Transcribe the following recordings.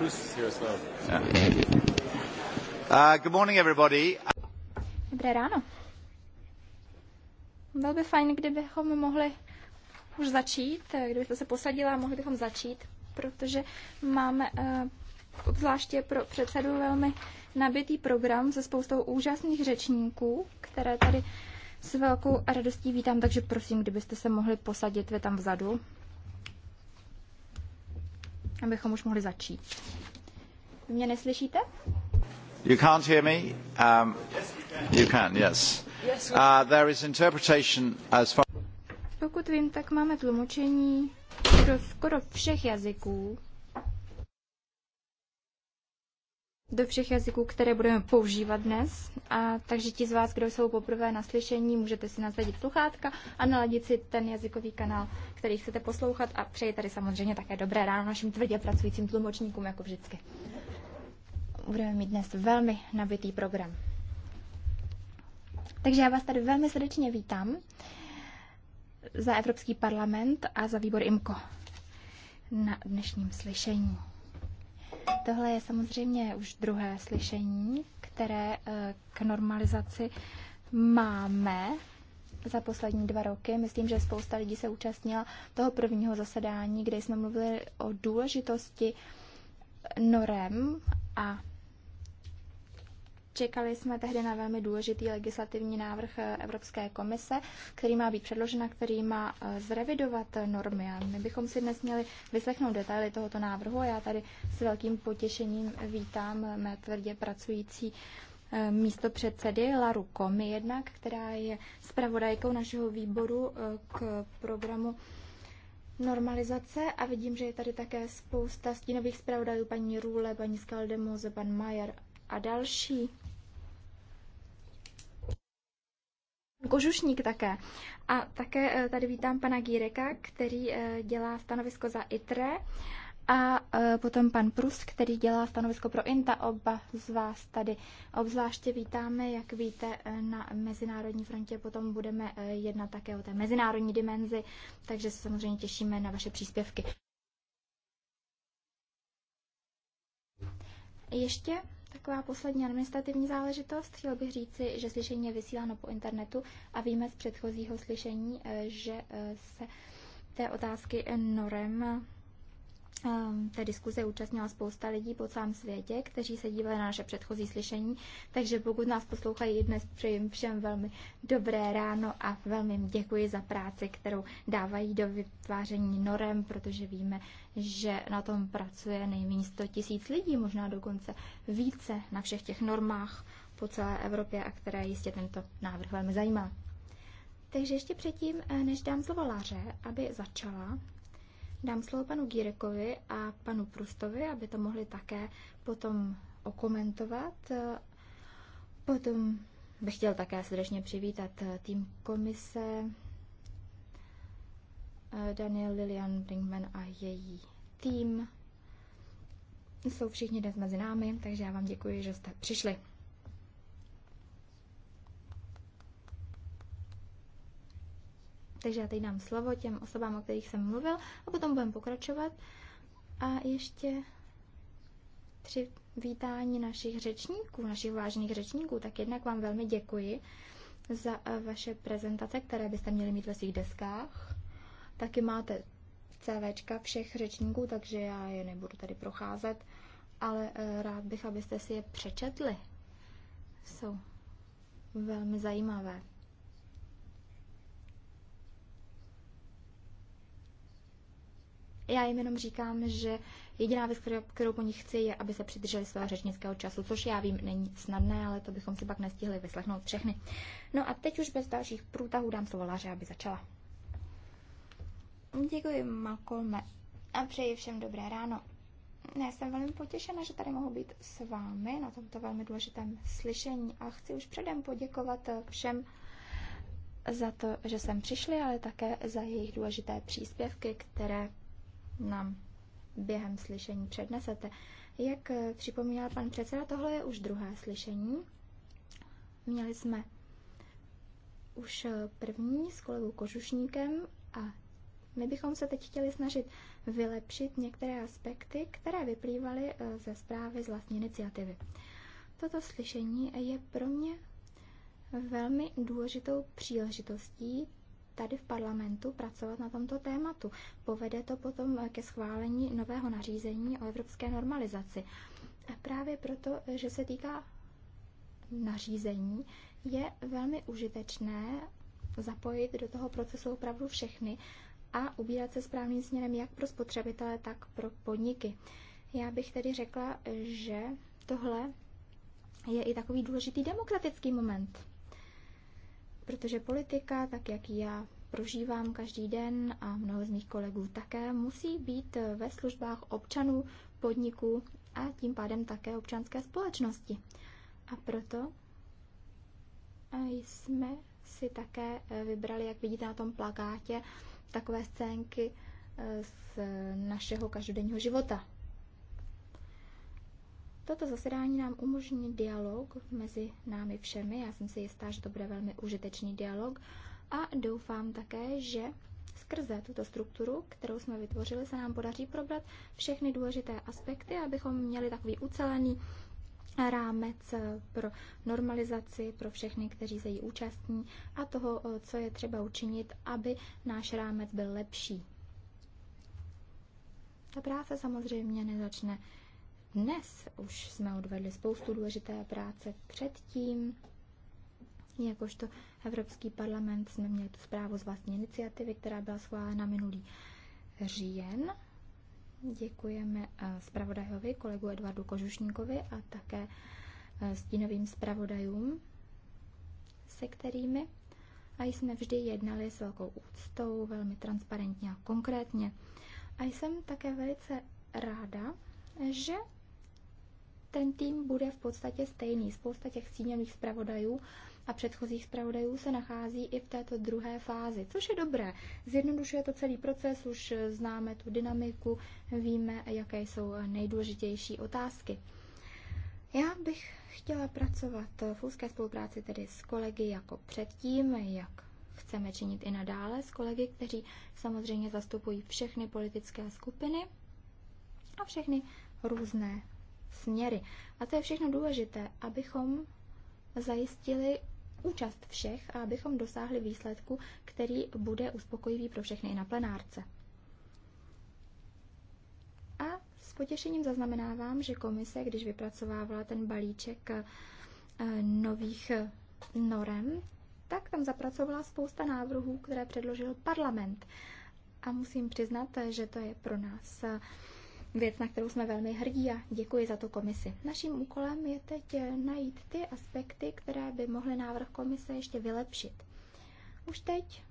Uh, Dobré ráno. Bylo by fajn, kdybychom mohli už začít, eh, kdybyste se posadila, mohli bychom začít, protože máme eh, obzvláště pro předsedu velmi nabitý program se spoustou úžasných řečníků, které tady s velkou radostí vítám, takže prosím, kdybyste se mohli posadit vy tam vzadu, abychom už mohli začít. Vy mě neslyšíte? You can't hear me? Um, you can, yes. Uh, there is interpretation as far... Pokud vím, tak máme tlumočení do skoro všech jazyků, do všech jazyků, které budeme používat dnes. A, takže ti z vás, kdo jsou poprvé na slyšení, můžete si nasadit sluchátka a naladit si ten jazykový kanál, který chcete poslouchat. A přeji tady samozřejmě také dobré ráno našim tvrdě pracujícím tlumočníkům, jako vždycky. Budeme mít dnes velmi nabitý program. Takže já vás tady velmi srdečně vítám za Evropský parlament a za výbor IMCO na dnešním slyšení. Tohle je samozřejmě už druhé slyšení, které eh, k normalizaci máme za poslední dva roky. Myslím, že spousta lidí se účastnila toho prvního zasedání, kde jsme mluvili o důležitosti norem a Čekali jsme tehdy na velmi důležitý legislativní návrh eh, Evropské komise, který má být předložen a který má eh, zrevidovat eh, normy. A my bychom si dnes měli vyslechnout detaily tohoto návrhu a já tady s velkým potěšením vítám mé tvrdě pracující místo předsedy Laru Komi jednak, která je zpravodajkou našeho výboru k programu normalizace a vidím, že je tady také spousta stínových zpravodajů, paní Růle, paní Skaldemoze, pan Majer a další. Kožušník také. A také eh, tady vítám pana Gíreka, který eh, dělá stanovisko za ITRE a eh, potom pan Prus, který dělá stanovisko pro INTA. Oba z vás tady obzvláště vítáme, jak víte, na Mezinárodní frontě potom budeme jednat také o té mezinárodní dimenzi, takže se samozřejmě těšíme na vaše příspěvky. Ještě taková poslední administrativní záležitost. Chtěl bych říci, že slyšení je vysíláno po internetu a víme z předchozího slyšení, eh, že eh, se té otázky norem eh, té diskuze účastnila spousta lidí po celém světě, kteří se dívali na naše předchozí slyšení, takže pokud nás poslouchají dnes, přeji všem velmi dobré ráno a velmi děkuji za práci, kterou dávají do vytváření norem, protože víme, že na tom pracuje nejméně 100 tisíc lidí, možná dokonce více na všech těch normách po celé Evropě a které jistě tento návrh velmi zajímá. Takže ještě předtím, eh, než dám slovo Laře, aby začala, dám slovo panu Gírekovi a panu Prustovi, aby to mohli také potom okomentovat. Potom bych chtěl také srdečně přivítat eh, tým komise, Daniel Lilian Brinkman a její tým. Jsou všichni dnes mezi námi, takže já vám děkuji, že jste přišli. Takže já teď dám slovo těm osobám, o kterých jsem mluvil, a potom budeme pokračovat. A ještě při vítání našich řečníků, našich vážných řečníků, tak jednak vám velmi děkuji za eh, vaše prezentace, které byste měli mít ve svých deskách. Taky máte CVčka všech řečníků, takže já je nebudu tady procházet, ale eh, rád bych, abyste si je přečetli. Jsou velmi zajímavé. Já jim jenom říkám, že jediná věc, kterou, po nich chci, je, aby se přidrželi svého řečnického času, což já vím, není snadné, ale to bychom si pak nestihli vyslechnout všechny. No a teď už bez dalších průtahů dám slovo Láře, aby začala. Děkuji, Malcolme. A přeji všem dobré ráno. Já jsem velmi potěšena, že tady mohu být s vámi na tomto velmi důležitém slyšení a chci už předem poděkovat všem za to, že jsem přišli, ale také za jejich důležité příspěvky, které nám během slyšení přednesete. Jak připomínal pan předseda, tohle je už druhé slyšení. Měli jsme už první s kolegou Kožušníkem a my bychom se teď chtěli snažit vylepšit některé aspekty, které vyplývaly eh, ze zprávy z vlastní iniciativy. Toto slyšení je pro mě velmi důležitou příležitostí tady v parlamentu pracovat na tomto tématu. Povede to potom eh, ke schválení nového nařízení o evropské normalizaci. A právě proto, eh, že se týká nařízení, je velmi užitečné zapojit do toho procesu opravdu všechny, a ubírat se správným směrem jak pro spotřebitele, tak pro podniky. Já bych tedy řekla, že tohle je i takový důležitý demokratický moment. Protože politika, tak jak já prožívám každý den a mnoho z mých kolegů také, musí být ve službách občanů, podniků a tím pádem také občanské společnosti. A proto jsme si také vybrali, jak vidíte na tom plakátě, takové scénky eh, z našeho každodenního života. Toto zasedání nám umožní dialog mezi námi všemi. Já jsem si jistá, že to bude velmi užitečný dialog a doufám také, že skrze tuto strukturu, kterou jsme vytvořili, se nám podaří probrat všechny důležité aspekty, abychom měli takový ucelený rámec eh, pro normalizaci pro všechny, kteří se jí účastní a toho, eh, co je třeba učinit, aby náš rámec byl lepší. Ta práce samozřejmě nezačne dnes. Už jsme odvedli spoustu důležité práce předtím. Jakožto Evropský parlament jsme měli tu zprávu z vlastní iniciativy, která byla schválena minulý říjen Děkujeme eh, zpravodajovi, kolegu Eduardu Kožušníkovi a také eh, stínovým zpravodajům, se kterými a jsme vždy jednali s velkou úctou, velmi transparentně a konkrétně. A jsem také velice ráda, že ten tým bude v podstatě stejný. Spousta těch stínových zpravodajů a předchozích zpravodajů se nachází i v této druhé fázi, což je dobré. Zjednodušuje to celý proces, už známe tu dynamiku, víme, jaké jsou nejdůležitější otázky. Já bych chtěla pracovat v úzké spolupráci tedy s kolegy jako předtím, jak chceme činit i nadále, s kolegy, kteří samozřejmě zastupují všechny politické skupiny a všechny různé směry. A to je všechno důležité, abychom zajistili účast všech a abychom dosáhli výsledku, který bude uspokojivý pro všechny i na plenárce. A s potěšením zaznamenávám, že komise, když vypracovávala ten balíček eh, nových eh, norem, tak tam zapracovala spousta návrhů, které předložil parlament. A musím přiznat, že to je pro nás eh, věc, na kterou jsme velmi hrdí a děkuji za to komisi. Naším úkolem je teď eh, najít ty aspekty, které by mohly návrh komise ještě vylepšit. Už teď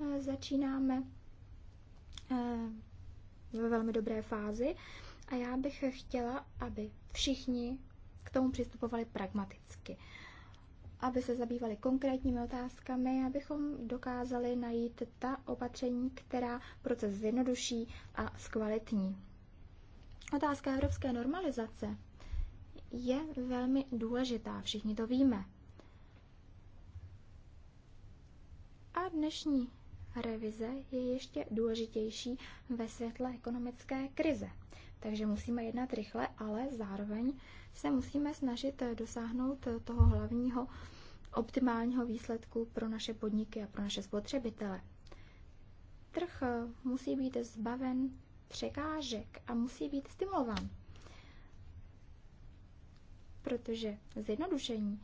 eh, začínáme eh, ve velmi dobré fázi a já bych chtěla, aby všichni k tomu přistupovali pragmaticky aby se zabývali konkrétními otázkami, abychom dokázali najít ta opatření, která proces zjednoduší a zkvalitní. Otázka evropské normalizace je velmi důležitá, všichni to víme. A dnešní revize je ještě důležitější ve světle ekonomické krize. Takže musíme jednat rychle, ale zároveň se musíme snažit dosáhnout toho hlavního optimálního výsledku pro naše podniky a pro naše spotřebitele. Trh musí být zbaven překážek a musí být stimulován. Protože zjednodušení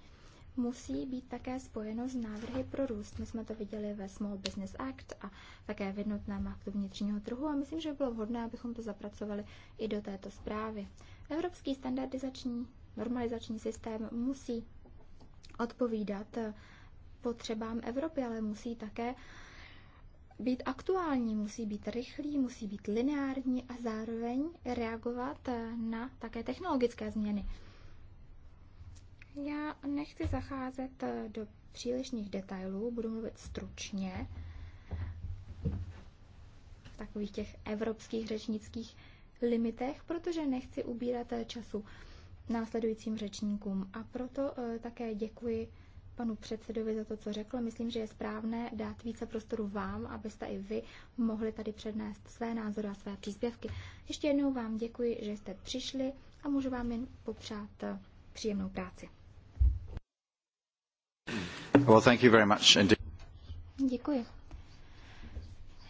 musí být také spojeno s návrhy pro růst. My jsme to viděli ve Small Business Act a také v jednotném aktu vnitřního trhu a myslím, že by bylo vhodné, abychom to zapracovali i do této zprávy. Evropský standardizační normalizační systém musí odpovídat potřebám Evropy, ale musí také být aktuální, musí být rychlý, musí být lineární a zároveň reagovat eh, na také technologické změny. Já nechci zacházet eh, do přílišných detailů, budu mluvit stručně v takových těch evropských řečnických limitech, protože nechci ubírat eh, času následujícím řečníkům. A proto také děkuji panu předsedovi za to, co řekl. Myslím, že je správné dát více prostoru vám, abyste i vy mohli tady přednést své názory a své příspěvky. Ještě jednou vám děkuji, že jste přišli a můžu vám jen popřát eh, příjemnou práci. Well, thank you very much Děkuji.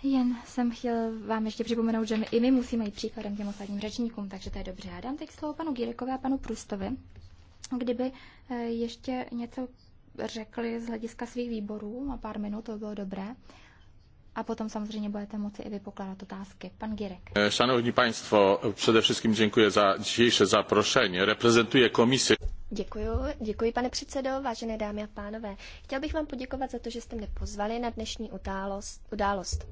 Jen jsem chtěl vám ještě připomenout, že my, i my musíme jít příkladem těm ostatním řečníkům, takže to je dobře. Já dám teď slovo panu Gírekové a panu Prustovi, kdyby eh, ještě něco řekli z hlediska svých výborů a pár minut, to by bylo dobré. A potom samozřejmě budete moci i vypokládat otázky. Pan Girek. Eh, Szanowni Państwo, przede wszystkim dziękuję za dzisiejsze zaproszenie. Reprezentuję komisję. Děkuji, děkuji pane předsedo, vážené dámy a pánové. Chtěl bych vám poděkovat za to, že jste mě pozvali na dnešní událost. událost.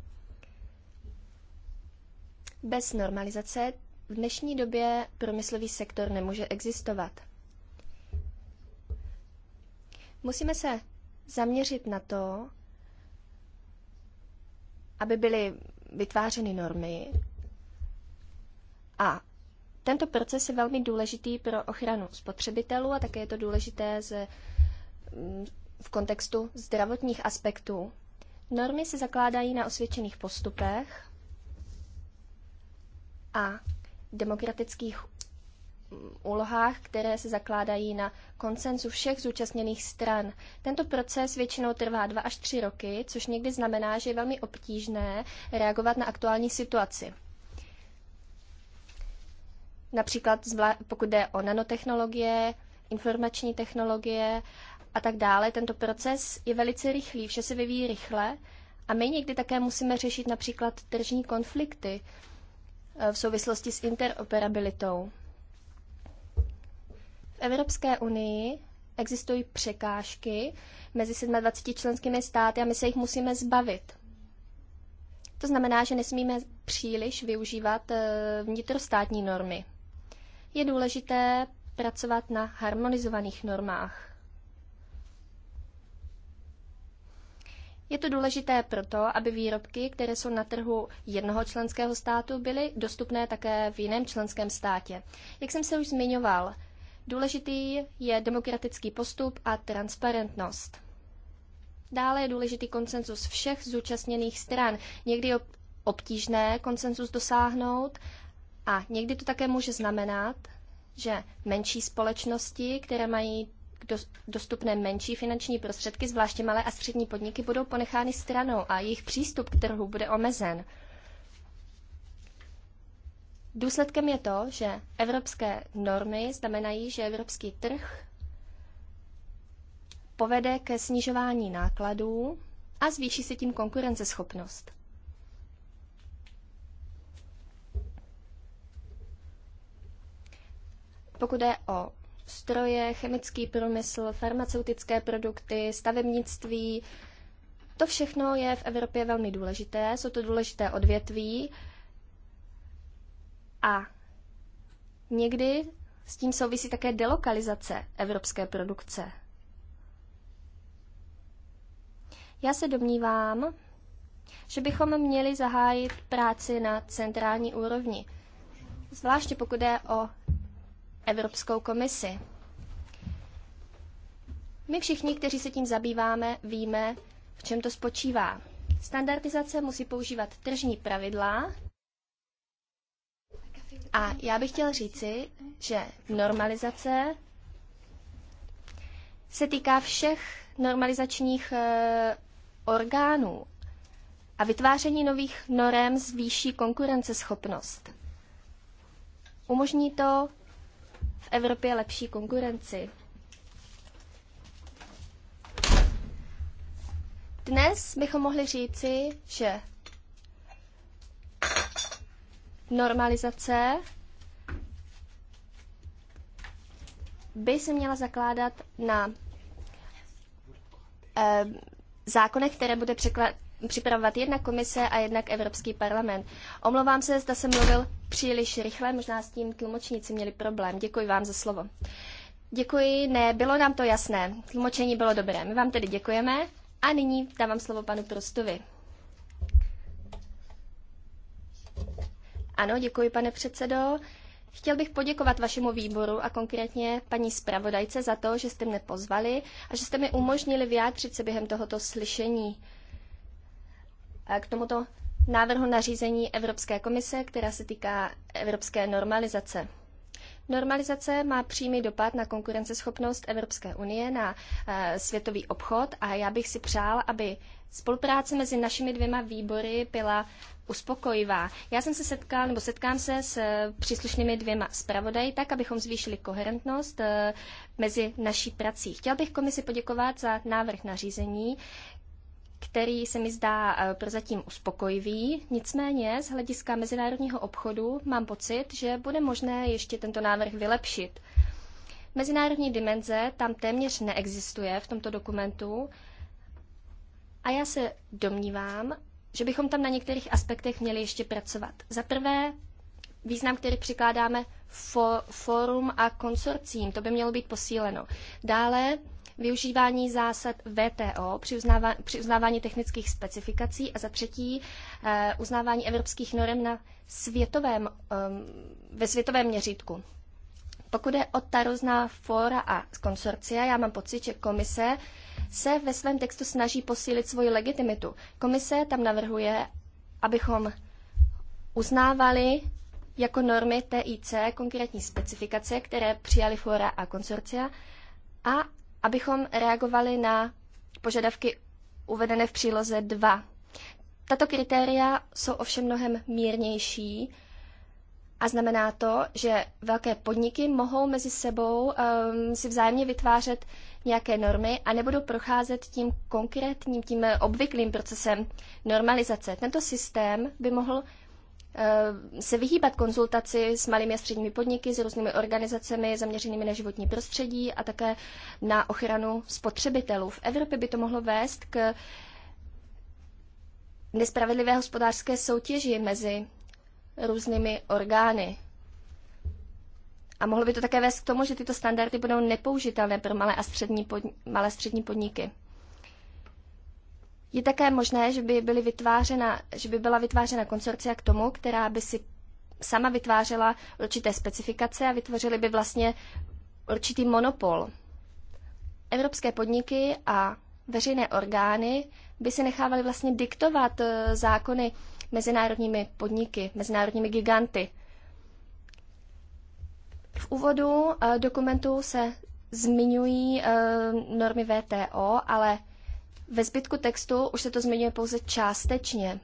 Bez normalizace v dnešní době průmyslový sektor nemůže existovat. Musíme se zaměřit na to, aby byly vytvářeny normy. A tento proces je velmi důležitý pro ochranu spotřebitelů a také je to důležité z, mm, v kontextu zdravotních aspektů. Normy se zakládají na osvědčených postupech a demokratických úlohách, které se zakládají na konsenzu všech zúčastněných stran. Tento proces většinou trvá dva až tři roky, což někdy znamená, že je velmi obtížné reagovat na aktuální situaci. Například pokud jde o nanotechnologie, informační technologie a tak dále, tento proces je velice rychlý, vše se vyvíjí rychle a my někdy také musíme řešit například tržní konflikty eh, v souvislosti s interoperabilitou. V Evropské unii existují překážky mezi 27 členskými státy a my se jich musíme zbavit. To znamená, že nesmíme příliš využívat eh, vnitrostátní normy. Je důležité pracovat na harmonizovaných normách. Je to důležité proto, aby výrobky, které jsou na trhu jednoho členského státu, byly dostupné také v jiném členském státě. Jak jsem se už zmiňoval, Důležitý je demokratický postup a transparentnost. Dále je důležitý konsenzus všech zúčastněných stran. Někdy je obtížné konsenzus dosáhnout a někdy to také může znamenat, že menší společnosti, které mají dostupné menší finanční prostředky, zvláště malé a střední podniky, budou ponechány stranou a jejich přístup k trhu bude omezen. Důsledkem je to, že evropské normy znamenají, že evropský trh povede ke snižování nákladů a zvýší se tím konkurenceschopnost. Pokud je o stroje, chemický průmysl, farmaceutické produkty, stavebnictví, to všechno je v Evropě velmi důležité. Jsou to důležité odvětví, a někdy s tím souvisí také delokalizace evropské produkce. Já se domnívám, že bychom měli zahájit práci na centrální úrovni, zvláště pokud je o Evropskou komisi. My všichni, kteří se tím zabýváme, víme, v čem to spočívá. Standardizace musí používat tržní pravidla, a já bych chtěl říci, že normalizace se týká všech normalizačních e, orgánů a vytváření nových norem zvýší konkurenceschopnost. Umožní to v Evropě lepší konkurenci. Dnes bychom mohli říci, že normalizace by se měla zakládat na eh, zákonech, které bude připravovat jedna komise a jednak Evropský parlament. Omlouvám se, zda jsem mluvil příliš rychle, možná s tím tlumočníci měli problém. Děkuji vám za slovo. Děkuji, ne, bylo nám to jasné. Tlumočení bylo dobré. My vám tedy děkujeme a nyní dávám slovo panu Prostovi. Ano, děkuji, pane předsedo. Chtěl bych poděkovat vašemu výboru a konkrétně paní zpravodajce za to, že jste mě pozvali a že jste mi umožnili vyjádřit se během tohoto slyšení eh, k tomuto návrhu nařízení Evropské komise, která se týká evropské normalizace. Normalizace má přímý dopad na konkurenceschopnost Evropské unie, na e, světový obchod a já bych si přál, aby spolupráce mezi našimi dvěma výbory byla uspokojivá. Já jsem se setkal, nebo setkám se s eh, příslušnými dvěma zpravodaji, tak, abychom zvýšili koherentnost eh, mezi naší prací. Chtěl bych komisi poděkovat za návrh nařízení, který se mi zdá eh, prozatím uspokojivý. Nicméně z hlediska mezinárodního obchodu mám pocit, že bude možné ještě tento návrh vylepšit. Mezinárodní dimenze tam téměř neexistuje v tomto dokumentu a já se domnívám, že bychom tam na některých aspektech měli ještě pracovat. Za prvé, význam, který přikládáme for, forum a konsorcím, to by mělo být posíleno. Dále využívání zásad VTO při, uznává, při uznávání technických specifikací a za třetí eh, uznávání evropských norm na světovém, eh, ve světovém měřítku. Pokud je o ta různá fóra a konsorcia, já mám pocit, že komise se ve svém textu snaží posílit svoji legitimitu. Komise tam navrhuje, abychom uznávali jako normy TIC konkrétní specifikace, které přijali fora a konsorcia, a abychom reagovali na požadavky uvedené v příloze 2. Tato kritéria jsou ovšem mnohem mírnější a znamená to, že velké podniky mohou mezi sebou um, si vzájemně vytvářet nějaké normy a nebudou procházet tím konkrétním, tím eh, obvyklým procesem normalizace. Tento systém by mohl eh, se vyhýbat konzultaci s malými a středními podniky, s různými organizacemi zaměřenými na životní prostředí a také na ochranu spotřebitelů. V Evropě by to mohlo vést k nespravedlivé hospodářské soutěži mezi různými orgány. A mohlo by to také vést k tomu, že tyto standardy budou nepoužitelné pro malé a střední, podni- malé střední podniky. Je také možné, že by, byly vytvářena, že by byla vytvářena konsorcia k tomu, která by si sama vytvářela určité specifikace a vytvořili by vlastně určitý monopol. Evropské podniky a veřejné orgány by si nechávaly vlastně diktovat eh, zákony mezinárodními podniky, mezinárodními giganty. V úvodu eh, dokumentu se zmiňují eh, normy VTO, ale ve zbytku textu už se to zmiňuje pouze částečně.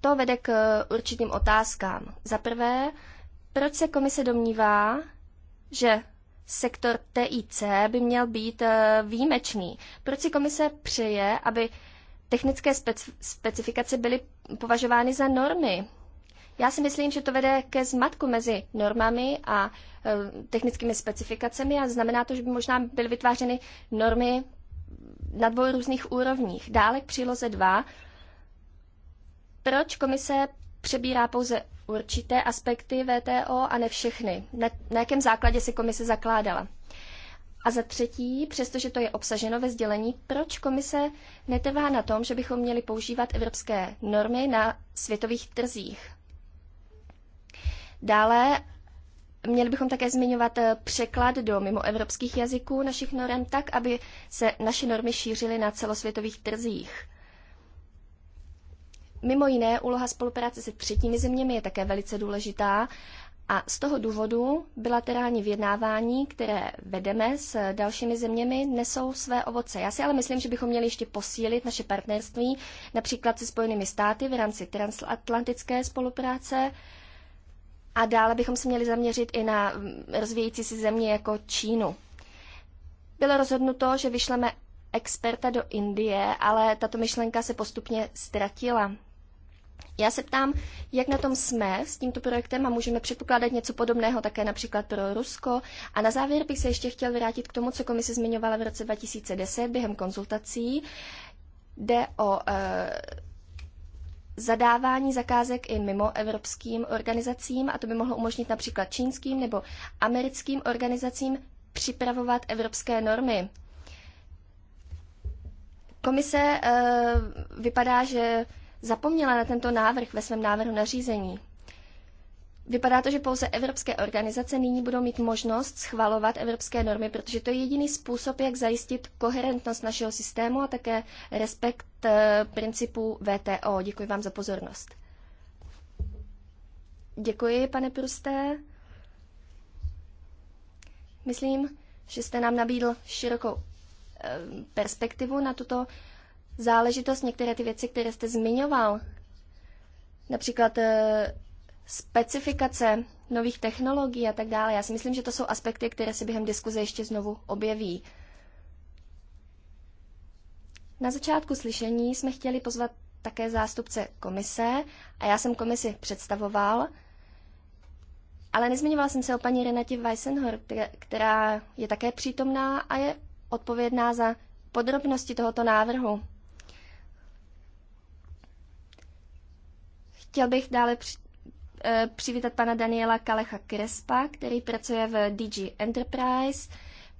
To vede k eh, určitým otázkám. Za prvé, proč se komise domnívá, že sektor TIC by měl být výjimečný? Proč si komise přeje, aby technické spec- specifikace byly považovány za normy. Já si myslím, že to vede ke zmatku mezi normami a e, technickými specifikacemi a znamená to, že by možná byly vytvářeny normy na dvou různých úrovních. Dále k příloze 2. Proč komise přebírá pouze určité aspekty VTO a ne všechny? Na, na jakém základě si komise zakládala? A za třetí, přestože to je obsaženo ve sdělení, proč komise netrvá na tom, že bychom měli používat evropské normy na světových trzích? Dále měli bychom také zmiňovat eh, překlad do mimoevropských jazyků našich norm tak, aby se naše normy šířily na celosvětových trzích. Mimo jiné, úloha spolupráce se třetími zeměmi je také velice důležitá a z toho důvodu bilaterální vyjednávání, které vedeme s dalšími zeměmi, nesou své ovoce. Já si ale myslím, že bychom měli ještě posílit naše partnerství, například se Spojenými státy v rámci transatlantické spolupráce. A dále bychom se měli zaměřit i na mm, rozvíjící se země jako Čínu. Bylo rozhodnuto, že vyšleme experta do Indie, ale tato myšlenka se postupně ztratila. Já se ptám, jak na tom jsme s tímto projektem a můžeme předpokládat něco podobného také například pro Rusko. A na závěr bych se ještě chtěl vrátit k tomu, co komise zmiňovala v roce 2010 během konzultací. Jde o e, zadávání zakázek i mimo evropským organizacím a to by mohlo umožnit například čínským nebo americkým organizacím připravovat evropské normy. Komise e, vypadá, že zapomněla na tento návrh ve svém návrhu nařízení. Vypadá to, že pouze evropské organizace nyní budou mít možnost schvalovat evropské normy, protože to je jediný způsob, jak zajistit koherentnost našeho systému a také respekt eh, principů VTO. Děkuji vám za pozornost. Děkuji, pane Prusté. Myslím, že jste nám nabídl širokou eh, perspektivu na tuto záležitost, některé ty věci, které jste zmiňoval, například eh, specifikace nových technologií a tak dále. Já si myslím, že to jsou aspekty, které se během diskuze ještě znovu objeví. Na začátku slyšení jsme chtěli pozvat také zástupce komise a já jsem komisi představoval, ale nezmiňovala jsem se o paní Renati Weissenhor, která je také přítomná a je odpovědná za podrobnosti tohoto návrhu. Chtěl bych dále při, eh, přivítat pana Daniela Kalecha Krespa, který pracuje v DG Enterprise.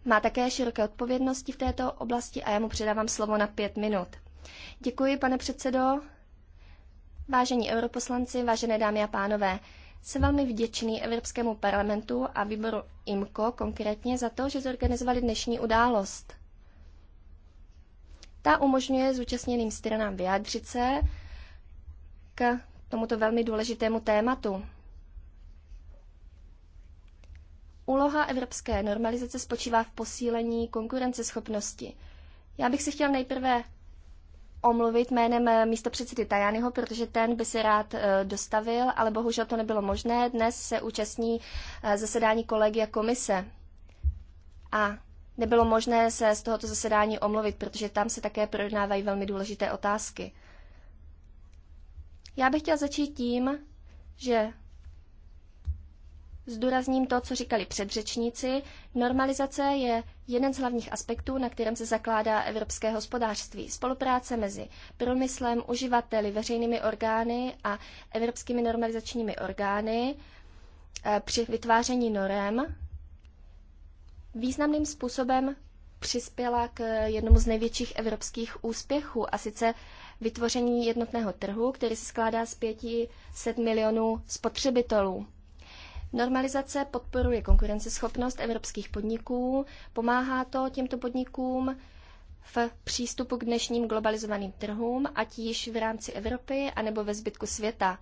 Má také široké odpovědnosti v této oblasti a já mu předávám slovo na pět minut. Děkuji, pane předsedo. Vážení europoslanci, vážené dámy a pánové, jsem velmi vděčný Evropskému parlamentu a výboru IMCO konkrétně za to, že zorganizovali dnešní událost. Ta umožňuje zúčastněným stranám vyjádřit se k tomuto velmi důležitému tématu. Úloha evropské normalizace spočívá v posílení konkurenceschopnosti. Já bych se chtěl nejprve omluvit jménem eh, místopředsedy Tajányho, protože ten by se rád eh, dostavil, ale bohužel to nebylo možné. Dnes se účastní eh, zasedání kolegy a komise. A nebylo možné se z tohoto zasedání omluvit, protože tam se také projednávají velmi důležité otázky. Já bych chtěla začít tím, že zdůrazním to, co říkali předřečníci. Normalizace je jeden z hlavních aspektů, na kterém se zakládá evropské hospodářství. Spolupráce mezi průmyslem, uživateli, veřejnými orgány a evropskými normalizačními orgány eh, při vytváření norem významným způsobem přispěla k eh, jednomu z největších evropských úspěchů, a sice vytvoření jednotného trhu, který se skládá z 500 milionů spotřebitelů. Normalizace podporuje konkurenceschopnost evropských podniků, pomáhá to těmto podnikům v přístupu k dnešním globalizovaným trhům, ať již v rámci Evropy anebo ve zbytku světa.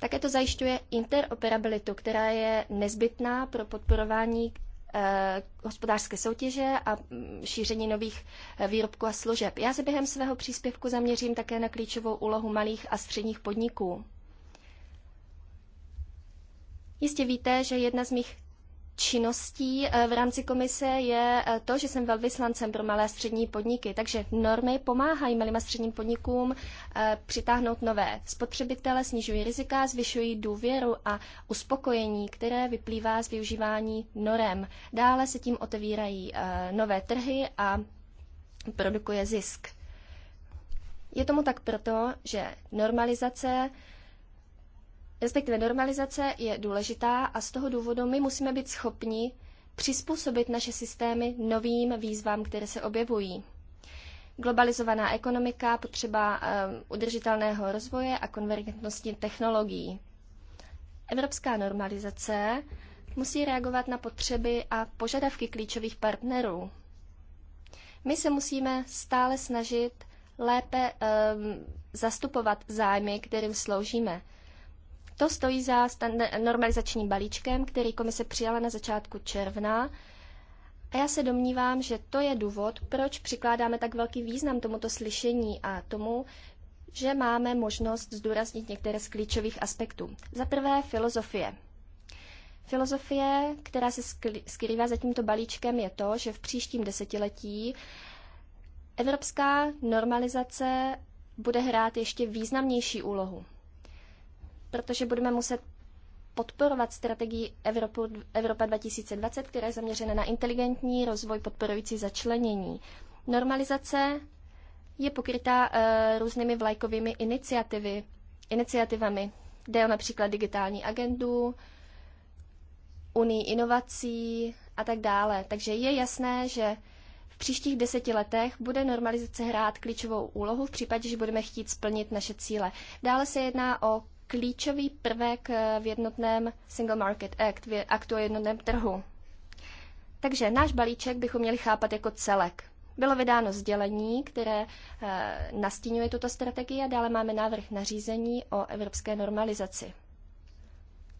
Také to zajišťuje interoperabilitu, která je nezbytná pro podporování Eh, hospodářské soutěže a mm, šíření nových eh, výrobků a služeb. Já se během svého příspěvku zaměřím také na klíčovou úlohu malých a středních podniků. Jistě víte, že jedna z mých činností eh, v rámci komise je eh, to, že jsem velvyslancem pro malé a střední podniky, takže normy pomáhají malým a středním podnikům eh, přitáhnout nové spotřebitele, snižují rizika, zvyšují důvěru a uspokojení, které vyplývá z využívání norem. Dále se tím otevírají nové trhy a produkuje zisk. Je tomu tak proto, že normalizace respektive normalizace je důležitá a z toho důvodu my musíme být schopni přizpůsobit naše systémy novým výzvám, které se objevují. Globalizovaná ekonomika, potřeba ehm, udržitelného rozvoje a konvergentnosti technologií. Evropská normalizace musí reagovat na potřeby a požadavky klíčových partnerů. My se musíme stále snažit lépe um, zastupovat zájmy, kterým sloužíme. To stojí za normalizačním balíčkem, který komise přijala na začátku června. A já se domnívám, že to je důvod, proč přikládáme tak velký význam tomuto slyšení a tomu, že máme možnost zdůraznit některé z klíčových aspektů. Za prvé filozofie. Filozofie, která se skrývá za tímto balíčkem, je to, že v příštím desetiletí evropská normalizace bude hrát ještě významnější úlohu protože budeme muset podporovat strategii Evropu, Evropa 2020, která je zaměřena na inteligentní rozvoj podporující začlenění. Normalizace je pokrytá uh, různými vlajkovými iniciativy, iniciativami. Jde o například digitální agendu, unii inovací a tak dále. Takže je jasné, že v příštích deseti letech bude normalizace hrát klíčovou úlohu v případě, že budeme chtít splnit naše cíle. Dále se jedná o klíčový prvek eh, v jednotném Single Market Act, v aktu o jednotném trhu. Takže náš balíček bychom měli chápat jako celek. Bylo vydáno sdělení, které eh, nastínuje tuto strategii a dále máme návrh nařízení o evropské normalizaci.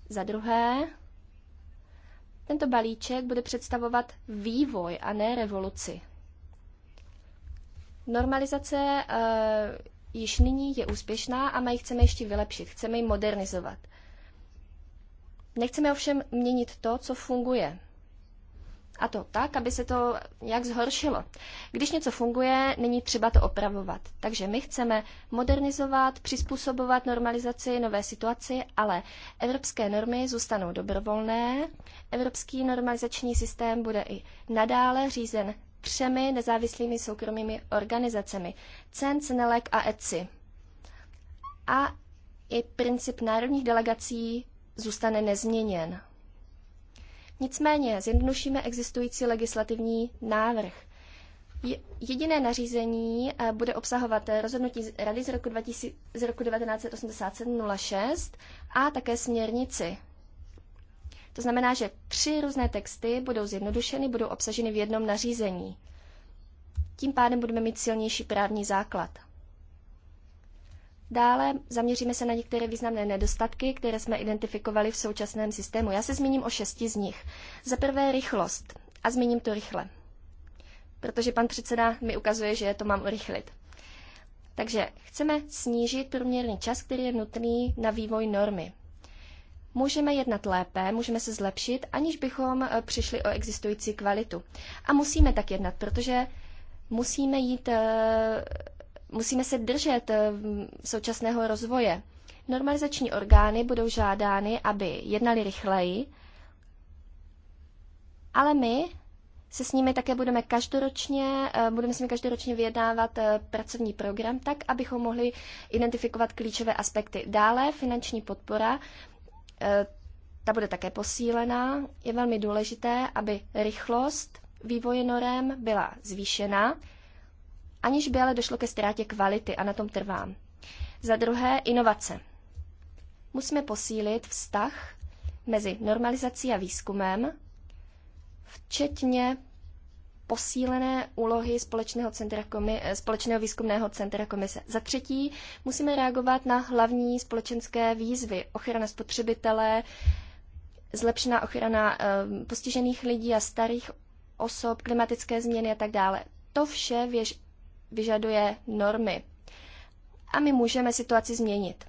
Za druhé, tento balíček bude představovat vývoj a ne revoluci. Normalizace eh, již nyní je úspěšná a my ji chceme ještě vylepšit, chceme ji modernizovat. Nechceme ovšem měnit to, co funguje. A to tak, aby se to nějak zhoršilo. Když něco funguje, není třeba to opravovat. Takže my chceme modernizovat, přizpůsobovat normalizaci nové situaci, ale evropské normy zůstanou dobrovolné. Evropský normalizační systém bude i nadále řízen třemi nezávislými soukromými organizacemi. CEN, CENELEC a ECI. A i princip národních delegací zůstane nezměněn. Nicméně zjednodušíme existující legislativní návrh. Jediné nařízení eh, bude obsahovat eh, rozhodnutí Rady z roku, 2000, z roku 1987 a také směrnici. To znamená, že tři různé texty budou zjednodušeny, budou obsaženy v jednom nařízení. Tím pádem budeme mít silnější právní základ. Dále zaměříme se na některé významné nedostatky, které jsme identifikovali v současném systému. Já se zmíním o šesti z nich. Za prvé rychlost. A zmíním to rychle. Protože pan předseda mi ukazuje, že to mám urychlit. Takže chceme snížit průměrný čas, který je nutný na vývoj normy. Můžeme jednat lépe, můžeme se zlepšit, aniž bychom eh, přišli o existující kvalitu. A musíme tak jednat, protože musíme jít, eh, musíme se držet eh, současného rozvoje. Normalizační orgány budou žádány, aby jednali rychleji, ale my se s nimi také budeme každoročně, budeme s nimi každoročně vyjednávat pracovní program tak, abychom mohli identifikovat klíčové aspekty. Dále finanční podpora. Eh, ta bude také posílená. Je velmi důležité, aby rychlost vývoje norem byla zvýšena, aniž by ale došlo ke ztrátě kvality a na tom trvám. Za druhé, inovace. Musíme posílit vztah mezi normalizací a výzkumem, včetně posílené úlohy společného, centra komi- společného výzkumného centra komise. Za třetí, musíme reagovat na hlavní společenské výzvy. Ochrana spotřebitele, zlepšená ochrana ehm, postižených lidí a starých osob, klimatické změny a tak dále. To vše věž- vyžaduje normy. A my můžeme situaci změnit.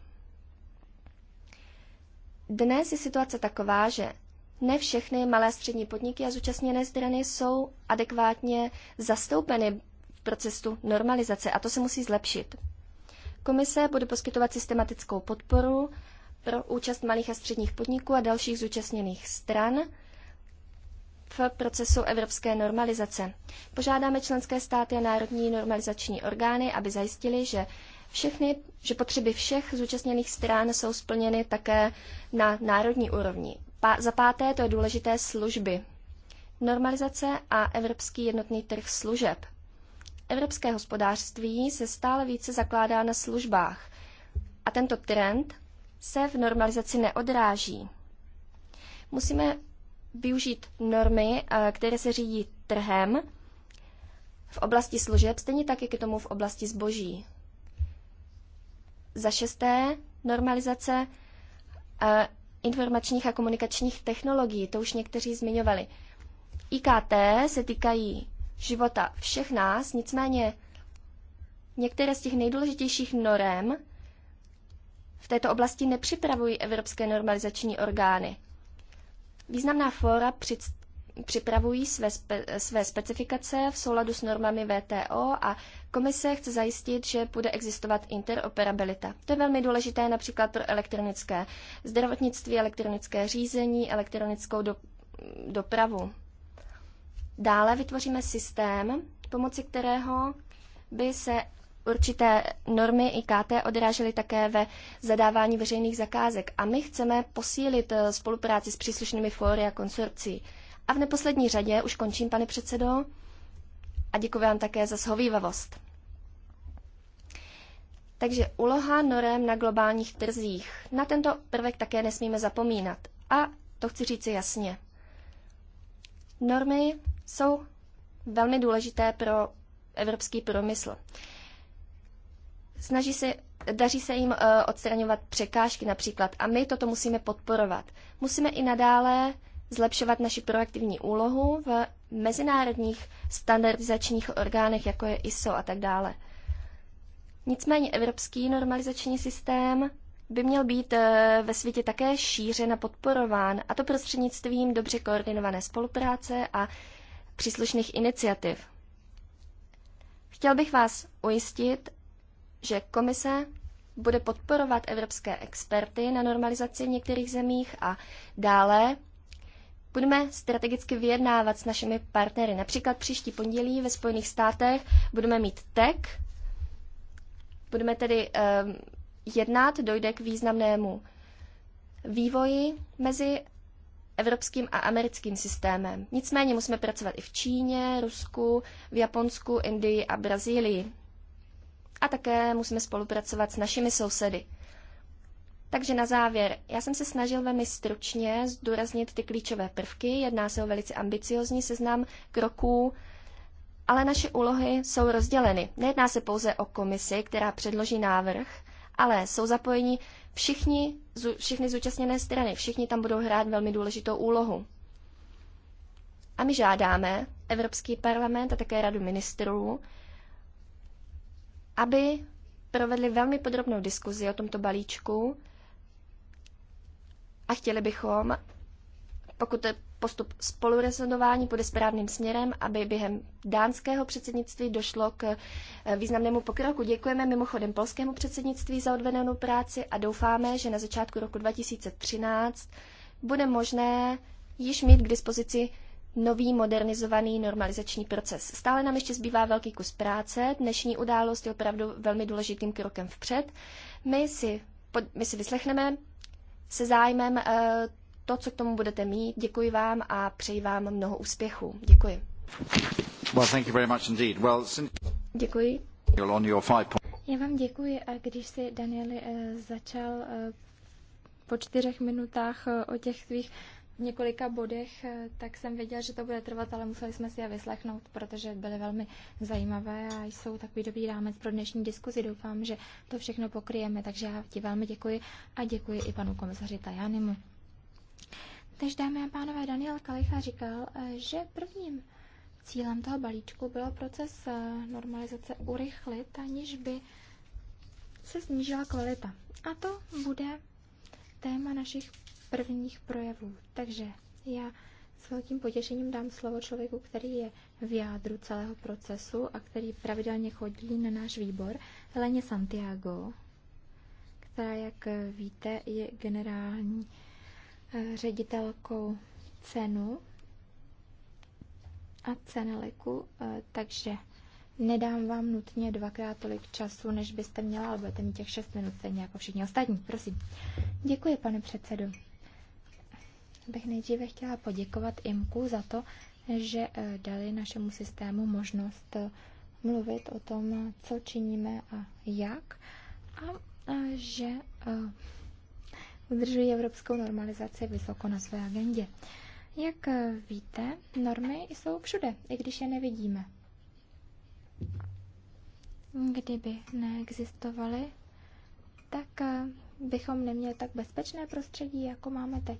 Dnes je situace taková, že ne všechny malé střední podniky a zúčastněné strany jsou adekvátně zastoupeny v procesu normalizace a to se musí zlepšit. Komise bude poskytovat systematickou podporu pro účast malých a středních podniků a dalších zúčastněných stran v procesu evropské normalizace. Požádáme členské státy a národní normalizační orgány, aby zajistili, že všechny, že potřeby všech zúčastněných stran jsou splněny také na národní úrovni. Pa, za páté to je důležité služby. Normalizace a evropský jednotný trh služeb. Evropské hospodářství se stále více zakládá na službách a tento trend se v normalizaci neodráží. Musíme využít normy, eh, které se řídí trhem v oblasti služeb, stejně tak, jak i tomu v oblasti zboží. Za šesté, normalizace eh, informačních a komunikačních technologií, to už někteří zmiňovali. IKT se týkají života všech nás, nicméně některé z těch nejdůležitějších norem v této oblasti nepřipravují evropské normalizační orgány. Významná fóra připravují své, spe, své specifikace v souladu s normami VTO a komise chce zajistit, že bude existovat interoperabilita. To je velmi důležité například pro elektronické zdravotnictví, elektronické řízení, elektronickou do, dopravu. Dále vytvoříme systém, pomocí kterého by se určité normy IKT odrážely také ve zadávání veřejných zakázek. A my chceme posílit eh, spolupráci s příslušnými fóry a konsorcií. A v neposlední řadě, už končím, pane předsedo, a děkuji vám také za shovívavost. Takže úloha norem na globálních trzích. Na tento prvek také nesmíme zapomínat. A to chci říci jasně. Normy jsou velmi důležité pro evropský průmysl. Snaží se, daří se jim eh, odstraňovat překážky například a my toto musíme podporovat. Musíme i nadále zlepšovat naši proaktivní úlohu v mezinárodních standardizačních orgánech, jako je ISO a tak dále. Nicméně evropský normalizační systém by měl být eh, ve světě také šířen a podporován, a to prostřednictvím dobře koordinované spolupráce a příslušných iniciativ. Chtěl bych vás ujistit, že komise bude podporovat evropské experty na normalizaci v některých zemích a dále Budeme strategicky vyjednávat s našimi partnery. Například příští pondělí ve Spojených státech budeme mít TEC, budeme tedy um, jednat, dojde k významnému vývoji mezi evropským a americkým systémem. Nicméně musíme pracovat i v Číně, Rusku, v Japonsku, Indii a Brazílii. A také musíme spolupracovat s našimi sousedy. Takže na závěr, já jsem se snažil velmi stručně zdůraznit ty klíčové prvky, jedná se o velice ambiciozní seznam kroků, ale naše úlohy jsou rozděleny. Nejedná se pouze o komisi, která předloží návrh, ale jsou zapojeni všichni, všichni zúčastněné strany, všichni tam budou hrát velmi důležitou úlohu. A my žádáme Evropský parlament a také Radu ministrů, aby provedli velmi podrobnou diskuzi o tomto balíčku a chtěli bychom, pokud je postup spolurezonování půjde správným směrem, aby během dánského předsednictví došlo k eh, významnému pokroku. Děkujeme mimochodem polskému předsednictví za odvedenou práci a doufáme, že na začátku roku 2013 bude možné již mít k dispozici nový modernizovaný normalizační proces. Stále nám ještě zbývá velký kus práce. Dnešní událost je opravdu velmi důležitým krokem vpřed. My si, my si vyslechneme se zájmem eh, to, co k tomu budete mít. Děkuji vám a přeji vám mnoho úspěchů. Děkuji. Well, thank you very much indeed. Well, since... Děkuji. On your five Já vám děkuji a když si Danieli eh, začal eh, po čtyřech minutách o těch svých několika bodech, eh, tak jsem věděla, že to bude trvat, ale museli jsme si je vyslechnout, protože byly velmi zajímavé a jsou takový dobrý rámec pro dnešní diskuzi. Doufám, že to všechno pokryjeme, takže já ti velmi děkuji a děkuji i panu komisaři Tajanimu. Takže dámy a pánové, Daniel Kalicha říkal, eh, že prvním cílem toho balíčku byl proces eh, normalizace urychlit, aniž by se snížila kvalita. A to bude téma našich prvních projevů. Takže já s velkým potěšením dám slovo člověku, který je v jádru celého procesu a který pravidelně chodí na náš výbor, Heleně Santiago, která, jak víte, je generální eh, ředitelkou cenu a ceneliku, eh, takže nedám vám nutně dvakrát tolik času, než byste měla, ale budete mít těch šest minut stejně jako všichni ostatní. Prosím. Děkuji, pane předsedo bych nejdříve chtěla poděkovat IMKU za to, že eh, dali našemu systému možnost eh, mluvit o tom, eh, co činíme a jak, a že udržují evropskou normalizaci vysoko na své agendě. Jak víte, normy jsou všude, i když je nevidíme. Kdyby neexistovaly, tak bychom neměli tak bezpečné prostředí, jako máme teď.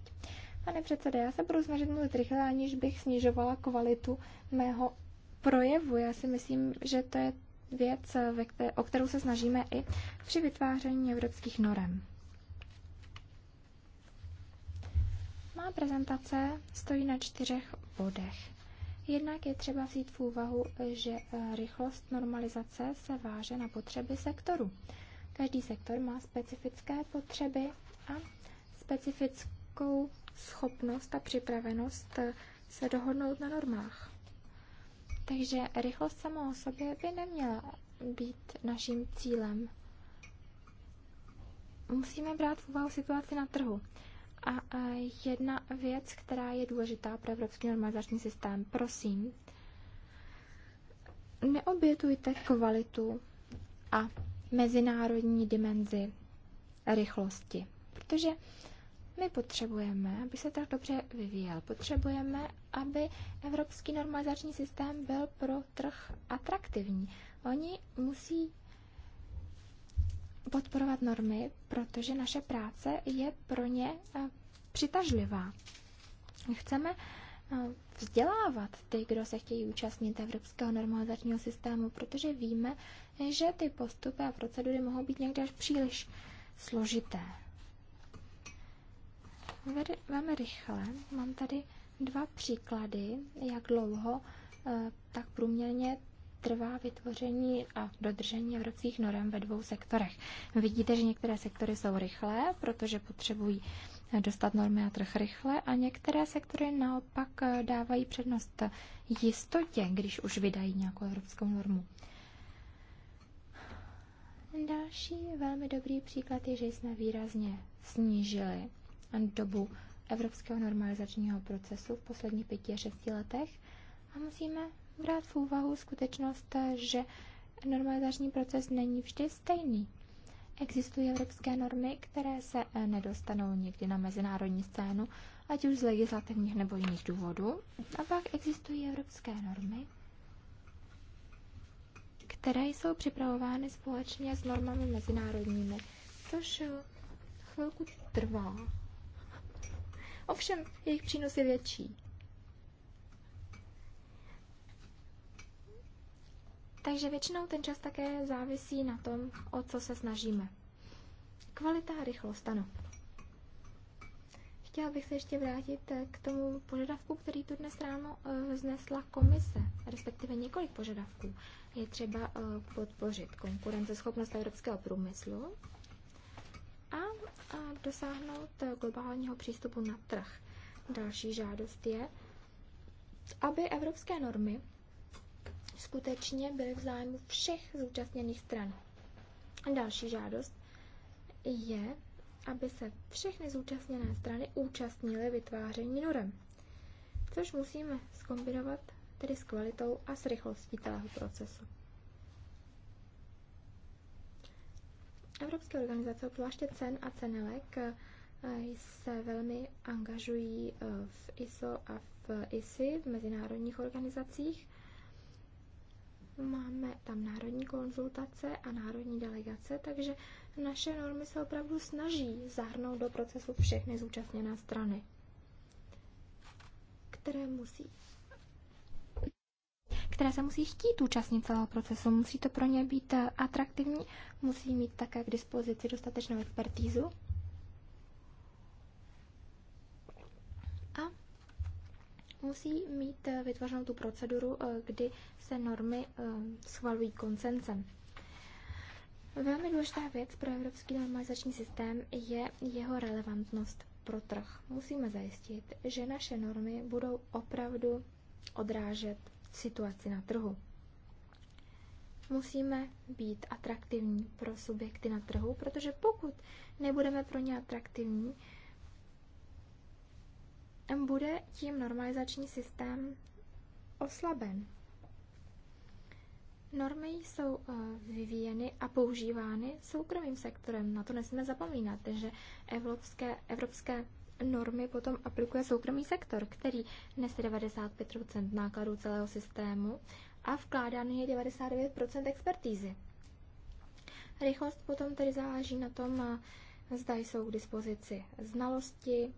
Pane předsedo, já se budu snažit mluvit rychle, aniž bych snižovala kvalitu mého projevu. Já si myslím, že to je věc, ve které, o kterou se snažíme i při vytváření evropských norem. Má prezentace stojí na čtyřech bodech. Jednak je třeba vzít v úvahu, že eh, rychlost normalizace se váže na potřeby sektoru. Každý sektor má specifické potřeby a specifickou schopnost a připravenost eh, se dohodnout na normách. Takže rychlost sama o sobě by neměla být naším cílem. Musíme brát v úvahu situaci na trhu. A jedna věc, která je důležitá pro evropský normalizační systém, prosím, neobětujte kvalitu a mezinárodní dimenzi rychlosti, protože my potřebujeme, aby se trh dobře vyvíjel. Potřebujeme, aby evropský normalizační systém byl pro trh atraktivní. Oni musí podporovat normy, protože naše práce je pro ně eh, přitažlivá. Chceme eh, vzdělávat ty, kdo se chtějí účastnit evropského normalizačního systému, protože víme, že ty postupy a procedury mohou být někdy až příliš složité. Velmi rychle mám tady dva příklady, jak dlouho eh, tak průměrně trvá vytvoření a dodržení evropských norm ve dvou sektorech. Vidíte, že některé sektory jsou rychlé, protože potřebují eh, dostat normy a trh rychle a některé sektory naopak eh, dávají přednost jistotě, když už vydají nějakou evropskou normu. Další velmi dobrý příklad je, že jsme výrazně snížili dobu evropského normalizačního procesu v posledních pěti a šesti letech a musíme brát v úvahu skutečnost, že normalizační proces není vždy stejný. Existují evropské normy, které se eh, nedostanou někdy na mezinárodní scénu, ať už z legislativních nebo jiných důvodů. A pak existují evropské normy, které jsou připravovány společně s normami mezinárodními, což eh, chvilku trvá, Ovšem, jejich přínos je větší. Takže většinou ten čas také závisí na tom, o co se snažíme. Kvalita a rychlost, ano. Chtěla bych se ještě vrátit eh, k tomu požadavku, který tu dnes ráno eh, vznesla komise, respektive několik požadavků. Je třeba eh, podpořit konkurenceschopnost evropského průmyslu, dosáhnout eh, globálního přístupu na trh. Další žádost je, aby evropské normy skutečně byly v zájmu všech zúčastněných stran. Další žádost je, aby se všechny zúčastněné strany účastnily vytváření norem, což musíme skombinovat tedy s kvalitou a s rychlostí celého procesu. Evropské organizace, obzvláště cen a cenelek, eh, se velmi angažují eh, v ISO a v ISI, v mezinárodních organizacích. Máme tam národní konzultace a národní delegace, takže naše normy se opravdu snaží zahrnout do procesu všechny zúčastněné strany, které musí které se musí chtít účastnit celého procesu. Musí to pro ně být eh, atraktivní, musí mít také k dispozici dostatečnou expertízu. A musí mít eh, vytvořenou tu proceduru, eh, kdy se normy schvalují koncencem. Velmi důležitá věc pro evropský normalizační systém je jeho relevantnost pro trh. Musíme zajistit, že naše normy budou opravdu odrážet situaci na trhu. Musíme být atraktivní pro subjekty na trhu, protože pokud nebudeme pro ně atraktivní, bude tím normalizační systém oslaben. Normy jsou eh, vyvíjeny a používány soukromým sektorem. Na to nesmíme zapomínat, že evropské, evropské normy potom aplikuje soukromý sektor, který nese 95 nákladů celého systému a vkládá na něj 99 expertízy. Rychlost potom tedy záleží na tom, zda jsou k dispozici znalosti,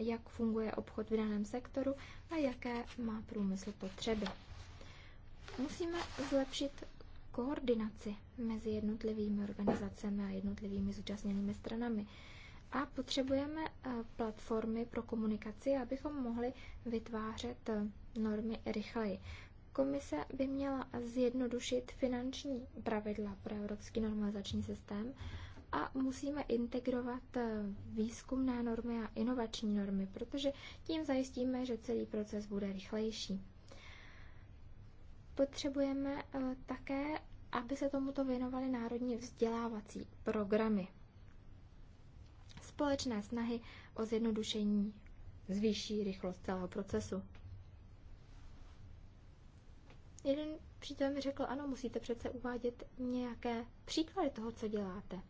jak funguje obchod v daném sektoru a jaké má průmysl potřeby. Musíme zlepšit koordinaci mezi jednotlivými organizacemi a jednotlivými zúčastněnými stranami. A potřebujeme eh, platformy pro komunikaci, abychom mohli vytvářet eh, normy rychleji. Komise by měla zjednodušit finanční pravidla pro evropský normalizační systém a musíme integrovat eh, výzkumné normy a inovační normy, protože tím zajistíme, že celý proces bude rychlejší. Potřebujeme také, aby se tomuto věnovaly národní vzdělávací programy společné snahy o zjednodušení zvýší rychlost celého procesu. Jeden přítel mi řekl, ano, musíte přece uvádět nějaké příklady toho, co děláte.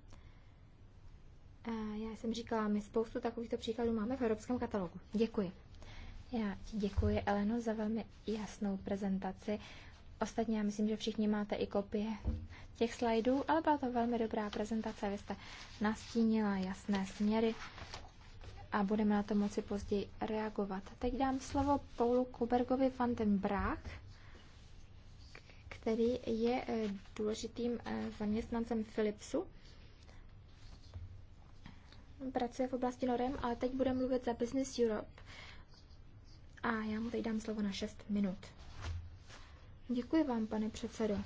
Já jsem říkala, my spoustu takovýchto příkladů máme v Evropském katalogu. Děkuji. Já ti děkuji, Eleno, za velmi jasnou prezentaci Ostatně já myslím, že všichni máte i kopie těch slajdů, ale byla to velmi dobrá prezentace. Vy jste nastínila jasné směry a budeme na to moci později reagovat. Teď dám slovo Paulu Kubergovi van den Brach, který je eh, důležitým eh, zaměstnancem Philipsu. Pracuje v oblasti norem, ale teď bude mluvit za Business Europe. A já mu teď dám slovo na 6 minut. Děkuji vám, pane předsedo.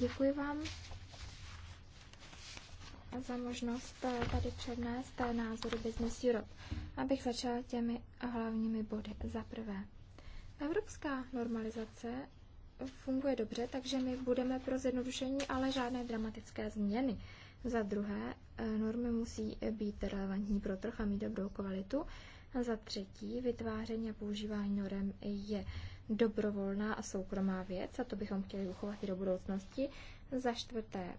Děkuji vám za možnost eh, tady přednést eh, názory Business Europe. Abych začala těmi hlavními body. Za prvé, evropská normalizace funguje dobře, takže my budeme pro zjednodušení, ale žádné dramatické změny. Za druhé, eh, normy musí být relevantní pro trh a mít dobrou kvalitu. Za třetí, vytváření a používání norem je dobrovolná a soukromá věc a to bychom chtěli uchovat i do budoucnosti. Za čtvrté,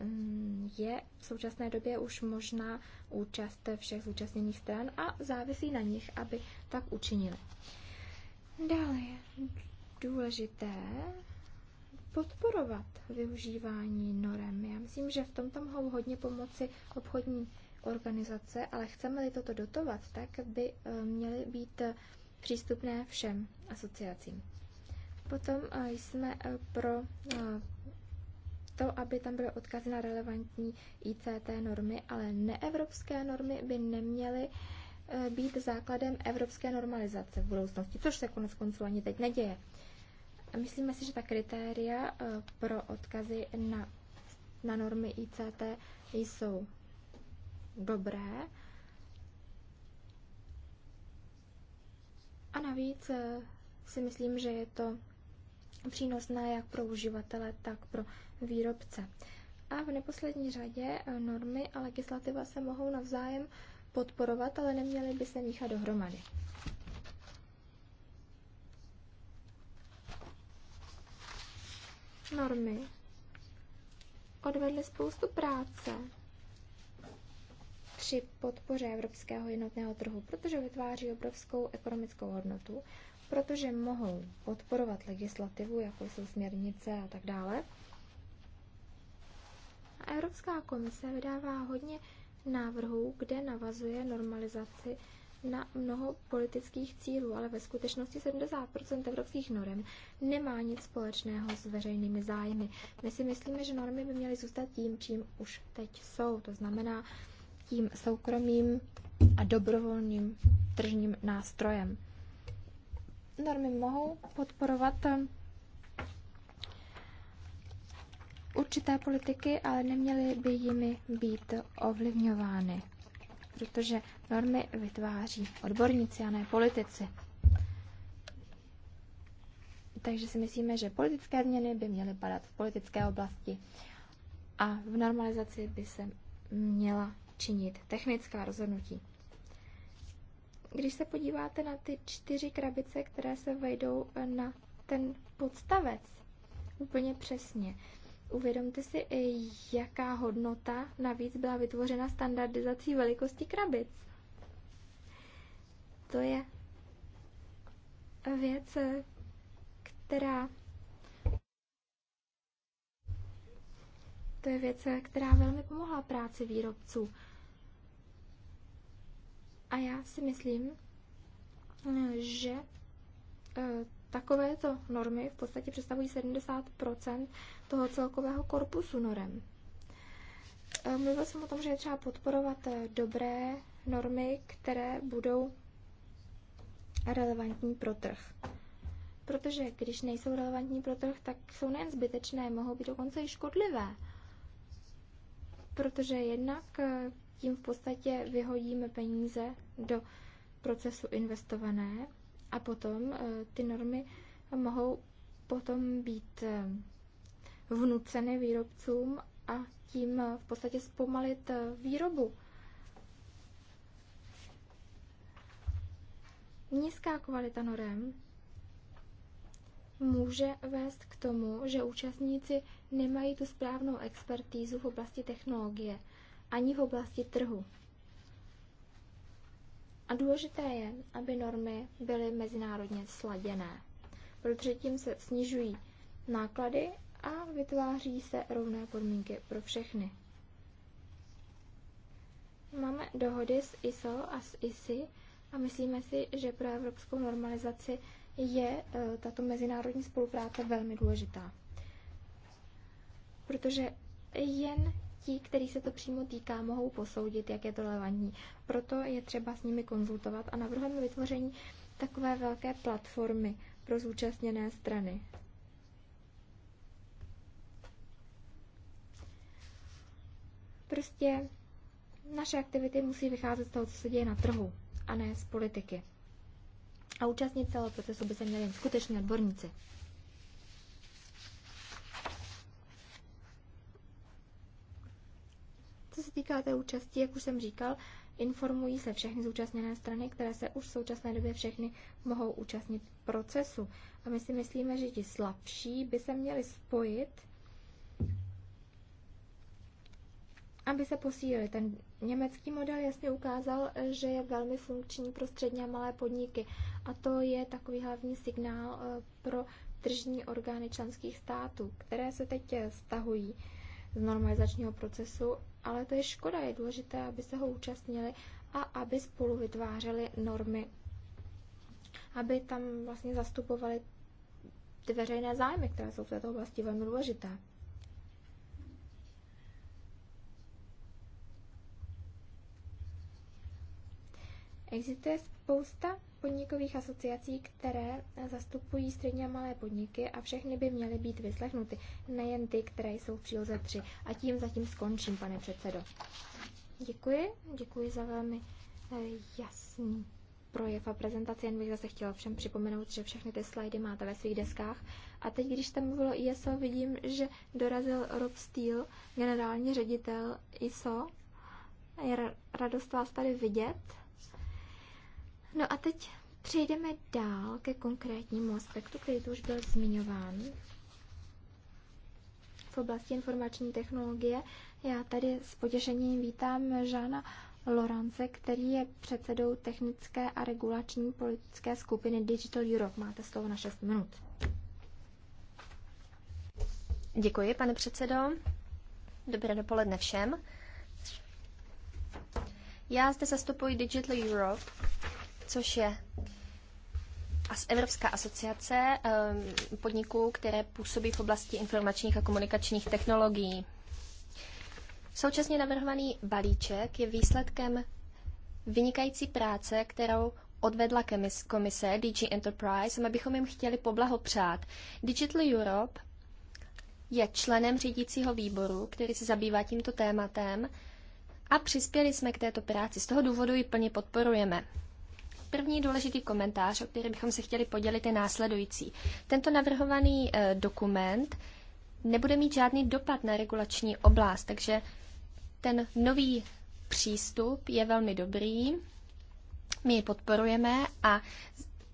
mm, je v současné době už možná účast všech zúčastněných stran a závisí na nich, aby tak učinili. Dále je důležité podporovat využívání norem. Já myslím, že v tom tam mohou hodně pomoci obchodní organizace, ale chceme-li toto dotovat, tak by e, měly být přístupné všem asociacím. Potom eh, jsme eh, pro eh, to, aby tam byly odkazy na relevantní ICT normy, ale neevropské normy by neměly být základem evropské normalizace v budoucnosti, což se konec konců ani teď neděje. Myslíme si, že ta kritéria pro odkazy na, na normy ICT jsou dobré, A navíc eh, si myslím, že je to přínosné jak pro uživatele, tak pro výrobce. A v neposlední řadě eh, normy a legislativa se mohou navzájem podporovat, ale neměly by se míchat dohromady. Normy odvedly spoustu práce při podpoře evropského jednotného trhu, protože vytváří obrovskou ekonomickou hodnotu, protože mohou podporovat legislativu, jako jsou směrnice a tak dále. A Evropská komise vydává hodně návrhů, kde navazuje normalizaci na mnoho politických cílů, ale ve skutečnosti 70% evropských norem nemá nic společného s veřejnými zájmy. My si myslíme, že normy by měly zůstat tím, čím už teď jsou. To znamená tím soukromým a dobrovolným tržním nástrojem. Normy mohou podporovat eh, určité politiky, ale neměly by jimi být ovlivňovány, protože normy vytváří odborníci a ne politici. Takže si myslíme, že politické změny by měly padat v politické oblasti a v normalizaci by se měla činit technická rozhodnutí. Když se podíváte na ty čtyři krabice, které se vejdou eh, na ten podstavec, úplně přesně, uvědomte si, eh, jaká hodnota navíc byla vytvořena standardizací velikosti krabic. To je věc, eh, která to je věc, která velmi pomohla práci výrobců. A já si myslím, že eh, takovéto normy v podstatě představují 70 toho celkového korpusu norem. Eh, mluvil jsem o tom, že je třeba podporovat eh, dobré normy, které budou relevantní pro trh. Protože když nejsou relevantní pro trh, tak jsou nejen zbytečné, mohou být dokonce i škodlivé. Protože jednak tím v podstatě vyhodíme peníze do procesu investované a potom eh, ty normy mohou potom být eh, vnuceny výrobcům a tím eh, v podstatě zpomalit výrobu. Nízká kvalita norem může vést k tomu, že účastníci nemají tu správnou expertízu v oblasti technologie ani v oblasti trhu. A důležité je, aby normy byly mezinárodně sladěné, protože tím se snižují náklady a vytváří se rovné podmínky pro všechny. Máme dohody s ISO a s ISI a myslíme si, že pro evropskou normalizaci je e, tato mezinárodní spolupráce velmi důležitá. Protože jen ti, který se to přímo týká, mohou posoudit, jak je to relevantní. Proto je třeba s nimi konzultovat a navrhujeme vytvoření takové velké platformy pro zúčastněné strany. Prostě naše aktivity musí vycházet z toho, co se děje na trhu, a ne z politiky. A účastnit celého procesu by se měli skutečně odborníci. se týká té účasti, jak už jsem říkal, informují se všechny zúčastněné strany, které se už v současné době všechny mohou účastnit procesu. A my si myslíme, že ti slabší by se měli spojit, aby se posílili. Ten německý model jasně ukázal, že je velmi funkční pro střední a malé podniky. A to je takový hlavní signál eh, pro tržní orgány členských států, které se teď stahují eh, z normalizačního procesu ale to je škoda. Je důležité, aby se ho účastnili a aby spolu vytvářeli normy, aby tam vlastně zastupovali ty veřejné zájmy, které jsou v této oblasti velmi důležité. Existuje spousta podnikových asociací, které zastupují střední a malé podniky a všechny by měly být vyslechnuty, nejen ty, které jsou v příloze 3. A tím zatím skončím, pane předsedo. Děkuji, děkuji za velmi eh, jasný projev a prezentaci, jen bych zase chtěla všem připomenout, že všechny ty slajdy máte ve svých deskách. A teď, když tam bylo ISO, vidím, že dorazil Rob Steele, generální ředitel ISO. Je radost vás tady vidět. No a teď přejdeme dál ke konkrétnímu aspektu, který tu už byl zmiňován. V oblasti informační technologie já tady s potěšením vítám Žána Lorance, který je předsedou technické a regulační politické skupiny Digital Europe. Máte slovo na 6 minut. Děkuji, pane předsedo. Dobré dopoledne všem. Já zde zastupuji Digital Europe, což je Evropská asociace ehm, podniků, které působí v oblasti informačních a komunikačních technologií. Současně navrhovaný balíček je výsledkem vynikající práce, kterou odvedla komise DG Enterprise a my bychom jim chtěli poblahopřát. Digital Europe je členem řídícího výboru, který se zabývá tímto tématem a přispěli jsme k této práci. Z toho důvodu ji plně podporujeme. První důležitý komentář, o který bychom se chtěli podělit, je následující. Tento navrhovaný eh, dokument nebude mít žádný dopad na regulační oblast, takže ten nový přístup je velmi dobrý, my ji podporujeme a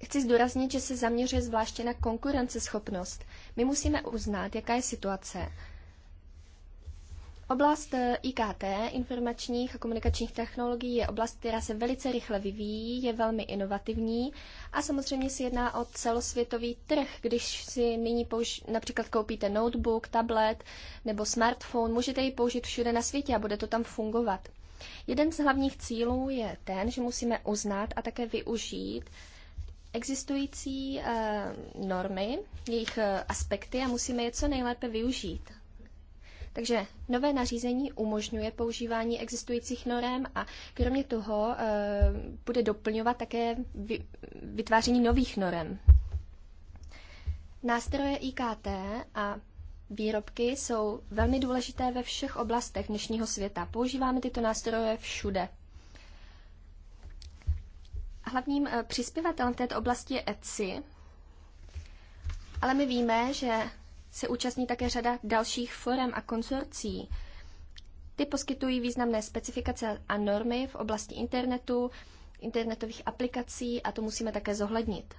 chci zdůraznit, že se zaměřuje zvláště na konkurenceschopnost. My musíme uznat, jaká je situace Oblast eh, IKT, informačních a komunikačních technologií, je oblast, která se velice rychle vyvíjí, je velmi inovativní a samozřejmě se jedná o celosvětový trh. Když si nyní použ- například koupíte notebook, tablet nebo smartphone, můžete ji použít všude na světě a bude to tam fungovat. Jeden z hlavních cílů je ten, že musíme uznat a také využít existující eh, normy, jejich eh, aspekty a musíme je co nejlépe využít. Takže nové nařízení umožňuje používání existujících norem a kromě toho eh, bude doplňovat také vytváření nových norem. Nástroje IKT a výrobky jsou velmi důležité ve všech oblastech dnešního světa. Používáme tyto nástroje všude. Hlavním eh, přispěvatelem v této oblasti je Etsy, ale my víme, že se účastní také řada dalších forem a konsorcí. Ty poskytují významné specifikace a normy v oblasti internetu, internetových aplikací a to musíme také zohlednit.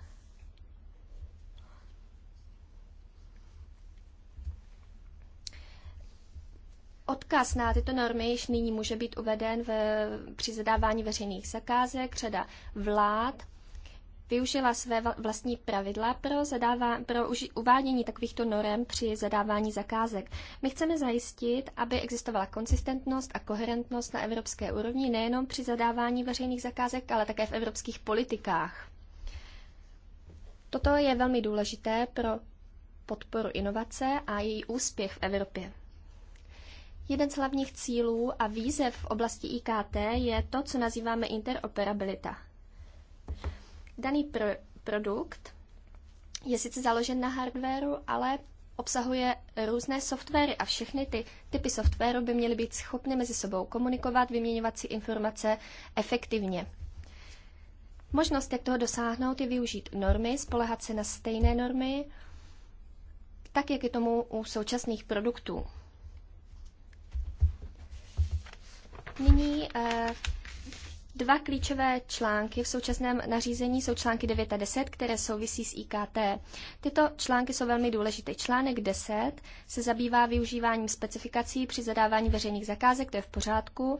Odkaz na tyto normy již nyní může být uveden v, při zadávání veřejných zakázek, řada vlád využila své vlastní pravidla pro, zadává, pro uži, uvádění takovýchto norem při zadávání zakázek. My chceme zajistit, aby existovala konsistentnost a koherentnost na evropské úrovni nejenom při zadávání veřejných zakázek, ale také v evropských politikách. Toto je velmi důležité pro podporu inovace a její úspěch v Evropě. Jeden z hlavních cílů a výzev v oblasti IKT je to, co nazýváme interoperabilita. Daný pr- produkt je sice založen na hardwareu, ale obsahuje různé softwary a všechny ty typy softwaru by měly být schopny mezi sebou komunikovat, vyměňovat si informace efektivně. Možnost, jak toho dosáhnout, je využít normy, spolehat se na stejné normy, tak jak je tomu u současných produktů. Nyní eh, Dva klíčové články v současném nařízení jsou články 9 a 10, které souvisí s IKT. Tyto články jsou velmi důležité. Článek 10 se zabývá využíváním specifikací při zadávání veřejných zakázek, to je v pořádku,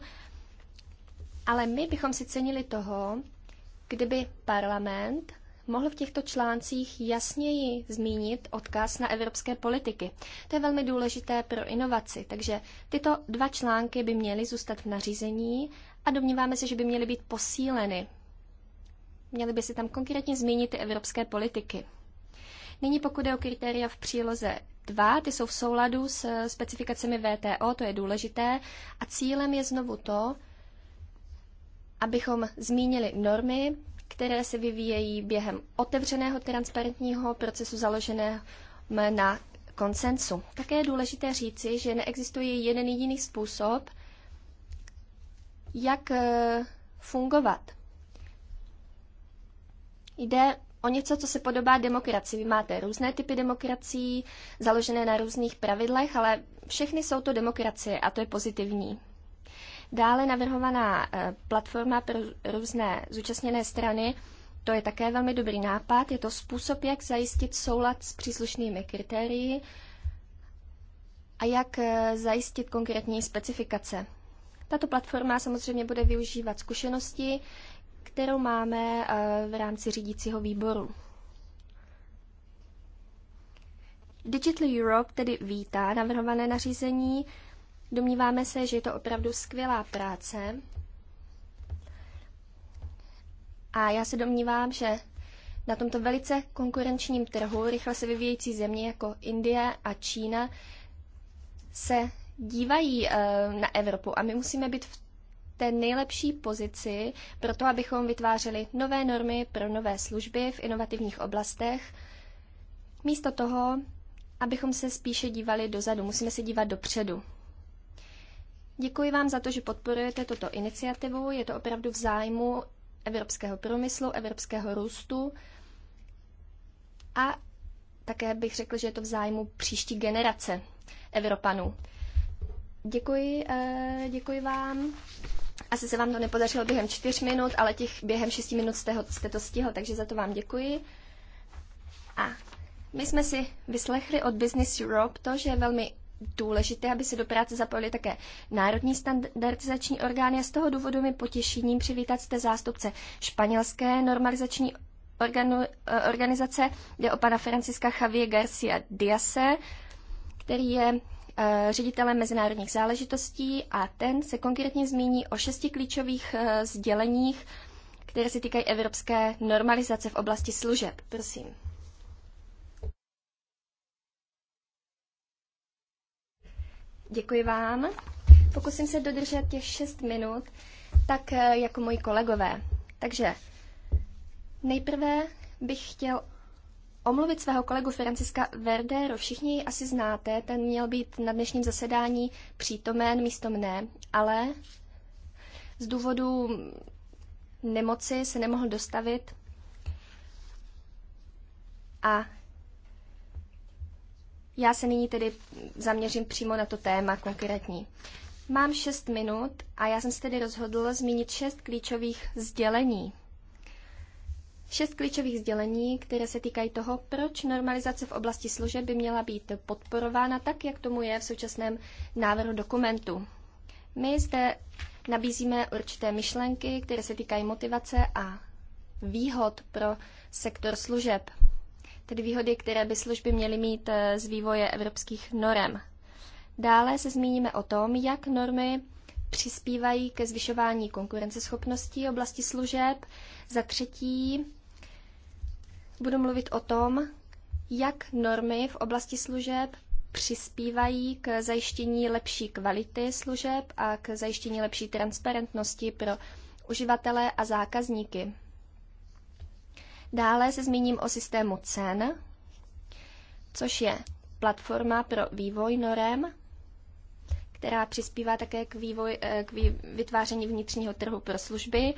ale my bychom si cenili toho, kdyby parlament mohl v těchto článcích jasněji zmínit odkaz na evropské politiky. To je velmi důležité pro inovaci, takže tyto dva články by měly zůstat v nařízení a domníváme se, že by měly být posíleny. Měly by se tam konkrétně zmínit ty evropské politiky. Nyní pokud je o kritéria v příloze 2, ty jsou v souladu s eh, specifikacemi VTO, to je důležité, a cílem je znovu to, abychom zmínili normy, které se vyvíjejí během otevřeného transparentního procesu založeného na konsensu. Také je důležité říci, že neexistuje jeden jediný způsob, jak eh, fungovat. Jde o něco, co se podobá demokracii. Vy máte různé typy demokracií, založené na různých pravidlech, ale všechny jsou to demokracie a to je pozitivní. Dále navrhovaná eh, platforma pro různé zúčastněné strany, to je také velmi dobrý nápad. Je to způsob, jak zajistit soulad s příslušnými kritérii a jak eh, zajistit konkrétní specifikace. Tato platforma samozřejmě bude využívat zkušenosti, kterou máme eh, v rámci řídícího výboru. Digital Europe tedy vítá navrhované nařízení. Domníváme se, že je to opravdu skvělá práce. A já se domnívám, že na tomto velice konkurenčním trhu, rychle se vyvíjející země jako Indie a Čína, se dívají eh, na Evropu a my musíme být v té nejlepší pozici pro to, abychom vytvářeli nové normy pro nové služby v inovativních oblastech. Místo toho, abychom se spíše dívali dozadu, musíme se dívat dopředu. Děkuji vám za to, že podporujete tuto iniciativu. Je to opravdu v zájmu evropského průmyslu, evropského růstu a také bych řekl, že je to v zájmu příští generace Evropanů. Děkuji, eh, děkuji vám. Asi se vám to nepodařilo během čtyř minut, ale těch během šesti minut jste, ho, jste to stihl, takže za to vám děkuji. A my jsme si vyslechli od Business Europe to, že je velmi důležité, aby se do práce zapojili také národní standardizační orgány a z toho důvodu mi potěšením přivítat jste zástupce španělské normalizační organu, eh, organizace, jde o pana Franciska Javier Garcia Diase, který je Eh, ředitelem mezinárodních záležitostí a ten se konkrétně zmíní o šesti klíčových eh, sděleních, které se týkají evropské normalizace v oblasti služeb. Prosím. Děkuji vám. Pokusím se dodržet těch šest minut, tak eh, jako moji kolegové. Takže nejprve bych chtěl omluvit svého kolegu Franciska Verdero. Všichni ji asi znáte, ten měl být na dnešním zasedání přítomen místo mne, ale z důvodu nemoci se nemohl dostavit a já se nyní tedy zaměřím přímo na to téma konkrétní. Mám šest minut a já jsem se tedy rozhodl zmínit šest klíčových sdělení šest klíčových sdělení, které se týkají toho, proč normalizace v oblasti služeb by měla být podporována tak, jak tomu je v současném návrhu dokumentu. My zde nabízíme určité myšlenky, které se týkají motivace a výhod pro sektor služeb, tedy výhody, které by služby měly mít eh, z vývoje evropských norem. Dále se zmíníme o tom, jak normy přispívají ke zvyšování konkurenceschopnosti oblasti služeb. Za třetí budu mluvit o tom, jak normy v oblasti služeb přispívají k zajištění lepší kvality služeb a k zajištění lepší transparentnosti pro uživatele a zákazníky. Dále se zmíním o systému cen, což je platforma pro vývoj norem, která přispívá také k, vývoj, eh, k vytváření vnitřního trhu pro služby.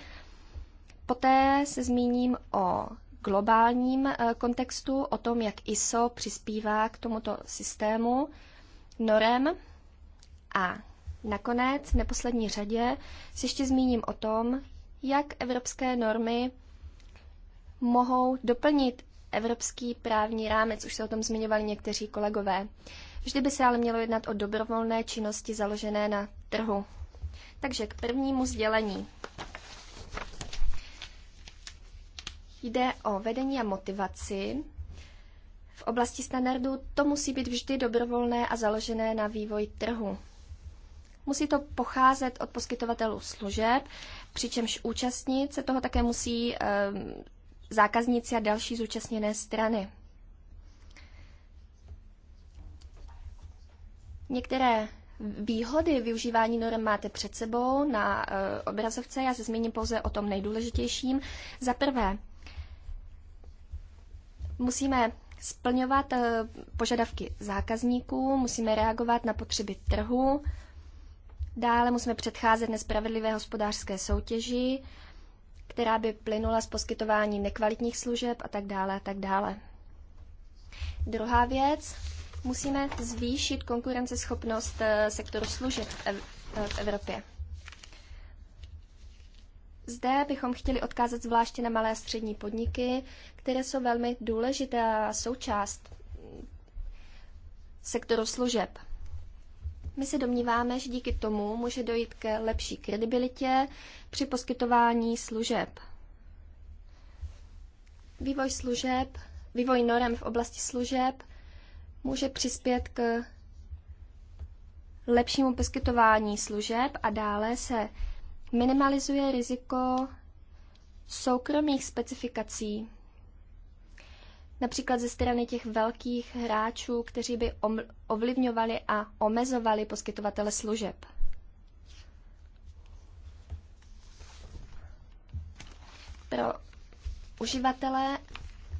Poté se zmíním o globálním eh, kontextu, o tom, jak ISO přispívá k tomuto systému norem. A nakonec, v neposlední řadě, si ještě zmíním o tom, jak evropské normy mohou doplnit evropský právní rámec, už se o tom zmiňovali někteří kolegové. Vždy by se ale mělo jednat o dobrovolné činnosti založené na trhu. Takže k prvnímu sdělení. jde o vedení a motivaci, v oblasti standardů to musí být vždy dobrovolné a založené na vývoji trhu. Musí to pocházet od poskytovatelů služeb, přičemž účastnit se toho také musí e, zákazníci a další zúčastněné strany. Některé výhody využívání norm máte před sebou na e, obrazovce, já se zmíním pouze o tom nejdůležitějším. Za prvé, Musíme splňovat eh, požadavky zákazníků, musíme reagovat na potřeby trhu, dále musíme předcházet nespravedlivé hospodářské soutěži, která by plynula z poskytování nekvalitních služeb a tak dále a tak dále. Druhá věc, musíme zvýšit konkurenceschopnost eh, sektoru služeb v Evropě. Zde bychom chtěli odkázat zvláště na malé a střední podniky, které jsou velmi důležité součást sektoru služeb. My se domníváme, že díky tomu může dojít ke lepší kredibilitě při poskytování služeb. Vývoj služeb, vývoj norem v oblasti služeb může přispět k lepšímu poskytování služeb a dále se minimalizuje riziko soukromých specifikací, například ze strany těch velkých hráčů, kteří by ovlivňovali a omezovali poskytovatele služeb. Pro uživatele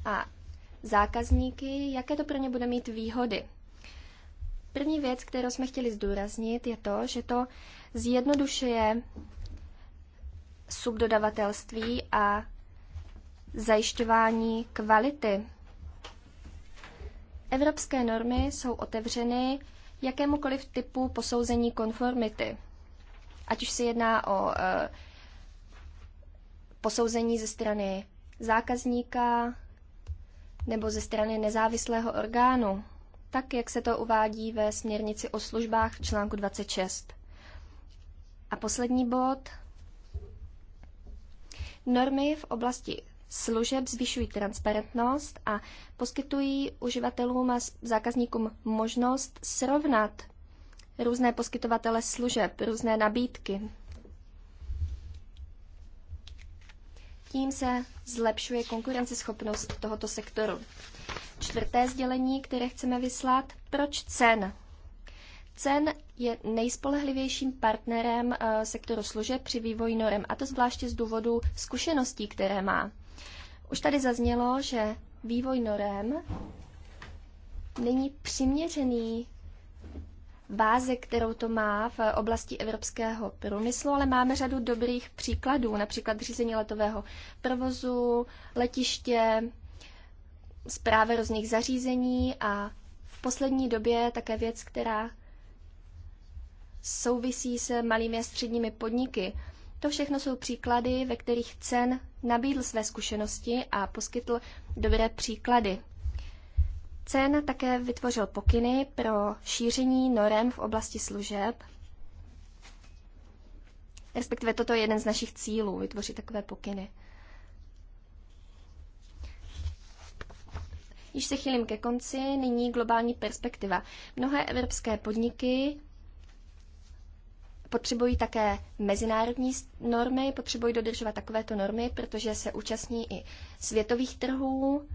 a zákazníky, jaké to pro ně bude mít výhody. První věc, kterou jsme chtěli zdůraznit, je to, že to zjednodušuje subdodavatelství a zajišťování kvality. Evropské normy jsou otevřeny jakémukoliv typu posouzení konformity. Ať už se jedná o e, posouzení ze strany zákazníka nebo ze strany nezávislého orgánu, tak jak se to uvádí ve směrnici o službách v článku 26. A poslední bod Normy v oblasti služeb zvyšují transparentnost a poskytují uživatelům a zákazníkům možnost srovnat různé poskytovatele služeb, různé nabídky. Tím se zlepšuje konkurenceschopnost tohoto sektoru. Čtvrté sdělení, které chceme vyslat, proč cen? cen je nejspolehlivějším partnerem eh, sektoru služeb při vývoji norem, a to zvláště z důvodu zkušeností, které má. Už tady zaznělo, že vývoj norem není přiměřený váze, kterou to má v oblasti evropského průmyslu, ale máme řadu dobrých příkladů, například řízení letového provozu, letiště, zpráva různých zařízení a v poslední době také věc, která souvisí se malými a středními podniky. To všechno jsou příklady, ve kterých CEN nabídl své zkušenosti a poskytl dobré příklady. CEN také vytvořil pokyny pro šíření norem v oblasti služeb. Respektive toto je jeden z našich cílů, vytvořit takové pokyny. Již se chylím ke konci, nyní globální perspektiva. Mnohé evropské podniky potřebují také mezinárodní normy, potřebují dodržovat takovéto normy, protože se účastní i světových trhů.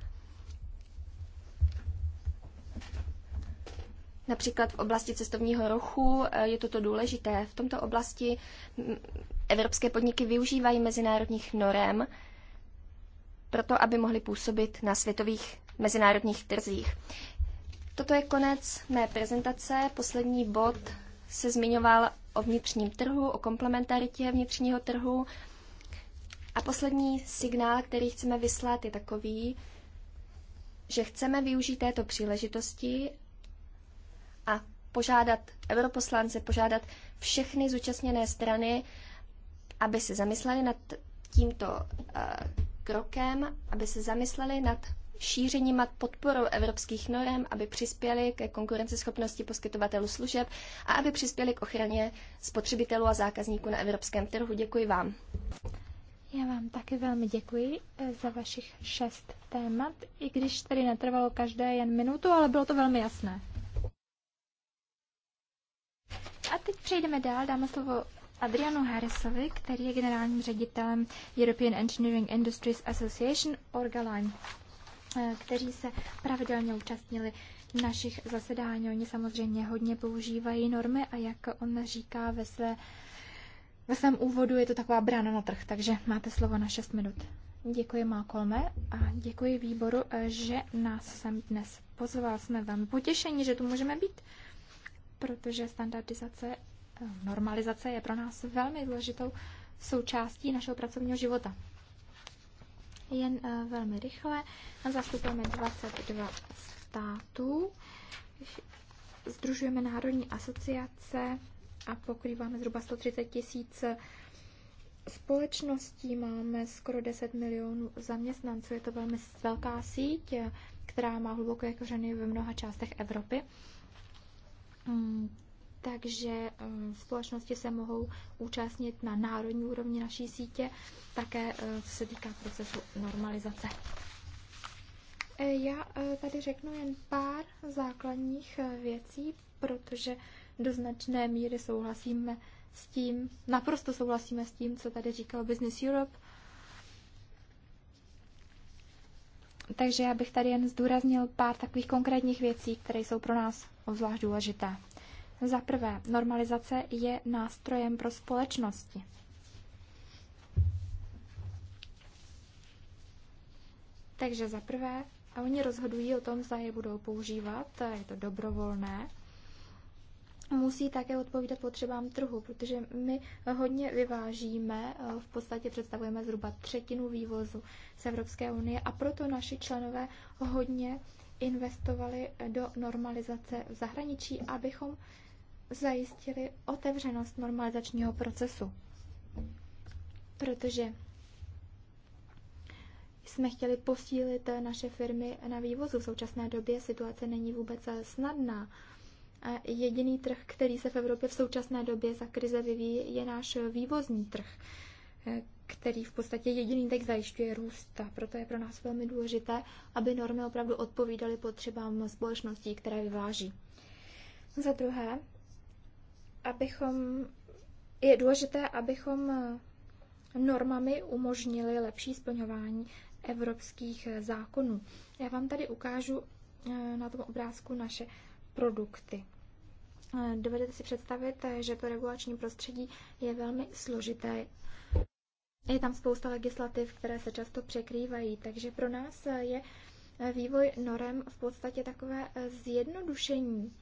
Například v oblasti cestovního ruchu eh, je toto důležité. V tomto oblasti mm, evropské podniky využívají mezinárodních norem proto, aby mohly působit na světových mezinárodních trzích. Toto je konec mé prezentace. Poslední bod se zmiňoval o vnitřním trhu, o komplementaritě vnitřního trhu. A poslední signál, který chceme vyslat, je takový, že chceme využít této příležitosti a požádat europoslance, požádat všechny zúčastněné strany, aby se zamysleli nad tímto eh, krokem, aby se zamysleli nad šířením a podporou evropských norm, aby přispěli ke konkurenceschopnosti poskytovatelů služeb a aby přispěli k ochraně spotřebitelů a zákazníků na evropském trhu. Děkuji vám. Já vám taky velmi děkuji eh, za vašich šest témat, i když tady netrvalo každé jen minutu, ale bylo to velmi jasné. A teď přejdeme dál, dáme slovo Adrianu Harrisovi, který je generálním ředitelem European Engineering Industries Association Orgaline. Eh, kteří se pravidelně účastnili našich zasedání. Oni samozřejmě hodně používají normy a jak on říká ve, své, ve svém úvodu, je to taková brána na trh, takže máte slovo na 6 minut. Děkuji Mákolme a děkuji výboru, eh, že nás sem dnes pozval. Jsme vám potěšení, že tu můžeme být, protože standardizace, eh, normalizace je pro nás velmi důležitou součástí našeho pracovního života jen eh, velmi rychle. Zastupujeme 22 států, združujeme národní asociace a pokrýváme zhruba 130 tisíc společností, máme skoro 10 milionů zaměstnanců. Je to velmi velká síť, eh, která má hluboké kořeny ve mnoha částech Evropy. Hmm takže eh, společnosti se mohou účastnit na národní úrovni naší sítě, také eh, co se týká procesu normalizace. Eh, já tady řeknu jen pár základních věcí, protože do značné míry souhlasíme s tím, naprosto souhlasíme s tím, co tady říkal Business Europe. Takže já bych tady jen zdůraznil pár takových konkrétních věcí, které jsou pro nás obzvlášť důležité. Za prvé, normalizace je nástrojem pro společnosti. Takže za prvé, a oni rozhodují o tom, zda je budou používat, je to dobrovolné. Musí také odpovídat potřebám trhu, protože my hodně vyvážíme, v podstatě představujeme zhruba třetinu vývozu z Evropské unie a proto naši členové hodně investovali do normalizace v zahraničí, abychom zajistili otevřenost normalizačního procesu. Protože jsme chtěli posílit naše firmy na vývozu. V současné době situace není vůbec snadná. Jediný trh, který se v Evropě v současné době za krize vyvíjí, je náš vývozní trh, který v podstatě jediný tak zajišťuje růst. A proto je pro nás velmi důležité, aby normy opravdu odpovídaly potřebám společností, které vyváží. Za druhé, abychom, je důležité, abychom eh, normami umožnili lepší splňování evropských eh, zákonů. Já vám tady ukážu eh, na tom obrázku naše produkty. Dovedete si představit, že to regulační prostředí je velmi složité. Je tam spousta legislativ, které se často překrývají, takže pro nás je vývoj norem v podstatě takové zjednodušení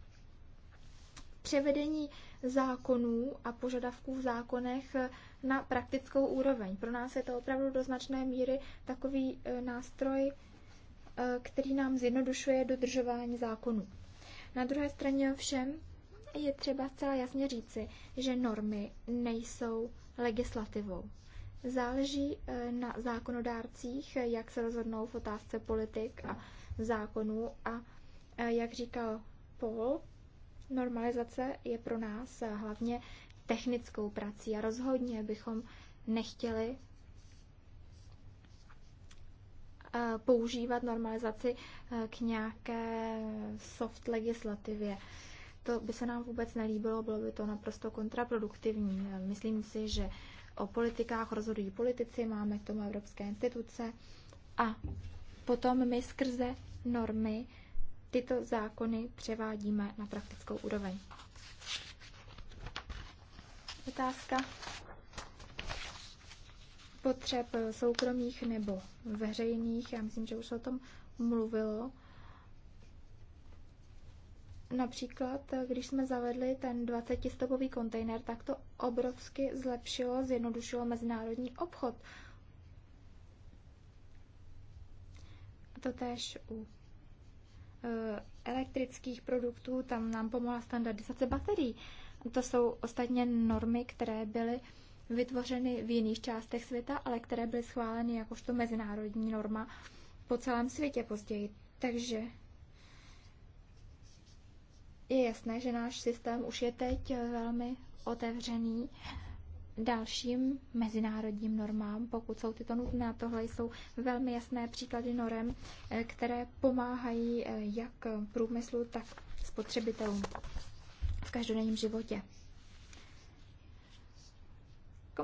převedení zákonů a požadavků v zákonech na praktickou úroveň. Pro nás je to opravdu do značné míry takový e, nástroj, e, který nám zjednodušuje dodržování zákonů. Na druhé straně ovšem je třeba zcela jasně říci, že normy nejsou legislativou. Záleží e, na zákonodárcích, jak se rozhodnou v otázce politik a zákonů a jak říkal Paul, Normalizace je pro nás eh, hlavně technickou prací a rozhodně bychom nechtěli eh, používat normalizaci eh, k nějaké soft legislativě. To by se nám vůbec nelíbilo, bylo by to naprosto kontraproduktivní. Myslím si, že o politikách rozhodují politici, máme k tomu evropské instituce a potom my skrze normy tyto zákony převádíme na praktickou úroveň. Otázka potřeb soukromých nebo veřejných. Já myslím, že už o tom mluvilo. Například, když jsme zavedli ten 20-stopový kontejner, tak to obrovsky zlepšilo, zjednodušilo mezinárodní obchod. to též u Eh, elektrických produktů, tam nám pomohla standardizace baterií. To jsou ostatně normy, které byly vytvořeny v jiných částech světa, ale které byly schváleny jakožto mezinárodní norma po celém světě později. Takže je jasné, že náš systém už je teď eh, velmi otevřený dalším mezinárodním normám, pokud jsou tyto nutné. Tohle jsou velmi jasné příklady norem, eh, které pomáhají eh, jak průmyslu, tak spotřebitelům v každodenním životě.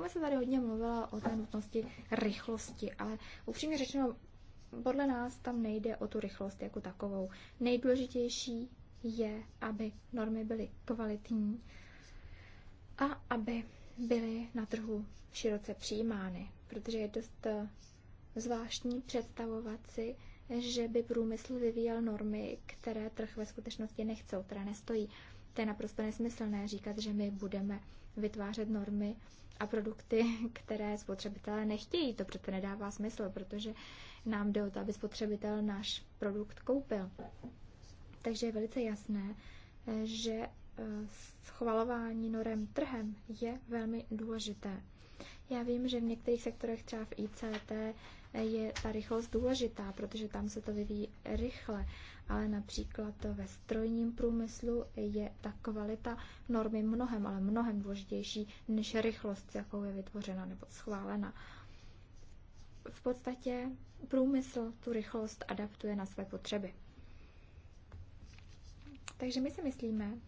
se tady hodně mluvila o té nutnosti rychlosti, ale upřímně řečeno, podle nás tam nejde o tu rychlost jako takovou. Nejdůležitější je, aby normy byly kvalitní a aby byly na trhu široce přijímány, protože je dost eh, zvláštní představovat si, že by průmysl vyvíjel normy, které trh ve skutečnosti nechcou, které nestojí. To je naprosto nesmyslné říkat, že my budeme vytvářet normy a produkty, které spotřebitelé nechtějí. To přece nedává smysl, protože nám jde o to, aby spotřebitel náš produkt koupil. Takže je velice jasné, eh, že Eh, schvalování norem trhem je velmi důležité. Já vím, že v některých sektorech, třeba v ICT, je ta rychlost důležitá, protože tam se to vyvíjí rychle, ale například ve strojním průmyslu je ta kvalita normy mnohem, ale mnohem důležitější než rychlost, jakou je vytvořena nebo schválena. V podstatě průmysl tu rychlost adaptuje na své potřeby. Takže my si myslíme,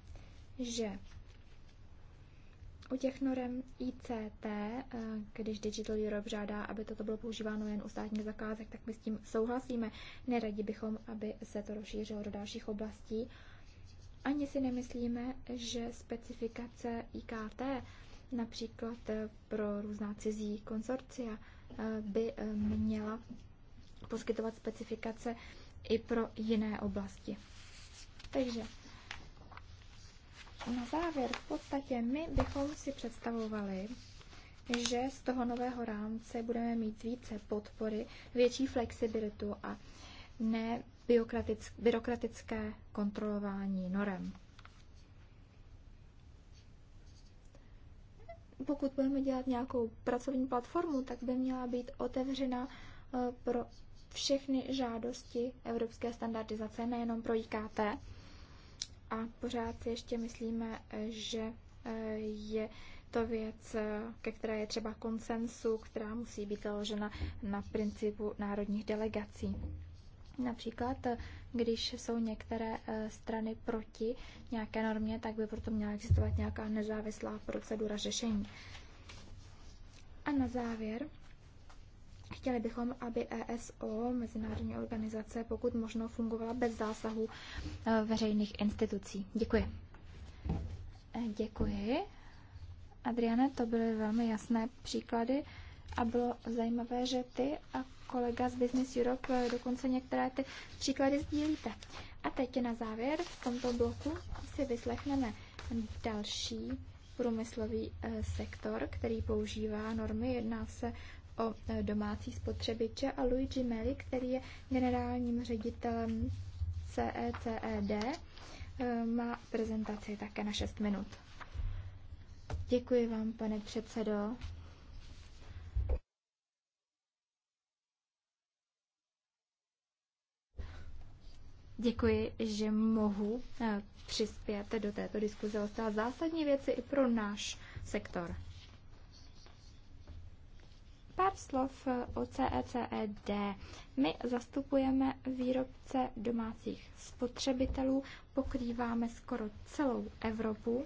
že u těch norem ICT, eh, když Digital Europe žádá, aby toto bylo používáno jen u státních zakázek, tak my s tím souhlasíme. Neradi bychom, aby se to rozšířilo do dalších oblastí. Ani si nemyslíme, že specifikace IKT, například eh, pro různá cizí konsorcia, eh, by měla poskytovat specifikace i pro jiné oblasti. Takže na závěr, v podstatě my bychom si představovali, že z toho nového rámce budeme mít více podpory, větší flexibilitu a ne byrokratické kontrolování norem. Pokud budeme dělat nějakou pracovní platformu, tak by měla být otevřena eh, pro všechny žádosti evropské standardizace, nejenom pro IKT a pořád si ještě myslíme, že e, je to věc, e, ke které je třeba konsensu, která musí být založena na principu národních delegací. Například, e, když jsou některé strany proti nějaké normě, tak by proto měla existovat nějaká nezávislá procedura řešení. A na závěr Chtěli bychom, aby ESO, mezinárodní organizace, pokud možno fungovala bez zásahu eh, veřejných institucí. Děkuji. Eh, děkuji. Adriane, to byly velmi jasné příklady a bylo zajímavé, že ty a kolega z Business Europe eh, dokonce některé ty příklady sdílíte. A teď na závěr v tomto bloku si vyslechneme další průmyslový sektor, který používá normy. Jedná se o e, domácí spotřebiče a Luigi Meli, který je generálním ředitelem CECED, e, má prezentaci také na 6 minut. Děkuji vám, pane předsedo. Děkuji, že mohu e, přispět do této diskuze o zásadní věci i pro náš sektor. Pár slov eh, o CECED. My zastupujeme výrobce domácích spotřebitelů, pokrýváme skoro celou Evropu.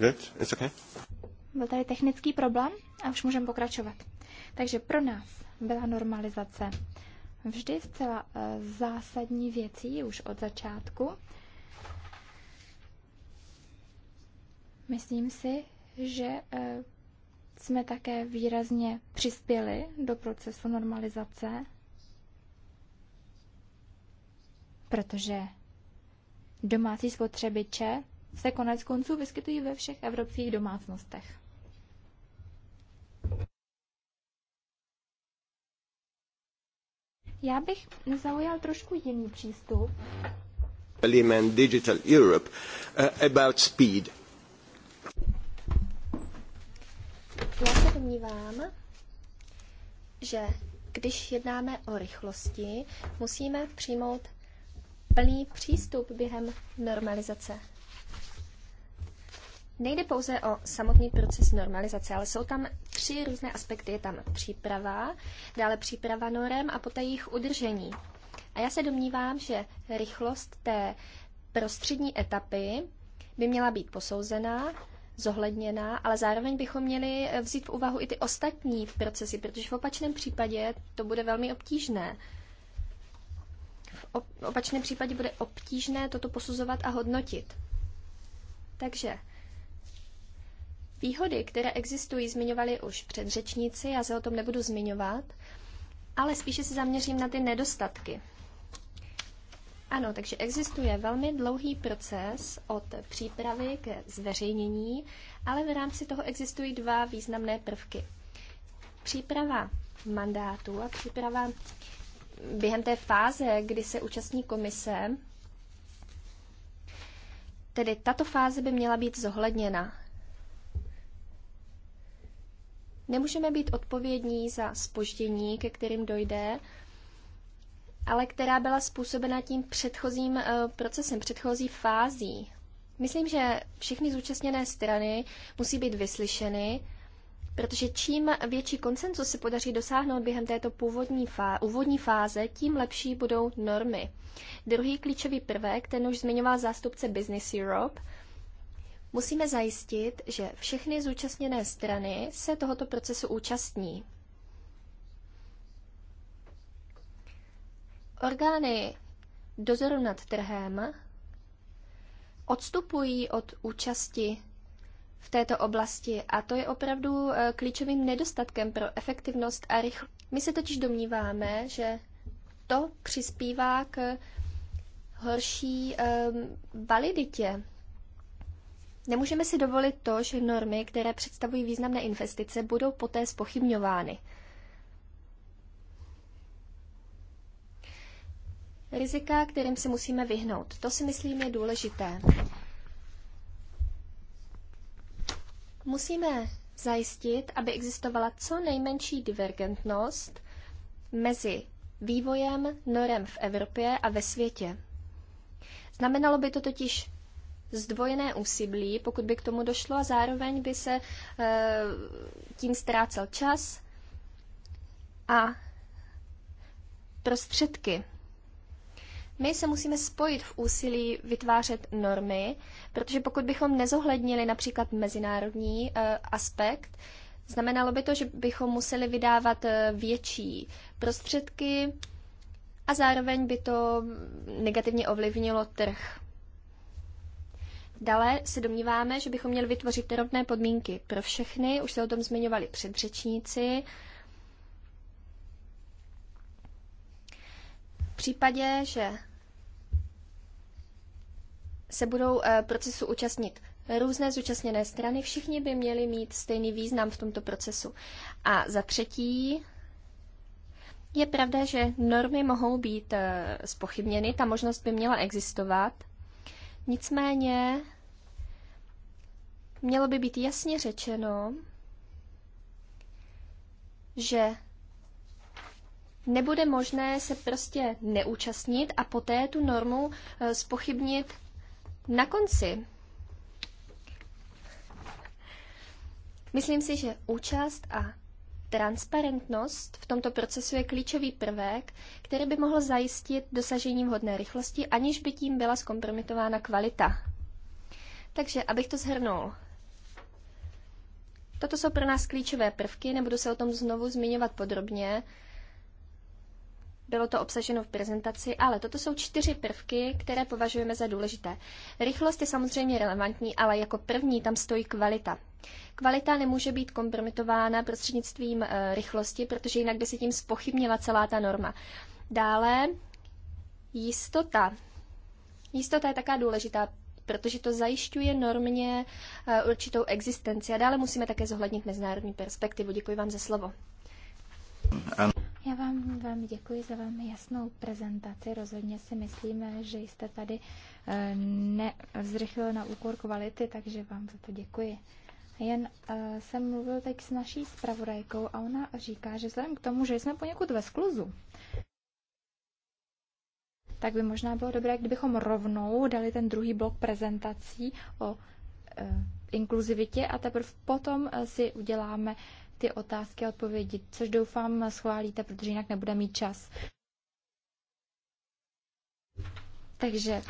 Good. It's okay. Byl tady technický problém a už můžeme pokračovat. Takže pro nás byla normalizace. Vždy zcela eh, zásadní věcí už od začátku. Myslím si, že eh, jsme také výrazně přispěli do procesu normalizace, protože domácí spotřebiče se konec konců vyskytují ve všech evropských domácnostech. Já bych zaujal trošku jiný přístup. Element Digital Europe uh, about speed. Já se domnívám, že když jednáme o rychlosti, musíme přijmout plný přístup během normalizace. Nejde pouze o samotný proces normalizace, ale jsou tam tři různé aspekty. Je tam příprava, dále příprava norem a poté jejich udržení. A já se domnívám, že rychlost té prostřední etapy by měla být posouzená, zohledněná, ale zároveň bychom měli vzít v úvahu i ty ostatní procesy, protože v opačném případě to bude velmi obtížné. V opačném případě bude obtížné toto posuzovat a hodnotit. Takže Výhody, které existují, zmiňovali už předřečníci, já se o tom nebudu zmiňovat, ale spíše se zaměřím na ty nedostatky. Ano, takže existuje velmi dlouhý proces od přípravy ke zveřejnění, ale v rámci toho existují dva významné prvky. Příprava mandátu a příprava během té fáze, kdy se účastní komise, tedy tato fáze by měla být zohledněna. Nemůžeme být odpovědní za spoždění, ke kterým dojde, ale která byla způsobena tím předchozím eh, procesem, předchozí fází. Myslím, že všechny zúčastněné strany musí být vyslyšeny, protože čím větší koncenzus se podaří dosáhnout během této původní fá- úvodní fáze, tím lepší budou normy. Druhý klíčový prvek, ten už zmiňoval zástupce Business Europe – Musíme zajistit, že všechny zúčastněné strany se tohoto procesu účastní. Orgány dozoru nad trhem odstupují od účasti v této oblasti a to je opravdu eh, klíčovým nedostatkem pro efektivnost a rychlost. My se totiž domníváme, že to přispívá k horší eh, validitě Nemůžeme si dovolit to, že normy, které představují významné investice, budou poté spochybňovány. Rizika, kterým se musíme vyhnout, to si myslím je důležité. Musíme zajistit, aby existovala co nejmenší divergentnost mezi vývojem norem v Evropě a ve světě. Znamenalo by to totiž zdvojené úsilí, pokud by k tomu došlo a zároveň by se e, tím ztrácel čas a prostředky. My se musíme spojit v úsilí vytvářet normy, protože pokud bychom nezohlednili například mezinárodní e, aspekt, znamenalo by to, že bychom museli vydávat eh, větší prostředky a zároveň by to negativně ovlivnilo trh. Dále se domníváme, že bychom měli vytvořit rovné podmínky pro všechny, už se o tom zmiňovali předřečníci. V případě, že se budou eh, procesu účastnit různé zúčastněné strany, všichni by měli mít stejný význam v tomto procesu. A za třetí, je pravda, že normy mohou být spochybněny, eh, ta možnost by měla existovat. Nicméně mělo by být jasně řečeno, že nebude možné se prostě neúčastnit a poté tu normu spochybnit eh, na konci. Myslím si, že účast a transparentnost v tomto procesu je klíčový prvek, který by mohl zajistit dosažení vhodné rychlosti, aniž by tím byla zkompromitována kvalita. Takže, abych to zhrnul, Toto jsou pro nás klíčové prvky, nebudu se o tom znovu zmiňovat podrobně. Bylo to obsaženo v prezentaci, ale toto jsou čtyři prvky, které považujeme za důležité. Rychlost je samozřejmě relevantní, ale jako první tam stojí kvalita. Kvalita nemůže být kompromitována prostřednictvím e, rychlosti, protože jinak by se tím spochybnila celá ta norma. Dále jistota. Jistota je taká důležitá protože to zajišťuje normě eh, určitou existenci. A dále musíme také zohlednit mezinárodní perspektivu. Děkuji vám za slovo. Já vám velmi děkuji za velmi jasnou prezentaci. Rozhodně si myslíme, že jste tady eh, nevzrychlil na úkor kvality, takže vám za to děkuji. Jen uh, jsem mluvil teď s naší zpravodajkou a ona říká, že vzhledem k tomu, že jsme poněkud ve skluzu, tak by možná bylo dobré, kdybychom rovnou dali ten druhý blok prezentací o e, inkluzivitě a teprve potom e, si uděláme ty otázky a odpovědi, což doufám schválíte, protože jinak nebude mít čas. Takže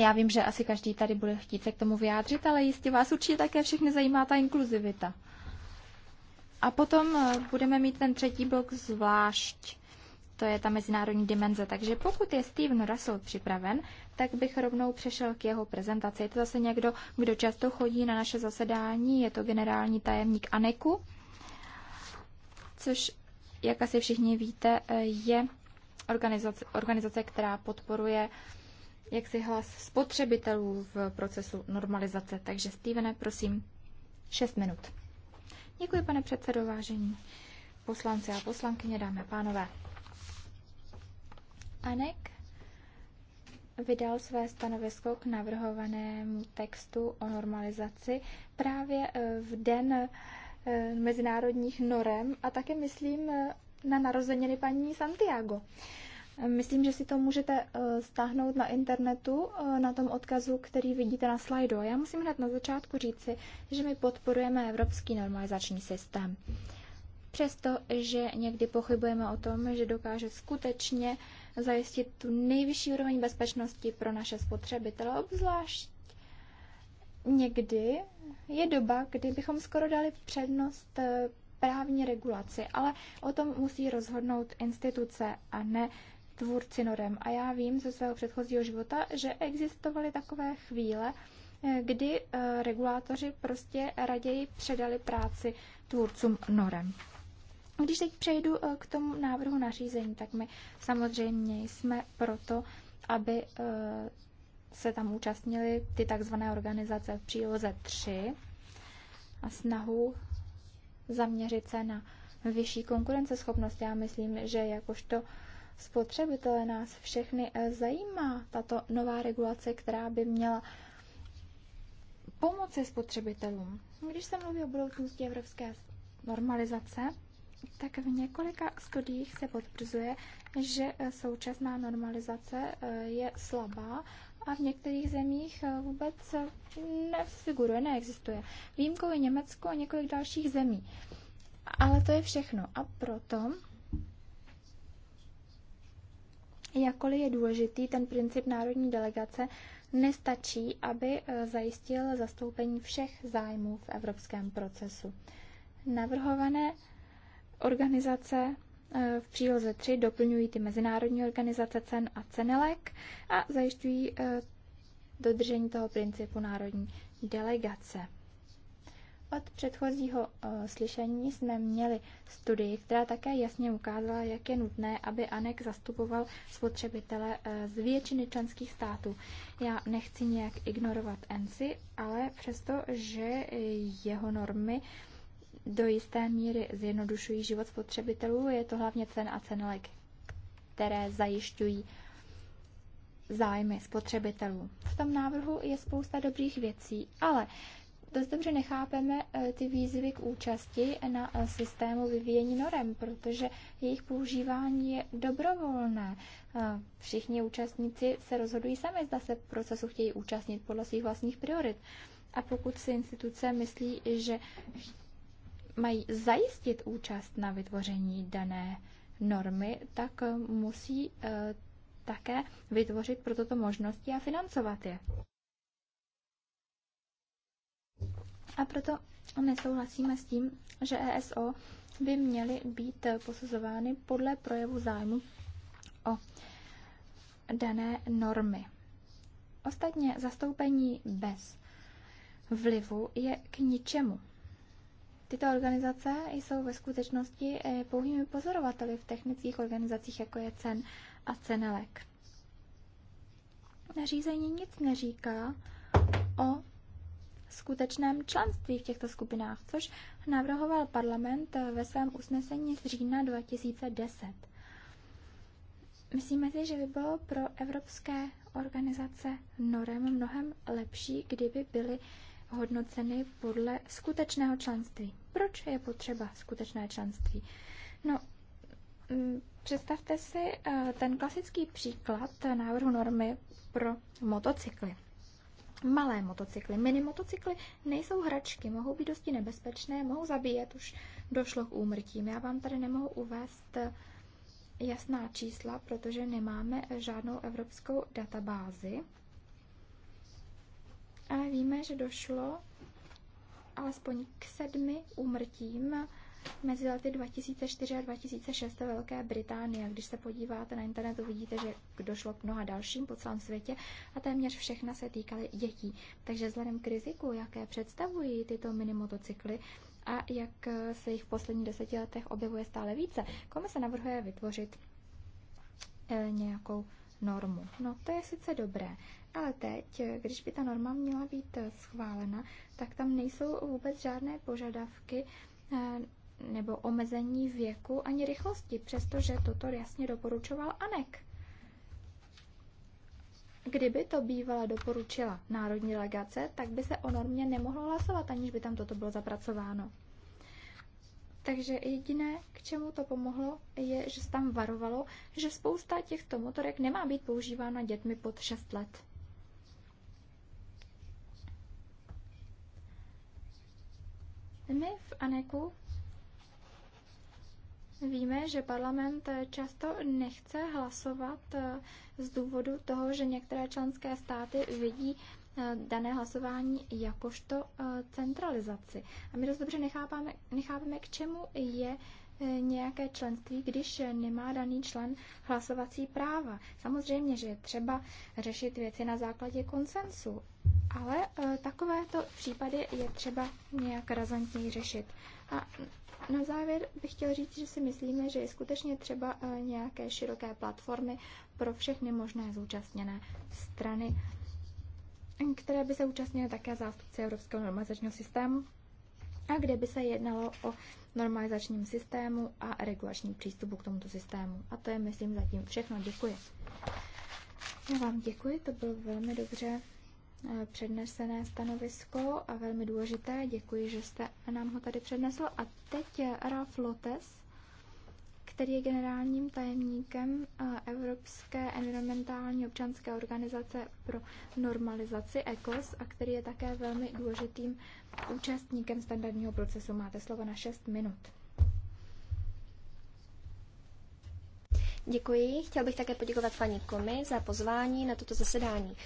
já vím, že asi každý tady bude chtít se k tomu vyjádřit, ale jistě vás určitě také všechny zajímá ta inkluzivita. A potom e, budeme mít ten třetí blok zvlášť to je ta mezinárodní dimenze. Takže pokud je Steven Russell připraven, tak bych rovnou přešel k jeho prezentaci. Je to zase někdo, kdo často chodí na naše zasedání, je to generální tajemník Aneku, což, jak asi všichni víte, je organizace, organizace která podporuje jaksi hlas spotřebitelů v procesu normalizace. Takže Stevene, prosím, 6 minut. Děkuji, pane předsedo, vážení poslanci a poslankyně, dámy a pánové. Anek vydal své stanovisko k navrhovanému textu o normalizaci právě eh, v den eh, mezinárodních norem a také myslím eh, na narozeniny paní Santiago. Myslím, že si to můžete stáhnout na internetu na tom odkazu, který vidíte na slajdu. Já musím hned na začátku říci, že my podporujeme evropský normalizační systém. Přesto, že někdy pochybujeme o tom, že dokáže skutečně zajistit tu nejvyšší úroveň bezpečnosti pro naše spotřebitele, obzvlášť někdy je doba, kdy bychom skoro dali přednost eh, právní regulaci, ale o tom musí rozhodnout instituce a ne tvůrci norem. A já vím ze svého předchozího života, že existovaly takové chvíle, eh, kdy eh, regulátoři prostě raději předali práci tvůrcům norem. Když teď přejdu eh, k tomu návrhu nařízení, tak my samozřejmě jsme proto, aby eh, se tam účastnili ty takzvané organizace v příloze 3 a snahu zaměřit se na vyšší konkurenceschopnost. Já myslím, že jakožto spotřebitele nás všechny eh, zajímá tato nová regulace, která by měla pomoci spotřebitelům. Když se mluví o budoucnosti evropské normalizace, tak v několika studiích se potvrzuje, že eh, současná normalizace eh, je slabá a v některých zemích eh, vůbec nefiguruje, neexistuje. Výjimkou je Německo a několik dalších zemí. Ale to je všechno. A proto, jakkoliv je důležitý ten princip národní delegace, nestačí, aby zajistil zastoupení všech zájmů v evropském procesu. Navrhované Organizace eh, v příloze 3 doplňují ty mezinárodní organizace cen a cenelek a zajišťují eh, dodržení toho principu národní delegace. Od předchozího eh, slyšení jsme měli studii, která také jasně ukázala, jak je nutné, aby ANEK zastupoval spotřebitele z většiny členských států. Já nechci nějak ignorovat ENSI, ale přesto, že jeho normy do jisté míry zjednodušují život spotřebitelů. Je to hlavně cen a cenlek, které zajišťují zájmy spotřebitelů. V tom návrhu je spousta dobrých věcí, ale dost dobře nechápeme eh, ty výzvy k účasti na eh, systému vyvíjení norem, protože jejich používání je dobrovolné. Eh, všichni účastníci se rozhodují sami, zda se procesu chtějí účastnit podle svých vlastních priorit. A pokud si instituce myslí, že mají zajistit účast na vytvoření dané normy, tak eh, musí eh, také vytvořit pro toto možnosti a financovat je. A proto nesouhlasíme s tím, že ESO by měly být eh, posuzovány podle projevu zájmu o dané normy. Ostatně zastoupení bez vlivu je k ničemu. Tyto organizace jsou ve skutečnosti eh, pouhými pozorovateli v technických organizacích, jako je CEN a CENELEK. Nařízení nic neříká o skutečném členství v těchto skupinách, což navrhoval parlament eh, ve svém usnesení z října 2010. Myslíme si, že by bylo pro evropské organizace norem mnohem lepší, kdyby byly hodnoceny podle skutečného členství. Proč je potřeba skutečné členství? No, mm, představte si eh, ten klasický příklad návrhu normy pro motocykly. Malé motocykly, mini motocykly nejsou hračky, mohou být dosti nebezpečné, mohou zabíjet, už došlo k úmrtím. Já vám tady nemohu uvést eh, jasná čísla, protože nemáme žádnou evropskou databázi ale víme, že došlo alespoň k sedmi úmrtím mezi lety 2004 a 2006 ve Velké Británii. A když se podíváte na internetu, vidíte, že došlo k mnoha dalším po celém světě a téměř všechna se týkaly dětí. Takže vzhledem k riziku, jaké představují tyto mini motocykly a jak se jich v posledních deseti letech objevuje stále více, komise navrhuje vytvořit eh, nějakou normu. No to je sice dobré, ale teď, když by ta norma měla být eh, schválena, tak tam nejsou vůbec žádné požadavky eh, nebo omezení věku ani rychlosti, přestože toto jasně doporučoval Anek. Kdyby to bývala doporučila národní delegace, tak by se o normě nemohlo hlasovat, aniž by tam toto bylo zapracováno. Takže jediné, k čemu to pomohlo, je, že se tam varovalo, že spousta těchto motorek nemá být používána dětmi pod 6 let. My v Aneku Víme, že parlament často nechce hlasovat eh, z důvodu toho, že některé členské státy vidí Eh, dané hlasování jakožto eh, centralizaci. A my dost dobře nechápáme, nechápeme, k čemu je eh, nějaké členství, když nemá daný člen hlasovací práva. Samozřejmě, že je třeba řešit věci na základě konsensu, ale takovéto případy je třeba nějak razantněji řešit. A na závěr bych chtěl říct, že si myslíme, že je skutečně třeba nějaké široké platformy pro všechny možné zúčastněné strany které by se účastnili také zástupci Evropského normalizačního systému a kde by se jednalo o normalizačním systému a regulačním přístupu k tomuto systému. A to je, myslím, zatím všechno. Děkuji. Já vám děkuji, to bylo velmi dobře eh, přednesené stanovisko a velmi důležité. Děkuji, že jste nám ho tady přednesl. A teď Ralf Lotes který je generálním tajemníkem eh, Evropské environmentální občanské organizace pro normalizaci ECOS a který je také velmi důležitým účastníkem standardního procesu. Máte slovo na 6 minut. Děkuji. Chtěl bych také poděkovat paní Komi za pozvání na toto zasedání.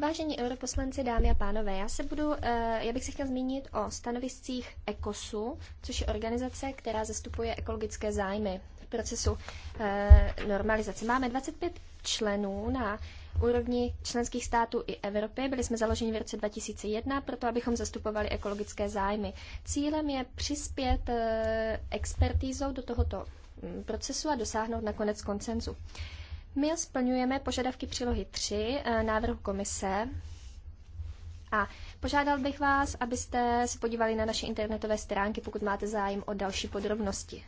Vážení europoslanci, dámy a pánové, já, se budu, eh, já bych se chtěla zmínit o stanoviscích ECOSu, což je organizace, která zastupuje ekologické zájmy v procesu eh, normalizace. Máme 25 členů na úrovni členských států i Evropy. Byli jsme založeni v roce 2001 proto, abychom zastupovali ekologické zájmy. Cílem je přispět eh, expertízou do tohoto mm, procesu a dosáhnout nakonec koncenzu. My splňujeme požadavky přílohy 3 eh, návrhu komise a požádal bych vás, abyste se podívali na naše internetové stránky, pokud máte zájem o další podrobnosti.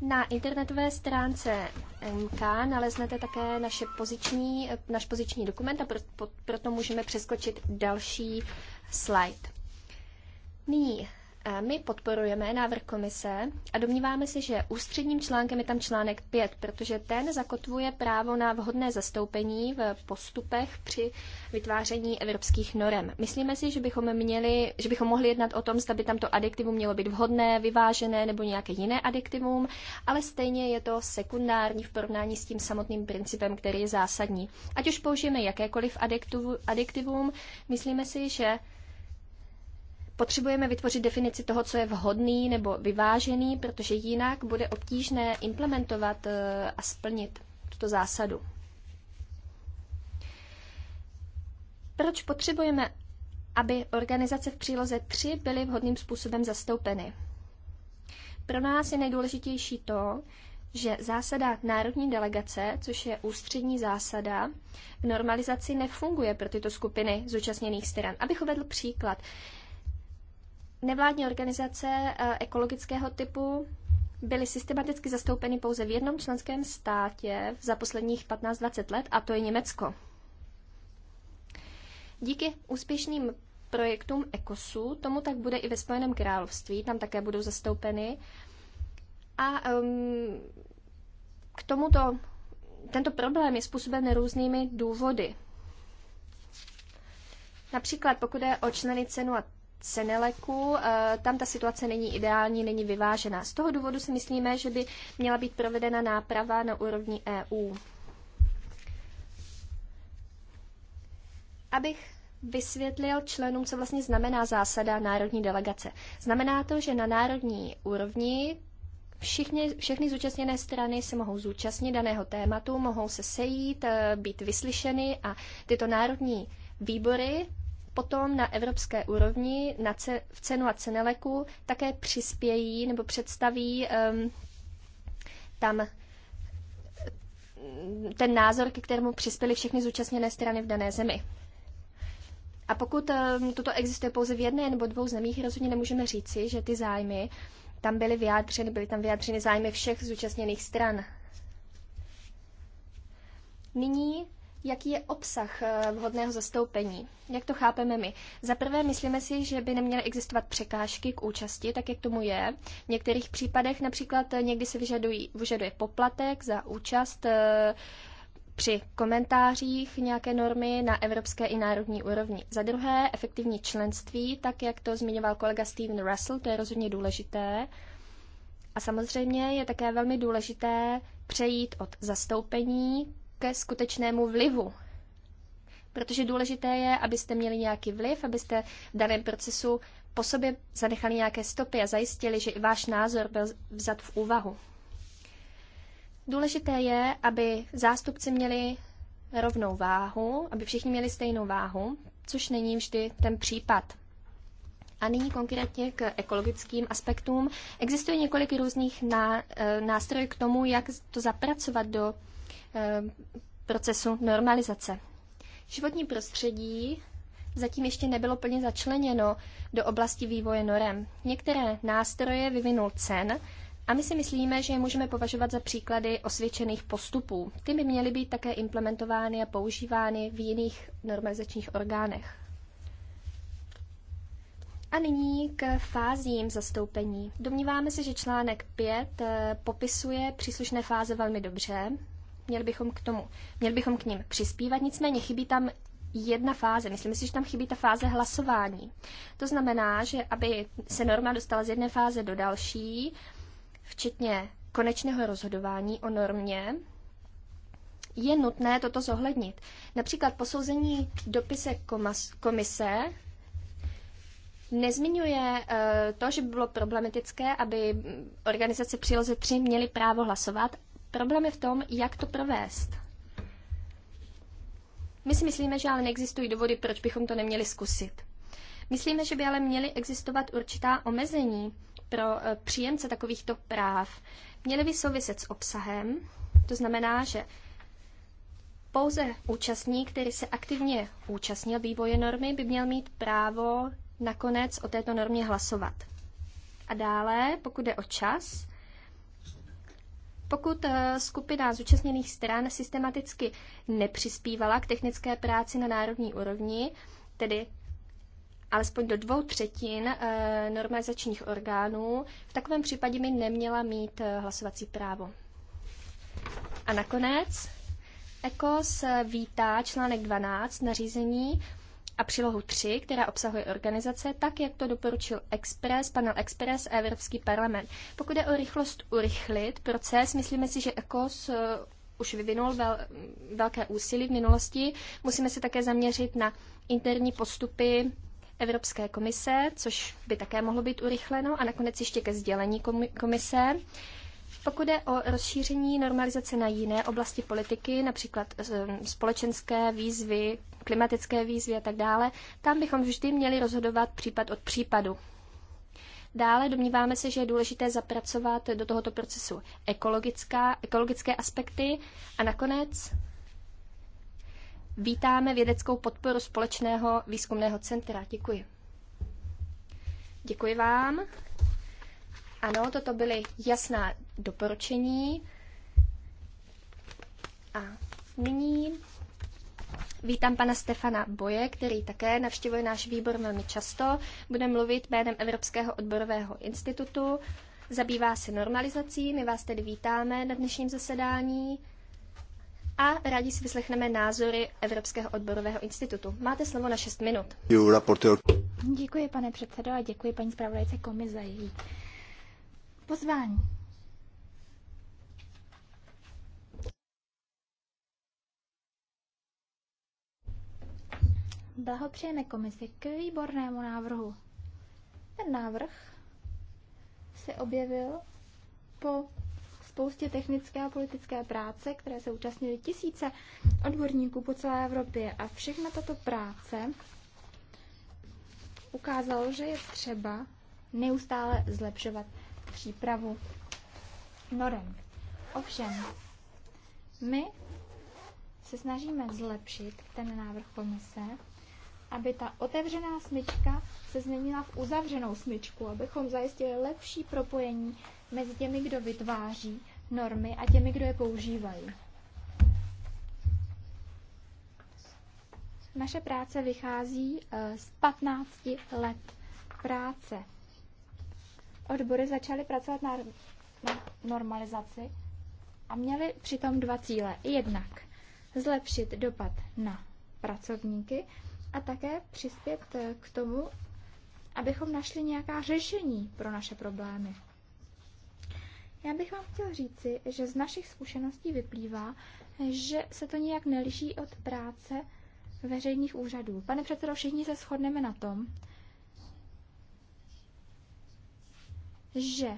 Na internetové stránce MK naleznete také naše poziční, eh, naš poziční dokument a proto můžeme přeskočit další slide. Nyní my podporujeme návrh komise a domníváme se, že ústředním článkem je tam článek 5, protože ten zakotvuje právo na vhodné zastoupení v postupech při vytváření evropských norem. Myslíme si, že bychom, měli, že bychom mohli jednat o tom, zda by tamto adiktivum mělo být vhodné, vyvážené nebo nějaké jiné adiktivum, ale stejně je to sekundární v porovnání s tím samotným principem, který je zásadní. Ať už použijeme jakékoliv adiktivum, myslíme si, že Potřebujeme vytvořit definici toho, co je vhodný nebo vyvážený, protože jinak bude obtížné implementovat eh, a splnit tuto zásadu. Proč potřebujeme, aby organizace v příloze 3 byly vhodným způsobem zastoupeny? Pro nás je nejdůležitější to, že zásada národní delegace, což je ústřední zásada, v normalizaci nefunguje pro tyto skupiny zúčastněných stran. Abych uvedl příklad, Nevládní organizace eh, ekologického typu byly systematicky zastoupeny pouze v jednom členském státě za posledních 15-20 let, a to je Německo. Díky úspěšným projektům ECOSu, tomu tak bude i ve Spojeném království, tam také budou zastoupeny. A um, k tomuto, tento problém je způsoben různými důvody. Například pokud je o členy cenu a ceny eh, Tam ta situace není ideální, není vyvážená. Z toho důvodu si myslíme, že by měla být provedena náprava na úrovni EU. Abych vysvětlil členům, co vlastně znamená zásada národní delegace. Znamená to, že na národní úrovni Všichni, všechny zúčastněné strany se mohou zúčastnit daného tématu, mohou se sejít, eh, být vyslyšeny a tyto národní výbory potom na evropské úrovni na ce, v cenu a ceneleku také přispějí nebo představí um, tam ten názor, ke kterému přispěly všechny zúčastněné strany v dané zemi. A pokud um, toto existuje pouze v jedné nebo dvou zemích, rozhodně nemůžeme říci, že ty zájmy tam byly vyjádřeny, byly tam vyjádřeny zájmy všech zúčastněných stran. Nyní jaký je obsah eh, vhodného zastoupení. Jak to chápeme my? Za prvé, myslíme si, že by neměly existovat překážky k účasti, tak jak tomu je. V některých případech například eh, někdy se vyžadují, vyžaduje poplatek za účast eh, při komentářích nějaké normy na evropské i národní úrovni. Za druhé, efektivní členství, tak jak to zmiňoval kolega Steven Russell, to je rozhodně důležité. A samozřejmě je také velmi důležité přejít od zastoupení ke skutečnému vlivu. Protože důležité je, abyste měli nějaký vliv, abyste v daném procesu po sobě zanechali nějaké stopy a zajistili, že i váš názor byl vzat v úvahu. Důležité je, aby zástupci měli rovnou váhu, aby všichni měli stejnou váhu, což není vždy ten případ. A nyní konkrétně k ekologickým aspektům. Existuje několik různých e, nástrojů k tomu, jak to zapracovat do Eh, procesu normalizace. Životní prostředí zatím ještě nebylo plně začleněno do oblasti vývoje norem. Některé nástroje vyvinul cen a my si myslíme, že je můžeme považovat za příklady osvědčených postupů. Ty by měly být také implementovány a používány v jiných normalizačních orgánech. A nyní k fázím zastoupení. Domníváme se, že článek 5 eh, popisuje příslušné fáze velmi dobře měli bychom k tomu, měli bychom k ním přispívat, nicméně chybí tam jedna fáze. Myslím si, že tam chybí ta fáze hlasování. To znamená, že aby se norma dostala z jedné fáze do další, včetně konečného rozhodování o normě, je nutné toto zohlednit. Například posouzení dopise komise nezmiňuje eh, to, že by bylo problematické, aby organizace příloze 3 měly právo hlasovat, Problém je v tom, jak to provést. My si myslíme, že ale neexistují důvody, proč bychom to neměli zkusit. Myslíme, že by ale měly existovat určitá omezení pro eh, příjemce takovýchto práv. Měly by souviset s obsahem, to znamená, že pouze účastník, který se aktivně účastnil vývoje normy, by měl mít právo nakonec o této normě hlasovat. A dále, pokud je o čas, pokud eh, skupina zúčastněných stran systematicky nepřispívala k technické práci na národní úrovni, tedy alespoň do dvou třetin eh, normalizačních orgánů, v takovém případě by neměla mít eh, hlasovací právo. A nakonec ECOS vítá článek 12 nařízení a přílohu 3, která obsahuje organizace, tak jak to doporučil Express, panel Express a Evropský parlament. Pokud je o rychlost urychlit proces, myslíme si, že ECOS eh, už vyvinul vel, velké úsilí v minulosti. Musíme se také zaměřit na interní postupy Evropské komise, což by také mohlo být urychleno, a nakonec ještě ke sdělení komise. Pokud je o rozšíření normalizace na jiné oblasti politiky, například eh, společenské výzvy, klimatické výzvy a tak dále, tam bychom vždy měli rozhodovat případ od případu. Dále domníváme se, že je důležité zapracovat do tohoto procesu ekologická, ekologické aspekty a nakonec vítáme vědeckou podporu společného výzkumného centra. Děkuji. Děkuji vám. Ano, toto byly jasná doporučení. A nyní Vítám pana Stefana Boje, který také navštěvuje náš výbor velmi často. Bude mluvit jménem Evropského odborového institutu. Zabývá se normalizací. My vás tedy vítáme na dnešním zasedání a rádi si vyslechneme názory Evropského odborového institutu. Máte slovo na 6 minut. Děkuji, pane předsedo, a děkuji paní zpravodajce komise za její pozvání. blahopřejeme komisi k výbornému návrhu. Ten návrh se objevil po spoustě technické a politické práce, které se účastnili tisíce odborníků po celé Evropě. A všechna tato práce ukázalo, že je třeba neustále zlepšovat přípravu norem. Ovšem, my se snažíme zlepšit ten návrh komise aby ta otevřená smyčka se změnila v uzavřenou smyčku, abychom zajistili lepší propojení mezi těmi, kdo vytváří normy a těmi, kdo je používají. Naše práce vychází eh, z 15 let práce. Odbory začaly pracovat na normalizaci a měly přitom dva cíle. Jednak zlepšit dopad na pracovníky a také přispět eh, k tomu, abychom našli nějaká řešení pro naše problémy. Já bych vám chtěl říci, že z našich zkušeností vyplývá, že se to nijak neliší od práce veřejných úřadů. Pane předsedo, všichni se shodneme na tom, že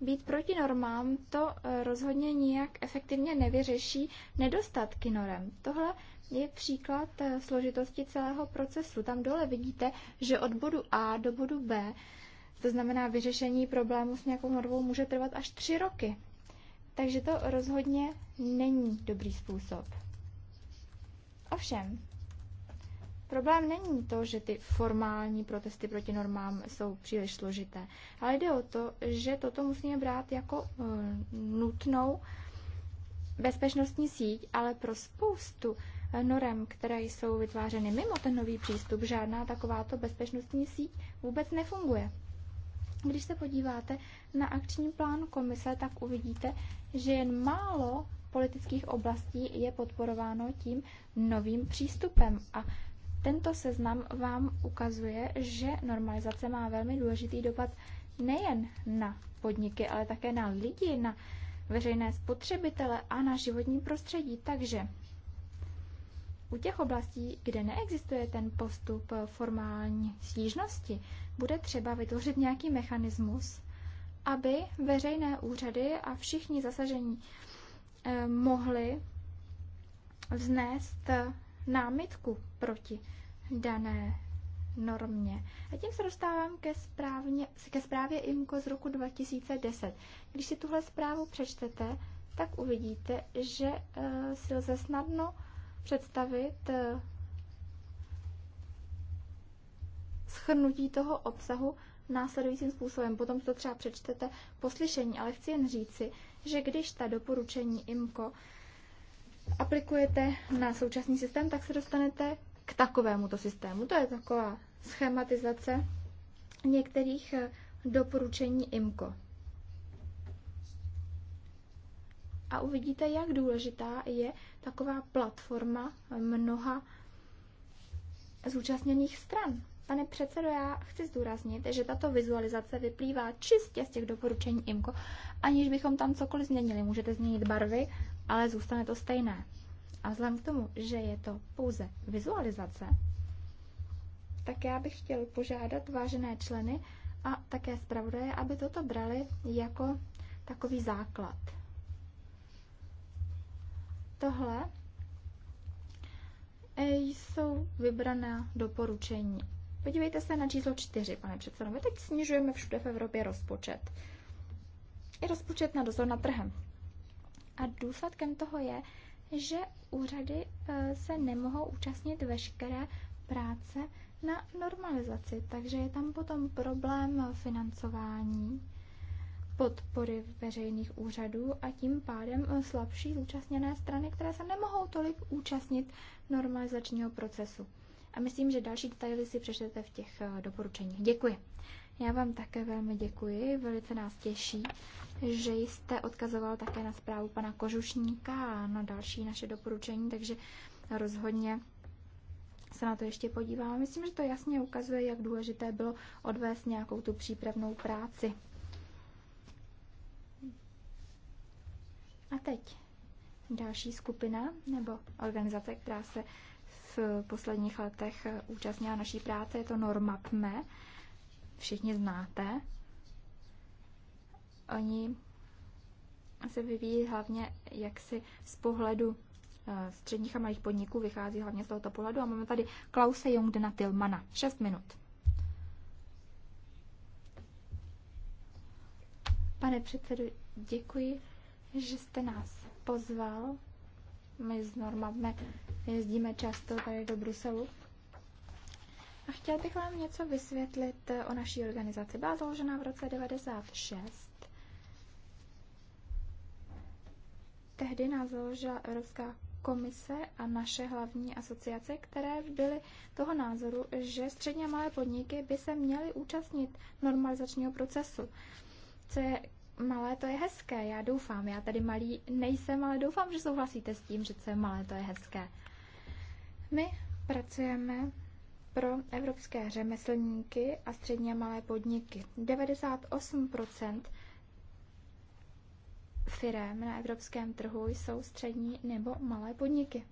být proti normám to eh, rozhodně nijak efektivně nevyřeší nedostatky norem. Tohle je příklad eh, složitosti celého procesu. Tam dole vidíte, že od bodu A do bodu B, to znamená vyřešení problému s nějakou normou, může trvat až tři roky. Takže to rozhodně není dobrý způsob. Ovšem, problém není to, že ty formální protesty proti normám jsou příliš složité, ale jde o to, že toto musíme brát jako eh, nutnou bezpečnostní síť, ale pro spoustu norem, které jsou vytvářeny mimo ten nový přístup, žádná takováto bezpečnostní síť vůbec nefunguje. Když se podíváte na akční plán komise, tak uvidíte, že jen málo politických oblastí je podporováno tím novým přístupem. A tento seznam vám ukazuje, že normalizace má velmi důležitý dopad nejen na podniky, ale také na lidi, na veřejné spotřebitele a na životní prostředí. Takže u těch oblastí, kde neexistuje ten postup eh, formální stížnosti, bude třeba vytvořit nějaký mechanismus, aby veřejné úřady a všichni zasažení eh, mohli vznést eh, námitku proti dané normě. A tím se dostávám ke, správně, ke zprávě IMCO z roku 2010. Když si tuhle zprávu přečtete, tak uvidíte, že si lze snadno představit eh, schrnutí toho obsahu následujícím způsobem. Potom to třeba přečtete poslyšení, ale chci jen říci, že když ta doporučení IMCO aplikujete na současný systém, tak se dostanete k takovému to systému. To je taková schematizace některých eh, doporučení IMCO. a uvidíte, jak důležitá je taková platforma mnoha zúčastněných stran. Pane předsedo, já chci zdůraznit, že tato vizualizace vyplývá čistě z těch doporučení IMCO, aniž bychom tam cokoliv změnili. Můžete změnit barvy, ale zůstane to stejné. A vzhledem k tomu, že je to pouze vizualizace, tak já bych chtěl požádat vážené členy a také zpravodaje, aby toto brali jako takový základ. Tohle e, jsou vybraná doporučení. Podívejte se na číslo 4, pane předsedo. My teď snižujeme všude v Evropě rozpočet. I rozpočet na dozor nad trhem. A důsledkem toho je, že úřady e, se nemohou účastnit veškeré práce na normalizaci, takže je tam potom problém financování podpory veřejných úřadů a tím pádem slabší zúčastněné strany, které se nemohou tolik účastnit normalizačního procesu. A myslím, že další detaily si přečtete v těch eh, doporučeních. Děkuji. Já vám také velmi děkuji, velice nás těší, že jste odkazoval také na zprávu pana Kožušníka a na další naše doporučení, takže rozhodně se na to ještě podíváme. Myslím, že to jasně ukazuje, jak důležité bylo odvést nějakou tu přípravnou práci. A teď další skupina nebo organizace, která se v posledních letech účastnila naší práce, je to Normapme. Všichni znáte. Oni se vyvíjí hlavně jaksi z pohledu eh, středních a malých podniků, vychází hlavně z tohoto pohledu. A máme tady Klause Jungdena Tilmana. 6 minut. Pane předsedu, děkuji že jste nás pozval. My s Normandne jezdíme často tady do Bruselu. A chtěla bych vám něco vysvětlit eh, o naší organizaci. Byla založena v roce 96. Tehdy nás založila Evropská komise a naše hlavní asociace, které byly toho názoru, že středně malé podniky by se měly účastnit normalizačního procesu, co je malé to je hezké, já doufám. Já tady malý nejsem, ale doufám, že souhlasíte s tím, že co je malé, to je hezké. My pracujeme pro evropské řemeslníky a středně a malé podniky. 98% firem na evropském trhu jsou střední nebo malé podniky.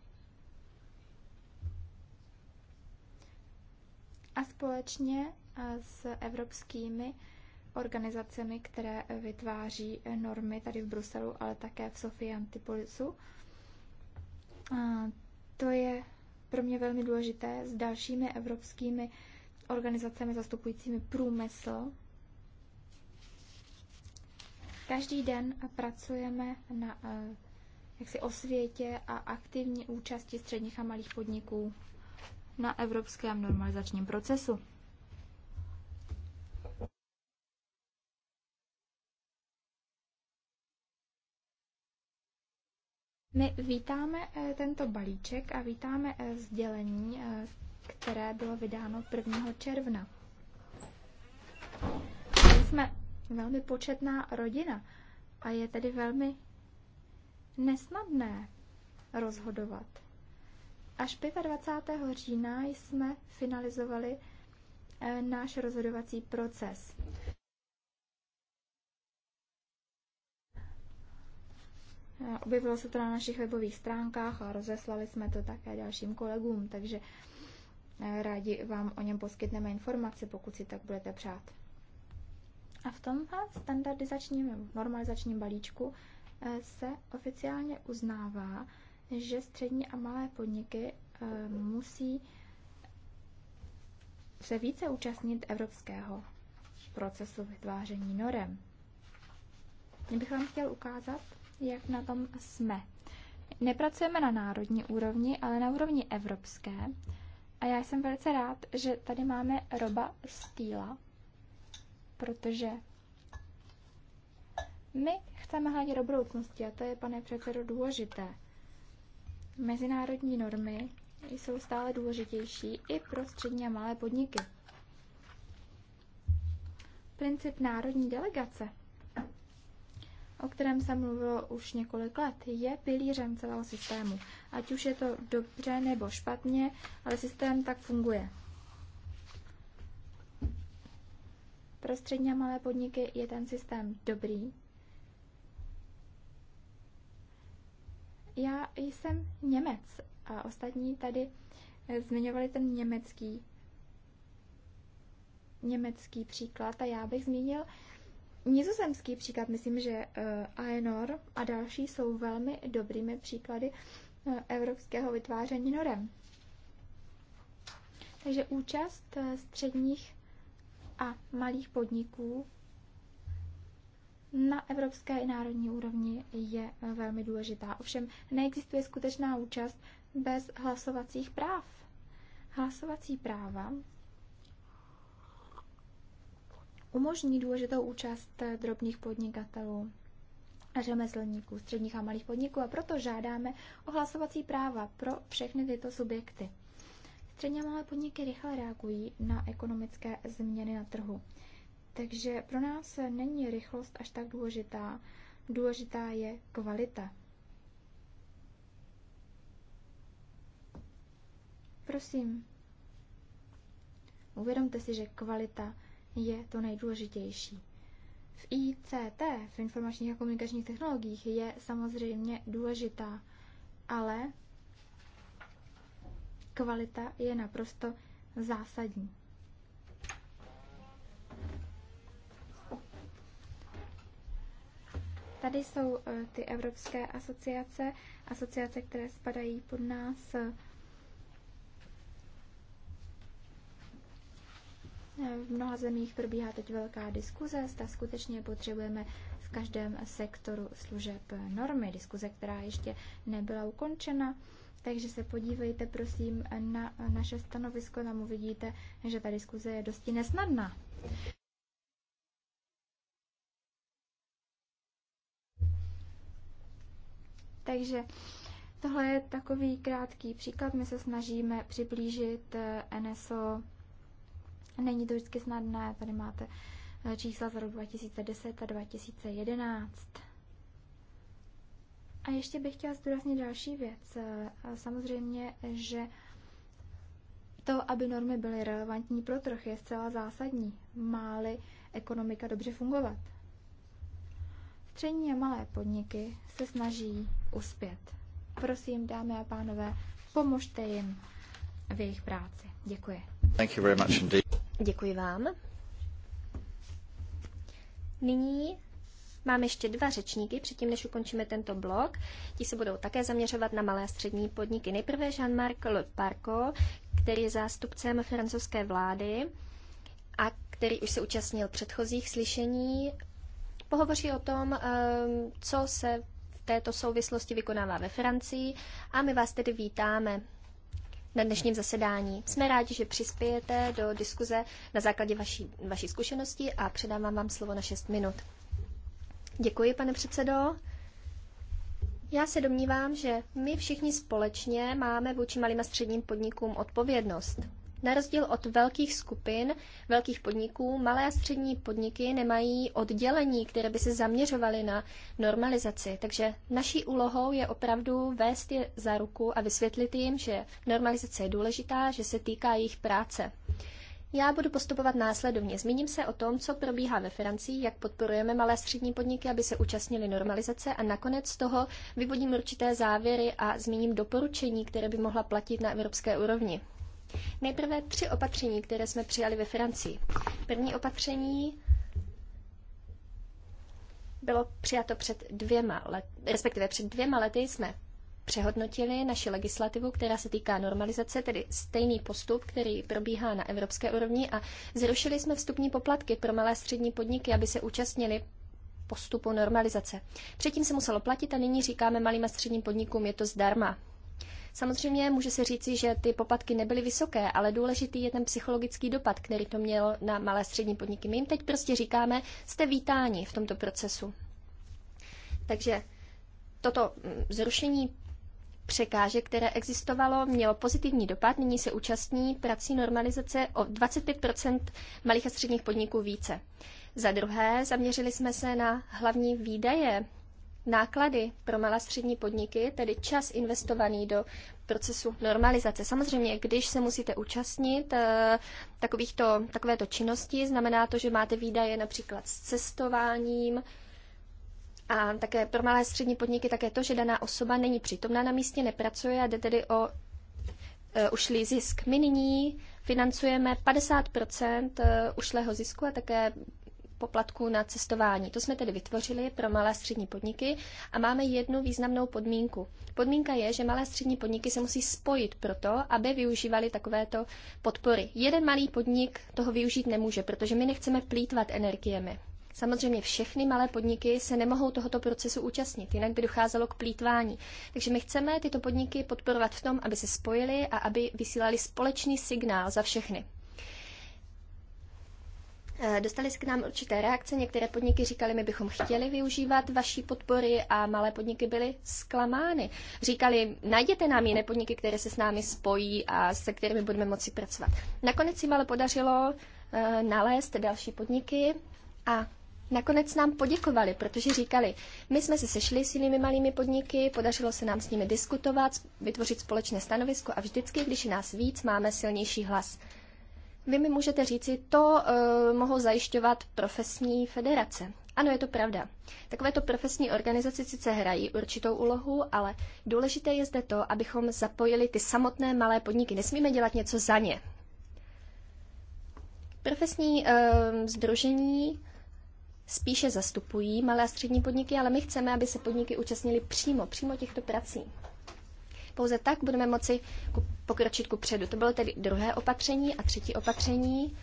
A společně eh, s evropskými organizacemi, které vytváří normy tady v Bruselu, ale také v Sofii Antipolisu. A to je pro mě velmi důležité s dalšími evropskými organizacemi zastupujícími průmysl. Každý den pracujeme na eh, jaksi osvětě a aktivní účasti středních a malých podniků na evropském normalizačním procesu. My vítáme eh, tento balíček a vítáme eh, sdělení, eh, které bylo vydáno 1. června. My jsme velmi početná rodina a je tedy velmi nesnadné rozhodovat. Až 25. října jsme finalizovali náš rozhodovací proces. Objevilo se to na našich webových stránkách a rozeslali jsme to také dalším kolegům, takže eh, rádi vám o něm poskytneme informace, pokud si tak budete přát. A v tom standardizačním nebo normalizačním balíčku eh, se oficiálně uznává, že střední a malé podniky eh, musí se více účastnit evropského procesu vytváření norem. Mě bych vám chtěl ukázat jak na tom jsme. Nepracujeme na národní úrovni, ale na úrovni evropské. A já jsem velice rád, že tady máme Roba Stýla, protože my chceme hledět do budoucnosti a to je, pane předsedo, důležité. Mezinárodní normy jsou stále důležitější i pro střední a malé podniky. Princip národní delegace o kterém se mluvilo už několik let, je pilířem celého systému. Ať už je to dobře nebo špatně, ale systém tak funguje. Pro střední a malé podniky je ten systém dobrý. Já jsem Němec a ostatní tady eh, zmiňovali ten německý německý příklad a já bych zmínil Nizozemský příklad, myslím, že eh, AENOR a další jsou velmi dobrými příklady eh, evropského vytváření norem. Takže účast eh, středních a malých podniků na evropské i národní úrovni je velmi důležitá. Ovšem neexistuje skutečná účast bez hlasovacích práv. Hlasovací práva umožní důležitou účast drobných podnikatelů a řemeslníků, středních a malých podniků a proto žádáme o hlasovací práva pro všechny tyto subjekty. Středně malé podniky rychle reagují na ekonomické změny na trhu. Takže pro nás není rychlost až tak důležitá, důležitá je kvalita. Prosím, uvědomte si, že kvalita je to nejdůležitější. V ICT, v informačních a komunikačních technologiích, je samozřejmě důležitá, ale kvalita je naprosto zásadní. Tady jsou eh, ty evropské asociace, asociace, které spadají pod nás, eh, V mnoha zemích probíhá teď velká diskuze, zda skutečně potřebujeme v každém sektoru služeb normy, diskuze, která ještě nebyla ukončena. Takže se podívejte, prosím, na naše stanovisko, tam uvidíte, že ta diskuze je dosti nesnadná. Takže tohle je takový krátký příklad. My se snažíme přiblížit NSO Není to vždycky snadné, tady máte eh, čísla za rok 2010 a 2011. A ještě bych chtěla zdůraznit další věc. Eh, samozřejmě, že to, aby normy byly relevantní pro trh, je zcela zásadní, má ekonomika dobře fungovat. Střední a malé podniky se snaží uspět. Prosím, dámy a pánové, pomožte jim v jejich práci. Děkuji. Thank you very much indeed. Děkuji vám. Nyní Mám ještě dva řečníky, předtím než ukončíme tento blok. Ti se budou také zaměřovat na malé a střední podniky. Nejprve Jean-Marc Le Parco, který je zástupcem francouzské vlády a který už se účastnil předchozích slyšení. Pohovoří o tom, eh, co se v této souvislosti vykonává ve Francii a my vás tedy vítáme na dnešním zasedání. Jsme rádi, že přispějete do diskuze na základě vaší, vaší zkušenosti a předávám vám slovo na 6 minut. Děkuji, pane předsedo. Já se domnívám, že my všichni společně máme vůči malým a středním podnikům odpovědnost. Na rozdíl od velkých skupin, velkých podniků, malé a střední podniky nemají oddělení, které by se zaměřovaly na normalizaci. Takže naší úlohou je opravdu vést je za ruku a vysvětlit jim, že normalizace je důležitá, že se týká jejich práce. Já budu postupovat následovně. Zmíním se o tom, co probíhá ve Francii, jak podporujeme malé a střední podniky, aby se účastnili normalizace a nakonec z toho vyvodím určité závěry a zmíním doporučení, které by mohla platit na evropské úrovni. Nejprve tři opatření, které jsme přijali ve Francii. První opatření bylo přijato před dvěma lety, respektive před dvěma lety jsme přehodnotili naši legislativu, která se týká normalizace, tedy stejný postup, který probíhá na evropské úrovni a zrušili jsme vstupní poplatky pro malé střední podniky, aby se účastnili postupu normalizace. Předtím se muselo platit a nyní říkáme malým a středním podnikům, je to zdarma. Samozřejmě může se říci, že ty poplatky nebyly vysoké, ale důležitý je ten psychologický dopad, který to měl na malé střední podniky. My jim teď prostě říkáme, jste vítáni v tomto procesu. Takže toto mm, zrušení překážek, které existovalo, mělo pozitivní dopad. Nyní se účastní prací normalizace o 25 malých a středních podniků více. Za druhé, zaměřili jsme se na hlavní výdaje náklady pro malé střední podniky, tedy čas investovaný do procesu normalizace. Samozřejmě, když se musíte účastnit eh, takovýchto, takovéto činnosti, znamená to, že máte výdaje například s cestováním, a také pro malé střední podniky také to, že daná osoba není přítomná na místě, nepracuje a jde tedy o e, ušlý zisk. My nyní financujeme 50 eh, ušlého zisku a také poplatků na cestování. To jsme tedy vytvořili pro malé střední podniky a máme jednu významnou podmínku. Podmínka je, že malé střední podniky se musí spojit proto, aby využívali takovéto podpory. Jeden malý podnik toho využít nemůže, protože my nechceme plítvat energiemi. Samozřejmě všechny malé podniky se nemohou tohoto procesu účastnit, jinak by docházelo k plítvání. Takže my chceme tyto podniky podporovat v tom, aby se spojili a aby vysílali společný signál za všechny. Eh, dostali se k nám určité reakce, některé podniky říkali, my bychom chtěli využívat vaší podpory a malé podniky byly zklamány. Říkali, najděte nám jiné podniky, které se s námi spojí a se kterými budeme moci pracovat. Nakonec jim ale podařilo eh, nalézt další podniky a Nakonec nám poděkovali, protože říkali, my jsme se sešli s jinými malými podniky, podařilo se nám s nimi diskutovat, vytvořit společné stanovisko a vždycky, když je nás víc, máme silnější hlas. Vy mi můžete říci, to uh, mohou zajišťovat profesní federace. Ano, je to pravda. Takovéto profesní organizace sice hrají určitou úlohu, ale důležité je zde to, abychom zapojili ty samotné malé podniky. Nesmíme dělat něco za ně. Profesní uh, eh, združení spíše zastupují malé a střední podniky, ale my chceme, aby se podniky účastnili přímo, přímo těchto prací. Pouze tak budeme moci pokročit ku předu. To bylo tedy druhé opatření a třetí opatření.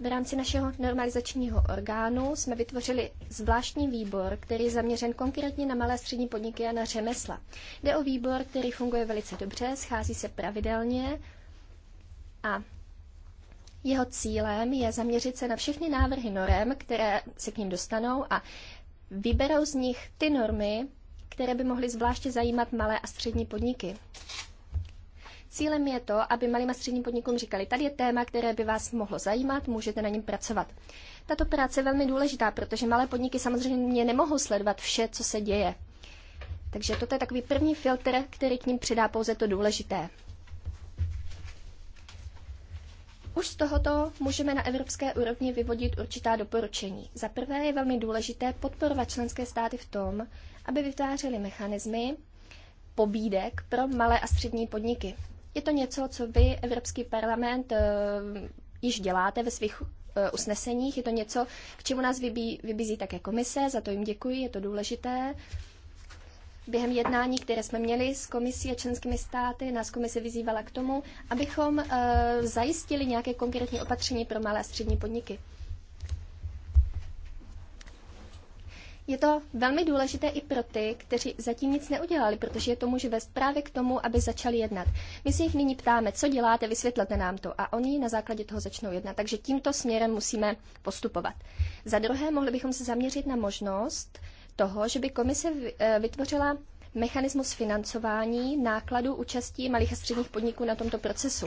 V rámci našeho normalizačního orgánu jsme vytvořili zvláštní výbor, který je zaměřen konkrétně na malé střední podniky a na řemesla. Jde o výbor, který funguje velice dobře, schází se pravidelně a jeho cílem je zaměřit se na všechny návrhy norem, které se k ním dostanou a vyberou z nich ty normy, které by mohly zvláště zajímat malé a střední podniky. Cílem je to, aby malým a středním podnikům říkali, tady je téma, které by vás mohlo zajímat, můžete na něm pracovat. Tato práce je velmi důležitá, protože malé podniky samozřejmě nemohou sledovat vše, co se děje. Takže toto je takový první filtr, který k ním přidá pouze to důležité. Už z tohoto můžeme na evropské úrovni vyvodit určitá doporučení. Za prvé je velmi důležité podporovat členské státy v tom, aby vytvářely mechanismy pobídek pro malé a střední podniky. Je to něco, co vy, Evropský parlament, eh, již děláte ve svých eh, usneseních. Je to něco, k čemu nás vybí, vybízí také komise, za to jim děkuji, je to důležité. Během jednání, které jsme měli s komisí a členskými státy, nás komise vyzývala k tomu, abychom e, zajistili nějaké konkrétní opatření pro malé a střední podniky. je to velmi důležité i pro ty, kteří zatím nic neudělali, protože je to může vést právě k tomu, aby začali jednat. My si jich nyní ptáme, co děláte, vysvětlete nám to a oni na základě toho začnou jednat. Takže tímto směrem musíme postupovat. Za druhé, mohli bychom se zaměřit na možnost toho, že by komise eh, vytvořila mechanismus financování nákladů účastí malých a středních podniků na tomto procesu.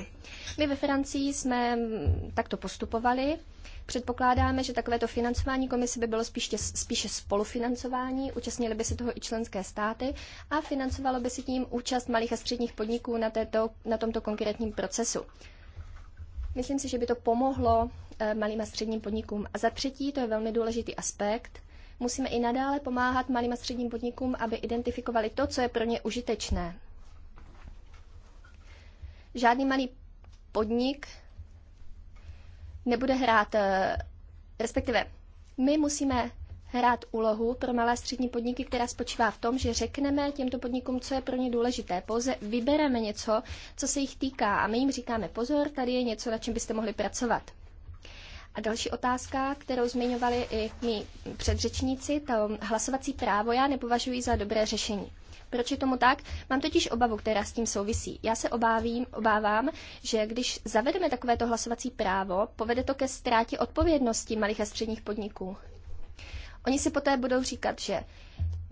My ve Francii jsme mm, takto postupovali. Předpokládáme, že takovéto financování komise by bylo spíše, spíše spolufinancování, účastnili by se toho i členské státy a financovalo by se tím účast malých a středních podniků na, této, na tomto konkrétním procesu. Myslím si, že by to pomohlo eh, malým a středním podnikům. A za třetí, to je velmi důležitý aspekt, musíme i nadále pomáhat malým a středním podnikům, aby identifikovali to, co je pro ně užitečné. Žádný malý podnik nebude hrát, eh, respektive my musíme hrát úlohu pro malé střední podniky, která spočívá v tom, že řekneme těmto podnikům, co je pro ně důležité. Pouze vybereme něco, co se jich týká a my jim říkáme pozor, tady je něco, na čem byste mohli pracovat. A další otázka, kterou zmiňovali i mý předřečníci, to hlasovací právo já nepovažuji za dobré řešení. Proč je tomu tak? Mám totiž obavu, která s tím souvisí. Já se obávím, obávám, že když zavedeme takovéto hlasovací právo, povede to ke ztrátě odpovědnosti malých a středních podniků. Oni si poté budou říkat, že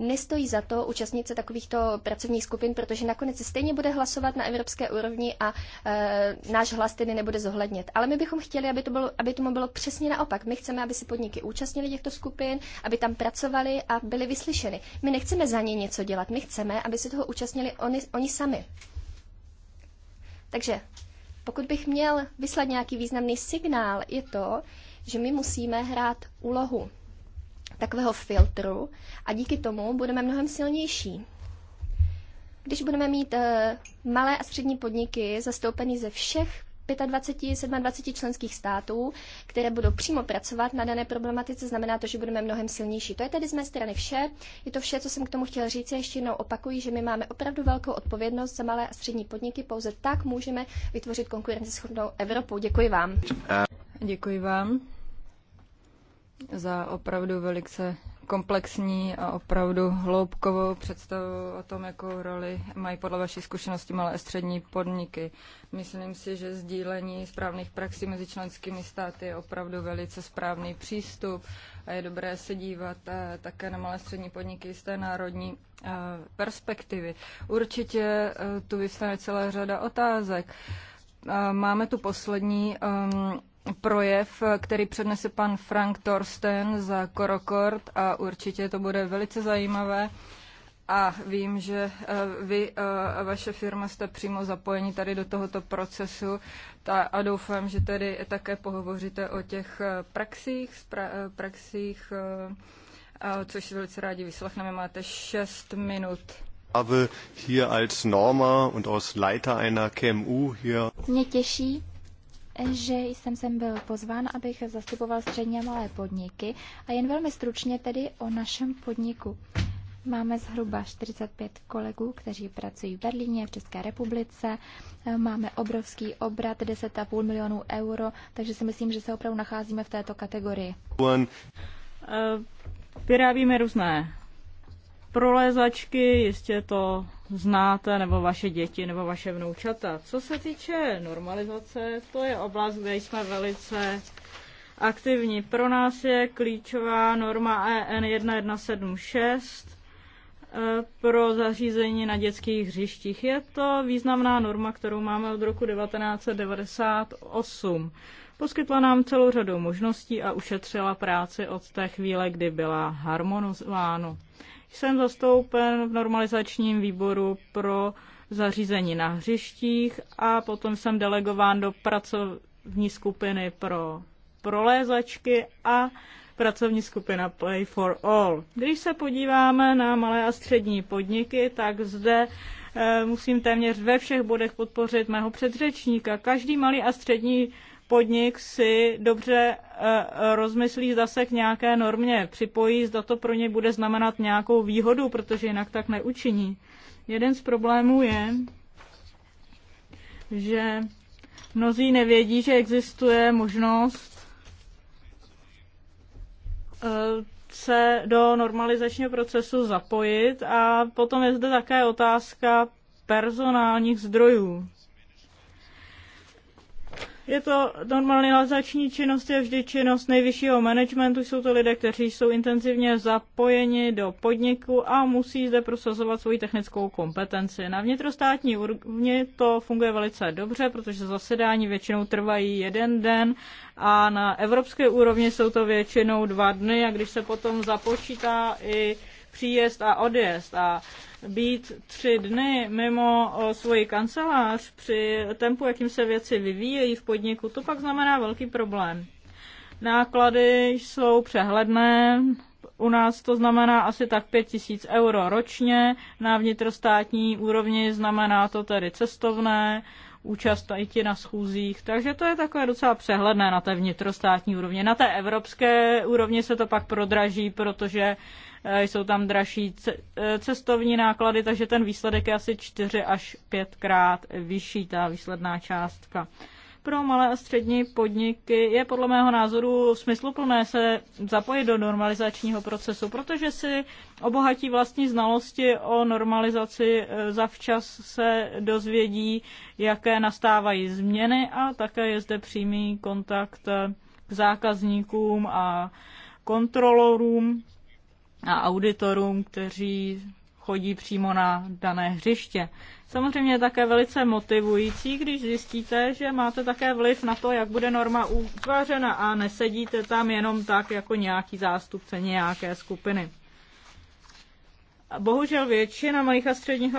nestojí za to účastnit se takovýchto pracovních skupin, protože nakonec se stejně bude hlasovat na evropské úrovni a e, náš hlas tedy nebude zohlednět. Ale my bychom chtěli, aby, to bylo, aby tomu bylo přesně naopak. My chceme, aby se podniky účastnili těchto skupin, aby tam pracovali a byli vyslyšeny. My nechceme za ně něco dělat, my chceme, aby se toho účastnili oni, oni sami. Takže pokud bych měl vyslat nějaký významný signál, je to, že my musíme hrát úlohu takového filtru a díky tomu budeme mnohem silnější. Když budeme mít uh, malé a střední podniky zastoupeny ze všech 25, 27 členských států, které budou přímo pracovat na dané problematice, znamená to, že budeme mnohem silnější. To je tedy z mé strany vše. Je to vše, co jsem k tomu chtěl říct. ještě jednou opakuji, že my máme opravdu velkou odpovědnost za malé a střední podniky. Pouze tak můžeme vytvořit konkurenceschopnou Evropu. Děkuji vám. Děkuji vám za opravdu velice komplexní a opravdu hloubkovou představu o tom, jakou roli mají podle vaší zkušenosti malé a střední podniky. Myslím si, že sdílení správných praxí mezi členskými státy je opravdu velice správný přístup a je dobré se dívat eh, také na malé a střední podniky z té národní eh, perspektivy. Určitě eh, tu vystane celá řada otázek. Máme tu poslední um, projev, který přednese pan Frank Thorsten za Korokord a určitě to bude velice zajímavé. A vím, že eh, vy eh, a vaše firma jste přímo zapojeni tady do tohoto procesu a doufám, že tedy také pohovoříte o těch eh, praxích, praxích což si velice rádi vyslechneme. Máte 6 minut. Habe hier als Norma und jako Leiter einer KMU hier. Mě těší, že jsem sem byl pozván, abych zastupoval střední a malé podniky a jen velmi stručně tedy o našem podniku. Máme zhruba 45 kolegů, kteří pracují v Berlíně, v České republice. Máme obrovský obrat 10,5 milionů euro, takže si myslím, že se opravdu nacházíme v této kategorii. Eh, vyrábíme různé prolézačky, jistě to znáte, nebo vaše děti, nebo vaše vnoučata. Co se týče normalizace, to je oblast, kde jsme velice aktivní. Pro nás je klíčová norma EN 1176 eh, pro zařízení na dětských hřištích. Je to významná norma, kterou máme od roku 1998. Poskytla nám celou řadu možností a ušetřila práci od té chvíle, kdy byla harmonizována. Jsem zastoupen v normalizačním výboru pro zařízení na hřištích a potom jsem delegován do pracovní skupiny pro prolézačky a pracovní skupina Play for All. Když se podíváme na malé a střední podniky, tak zde eh, musím téměř ve všech bodech podpořit mého předřečníka. Každý malý a střední podnik si dobře eh, eh, rozmyslí, zda se k nějaké normě připojí, zda to pro ně bude znamenat nějakou výhodu, protože jinak tak neučiní. Jeden z problémů je, že mnozí nevědí, že existuje možnost eh, se do normalizačního procesu zapojit a potom je zde také otázka personálních zdrojů. Je to normalizační činnost, je vždy činnost nejvyššího managementu, jsou to lidé, kteří jsou intenzivně zapojeni do podniku a musí zde prosazovat svoji technickou kompetenci. Na vnitrostátní úrovni to funguje velice dobře, protože zasedání většinou trvají jeden den a na evropské úrovni jsou to většinou dva dny a když se potom započítá i příjezd a odjezd a být tři dny mimo svoji kancelář při tempu, jakým se věci vyvíjejí v podniku, to pak znamená velký problém. Náklady jsou přehledné, u nás to znamená asi tak 5000 euro ročně, na vnitrostátní úrovni znamená to tedy cestovné, účast i na schůzích, takže to je takové docela přehledné na té vnitrostátní úrovni. Na té evropské úrovni se to pak prodraží, protože eh, jsou tam dražší eh, cestovní náklady, takže ten výsledek je asi 4 až 5 krát vyšší ta výsledná částka. Pro malé a střední podniky je podle mého názoru smysluplné se zapojit do normalizačního procesu, protože si obohatí vlastní znalosti o normalizaci, e, zavčas se dozvědí, jaké nastávají změny a také je zde přímý kontakt e, k zákazníkům a kontrolorům a auditorům, kteří chodí přímo na dané hřiště. Samozřejmě je také velice motivující, když zjistíte, že máte také vliv na to, jak bude norma utvářena a nesedíte tam jenom tak jako nějaký zástupce nějaké skupiny. Bohužel většina malých a středních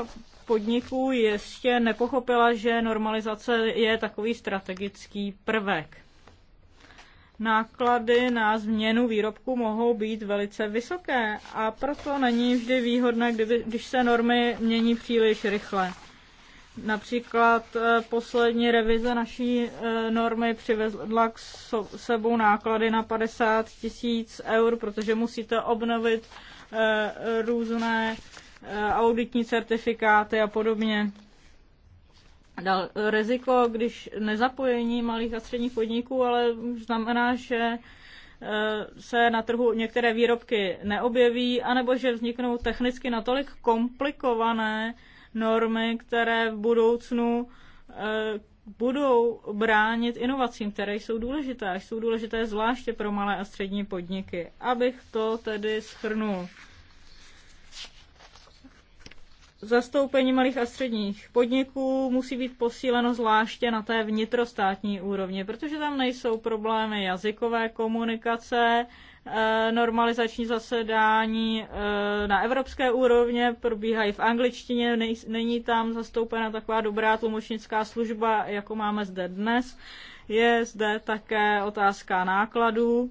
podniků ještě nepochopila, že normalizace je takový strategický prvek. Náklady na změnu výrobku mohou být velice vysoké a proto není vždy výhodné, kdyby, když se normy mění příliš rychle. Například eh, poslední revize naší eh, normy přivezla k sebou náklady na 50 tisíc eur, protože musíte obnovit eh, různé auditní certifikáty a podobně. Dal, riziko, když nezapojení malých a středních podniků, ale znamená, že se na trhu některé výrobky neobjeví, anebo že vzniknou technicky natolik komplikované normy, které v budoucnu eh, budou bránit inovacím, které jsou důležité, jsou důležité zvláště pro malé a střední podniky. Abych to tedy schrnul. Zastoupení malých a středních podniků musí být posíleno zvláště na té vnitrostátní úrovni, protože tam nejsou problémy jazykové komunikace, Eh, normalizační zasedání eh, na evropské úrovně, probíhají v angličtině, není tam zastoupena taková dobrá tlumočnická služba, jako máme zde dnes. Je zde také otázka nákladů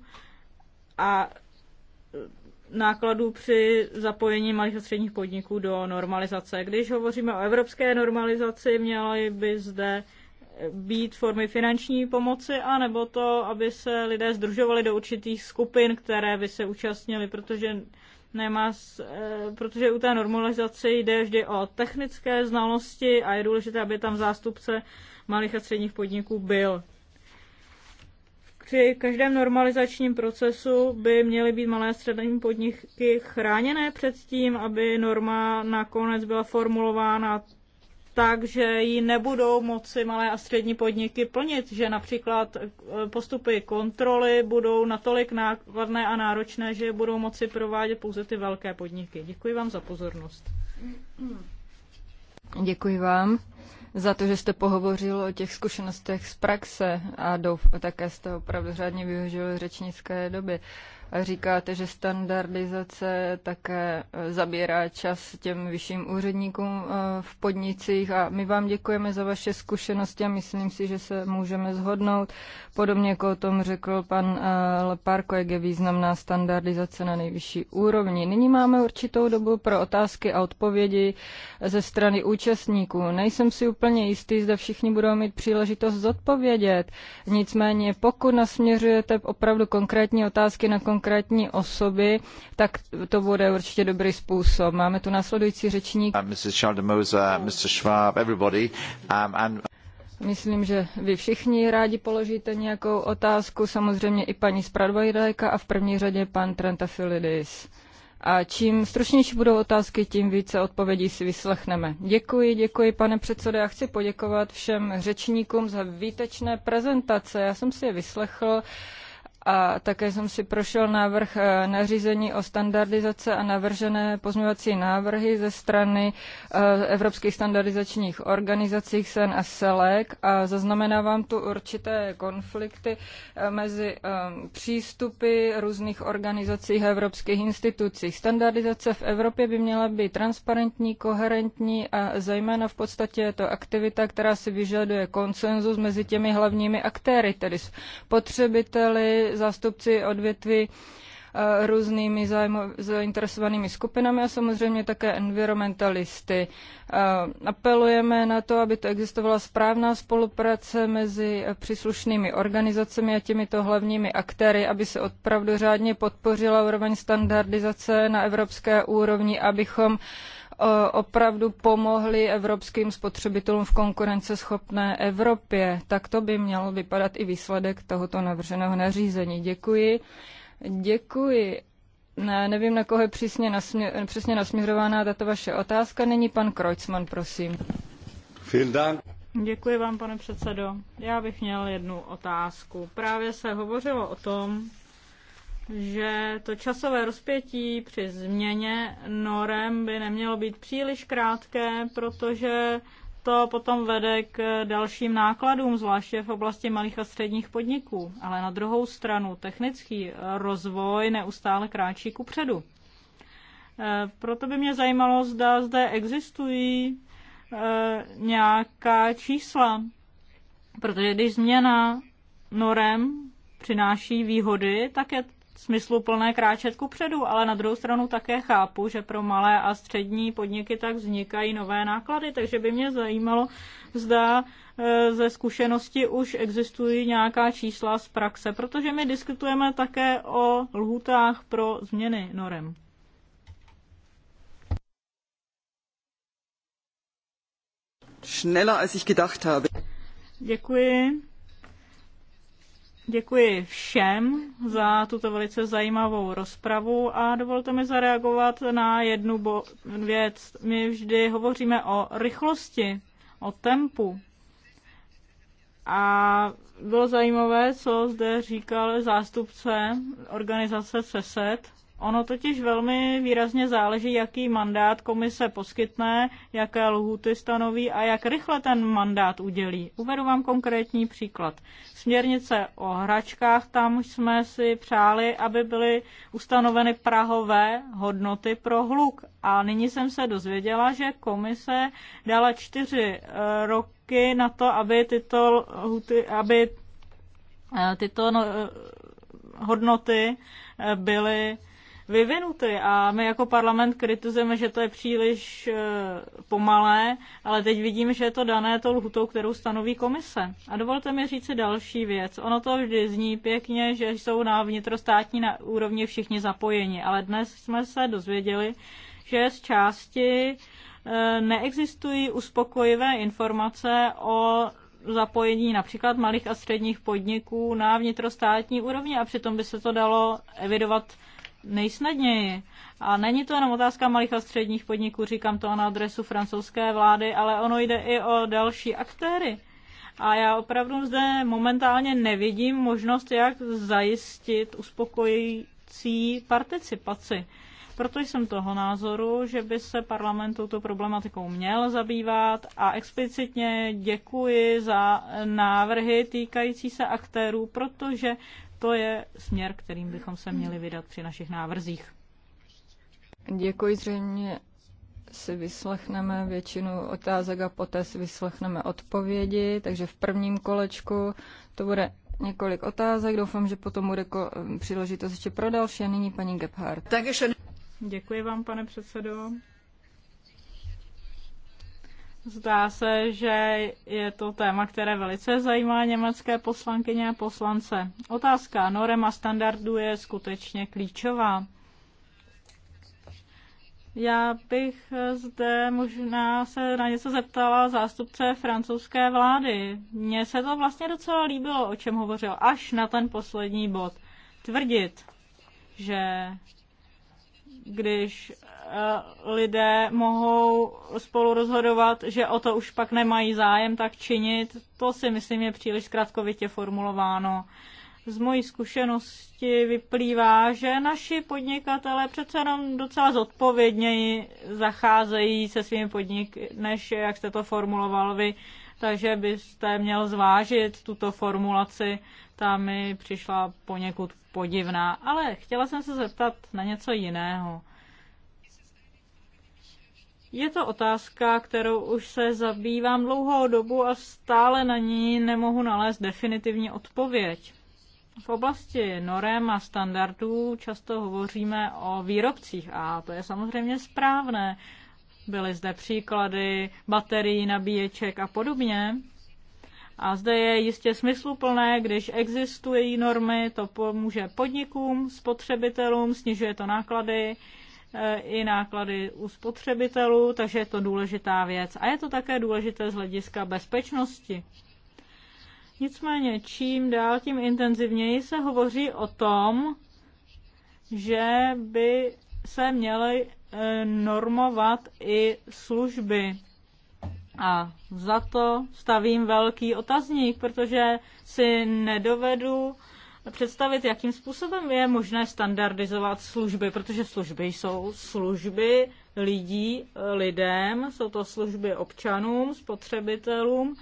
a eh, nákladů při zapojení malých a středních podniků do normalizace. Když hovoříme o evropské normalizaci, měly by zde být formy finanční pomoci, anebo to, aby se lidé združovali do určitých skupin, které by se účastnili, protože nemá, eh, protože u té normalizace jde vždy o technické znalosti a je důležité, aby tam zástupce malých a středních podniků byl. Při každém normalizačním procesu by měly být malé a střední podniky chráněné před tím, aby norma nakonec byla formulována tak, že ji nebudou moci malé a střední podniky plnit, že například e, postupy kontroly budou natolik nákladné a náročné, že je budou moci provádět pouze ty velké podniky. Děkuji vám za pozornost. Děkuji vám za to, že jste pohovořil o těch zkušenostech z praxe a douf, také jste opravdu řádně využil řečnické doby. Říkáte, že standardizace také eh, zabírá čas těm vyšším úředníkům eh, v podnicích a my vám děkujeme za vaše zkušenosti a myslím si, že se můžeme zhodnout. Podobně jako o tom řekl pan eh, Leparko, jak je významná standardizace na nejvyšší úrovni. Nyní máme určitou dobu pro otázky a odpovědi ze strany účastníků. Nejsem si úplně jistý, zda všichni budou mít příležitost zodpovědět. Nicméně, pokud nasměřujete opravdu konkrétní otázky na konkrétní konkrétní osoby, tak to bude určitě dobrý způsob. Máme tu následující řečník. Uh, Mrs. Uh, Mr. Schwab, everybody. Um, Myslím, že vy všichni rádi položíte nějakou otázku, samozřejmě i paní zpravodajka a v první řadě pan Trentafilidis. A čím stručnější budou otázky, tím více odpovědí si vyslechneme. Děkuji, děkuji, pane předsedo. Já chci poděkovat všem řečníkům za výtečné prezentace. Já jsem si je vyslechl a také jsem si prošel návrh eh, nařízení o standardizace a navržené pozměňovací návrhy ze strany eh, evropských standardizačních organizací SEN a SELEC a zaznamenávám tu určité konflikty eh, mezi ehm, přístupy různých organizací a evropských institucí. Standardizace v Evropě by měla být transparentní, koherentní a zejména v podstatě je to aktivita, která si vyžaduje konsenzus mezi těmi hlavními aktéry, tedy spotřebiteli, zástupci odvětví eh, různými zájmo- zainteresovanými skupinami a samozřejmě také environmentalisty. Eh, apelujeme na to, aby to existovala správná spolupráce mezi eh, příslušnými organizacemi a těmito hlavními aktéry, aby se opravdu řádně podpořila úroveň standardizace na evropské úrovni, abychom Eh, opravdu pomohli evropským spotřebitelům v konkurenceschopné Evropě. Tak to by měl vypadat i výsledek tohoto navrženého nařízení. Děkuji. Děkuji. Ne, nevím, na koho je přesně, nasměr, přesně nasměřována tato vaše otázka. Není pan Kreuzmann, prosím. Děkuji vám, pane předsedo. Já bych měl jednu otázku. Právě se hovořilo o tom, že to časové rozpětí při změně norem by nemělo být příliš krátké, protože to potom vede k dalším nákladům, zvláště v oblasti malých a středních podniků. Ale na druhou stranu technický rozvoj neustále kráčí ku předu. E, proto by mě zajímalo, zda zde existují e, nějaká čísla, protože když změna norem přináší výhody, tak je smysluplné kráčet ku předu, ale na druhou stranu také chápu, že pro malé a střední podniky tak vznikají nové náklady, takže by mě zajímalo, zda e, ze zkušenosti už existují nějaká čísla z praxe, protože my diskutujeme také o lhutách pro změny norem. Schneller, als ich gedacht habe. Děkuji. Děkuji všem za tuto velice zajímavou rozpravu a dovolte mi zareagovat na jednu bo- věc. My vždy hovoříme o rychlosti, o tempu. A bylo zajímavé, co zde říkal zástupce organizace CESET, Ono totiž velmi výrazně záleží, jaký mandát komise poskytne, jaké lhuty stanoví a jak rychle ten mandát udělí. Uvedu vám konkrétní příklad. Směrnice o hračkách, tam jsme si přáli, aby byly ustanoveny prahové hodnoty pro hluk. A nyní jsem se dozvěděla, že komise dala čtyři eh, roky na to, aby tyto, lhuty, aby eh, tyto no, eh, hodnoty byly vyvinuty a my jako parlament kritizujeme, že to je příliš eh, pomalé, ale teď vidím, že je to dané to lhutou, kterou stanoví komise. A dovolte mi říct si další věc. Ono to vždy zní pěkně, že jsou na vnitrostátní na úrovni všichni zapojeni, ale dnes jsme se dozvěděli, že z části eh, neexistují uspokojivé informace o zapojení například malých a středních podniků na vnitrostátní úrovni a přitom by se to dalo evidovat nejsnadněji. A není to jenom otázka malých a středních podniků, říkám to na adresu francouzské vlády, ale ono jde i o další aktéry. A já opravdu zde momentálně nevidím možnost, jak zajistit uspokojící participaci. Proto jsem toho názoru, že by se parlament touto problematikou měl zabývat a explicitně děkuji za návrhy týkající se aktérů, protože to je směr, kterým bychom se měli vydat při našich návrzích. Děkuji zřejmě si vyslechneme většinu otázek a poté si vyslechneme odpovědi. Takže v prvním kolečku to bude několik otázek. Doufám, že potom bude ko- příležitost ještě pro další. A nyní paní Gebhardt. Takže Děkuji vám, pane předsedo. Zdá se, že je to téma, které velice zajímá německé poslankyně a poslance. Otázka norem a standardů je skutečně klíčová. Já bych zde možná se na něco zeptala zástupce francouzské vlády. Mně se to vlastně docela líbilo, o čem hovořil, až na ten poslední bod. Tvrdit, že když Eh, lidé mohou spolu rozhodovat, že o to už pak nemají zájem tak činit, to si myslím je příliš zkratkovitě formulováno. Z mojí zkušenosti vyplývá, že naši podnikatelé přece jenom docela zodpovědněji zacházejí se svými podniky, než jak jste to formuloval vy. Takže byste měl zvážit tuto formulaci, ta mi přišla poněkud podivná. Ale chtěla jsem se zeptat na něco jiného. Je to otázka, kterou už se zabývám dlouhou dobu a stále na ní nemohu nalézt definitivní odpověď. V oblasti norem a standardů často hovoříme o výrobcích a to je samozřejmě správné. Byly zde příklady baterií, nabíječek a podobně. A zde je jistě smysluplné, když existují normy, to pomůže podnikům, spotřebitelům, snižuje to náklady, i náklady u spotřebitelů, takže je to důležitá věc. A je to také důležité z hlediska bezpečnosti. Nicméně čím dál, tím intenzivněji se hovoří o tom, že by se měly e, normovat i služby. A za to stavím velký otazník, protože si nedovedu představit, jakým způsobem je možné standardizovat služby, protože služby jsou služby lidí, lidem, jsou to služby občanům, spotřebitelům,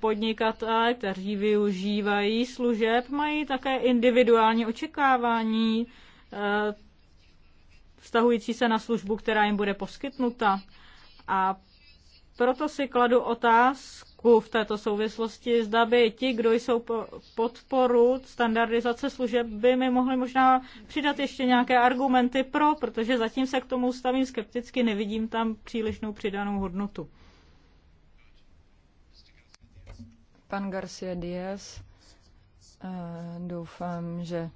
podnikatelé, kteří využívají služeb, mají také individuální očekávání eh, vztahující se na službu, která jim bude poskytnuta. A proto si kladu otázku, otázku v této souvislosti. Zda by ti, kdo jsou podporu standardizace služeb, by mi mohli možná přidat ještě nějaké argumenty pro, protože zatím se k tomu stavím skepticky, nevidím tam přílišnou přidanou hodnotu. Pan Garcia Diaz, eh, doufám, že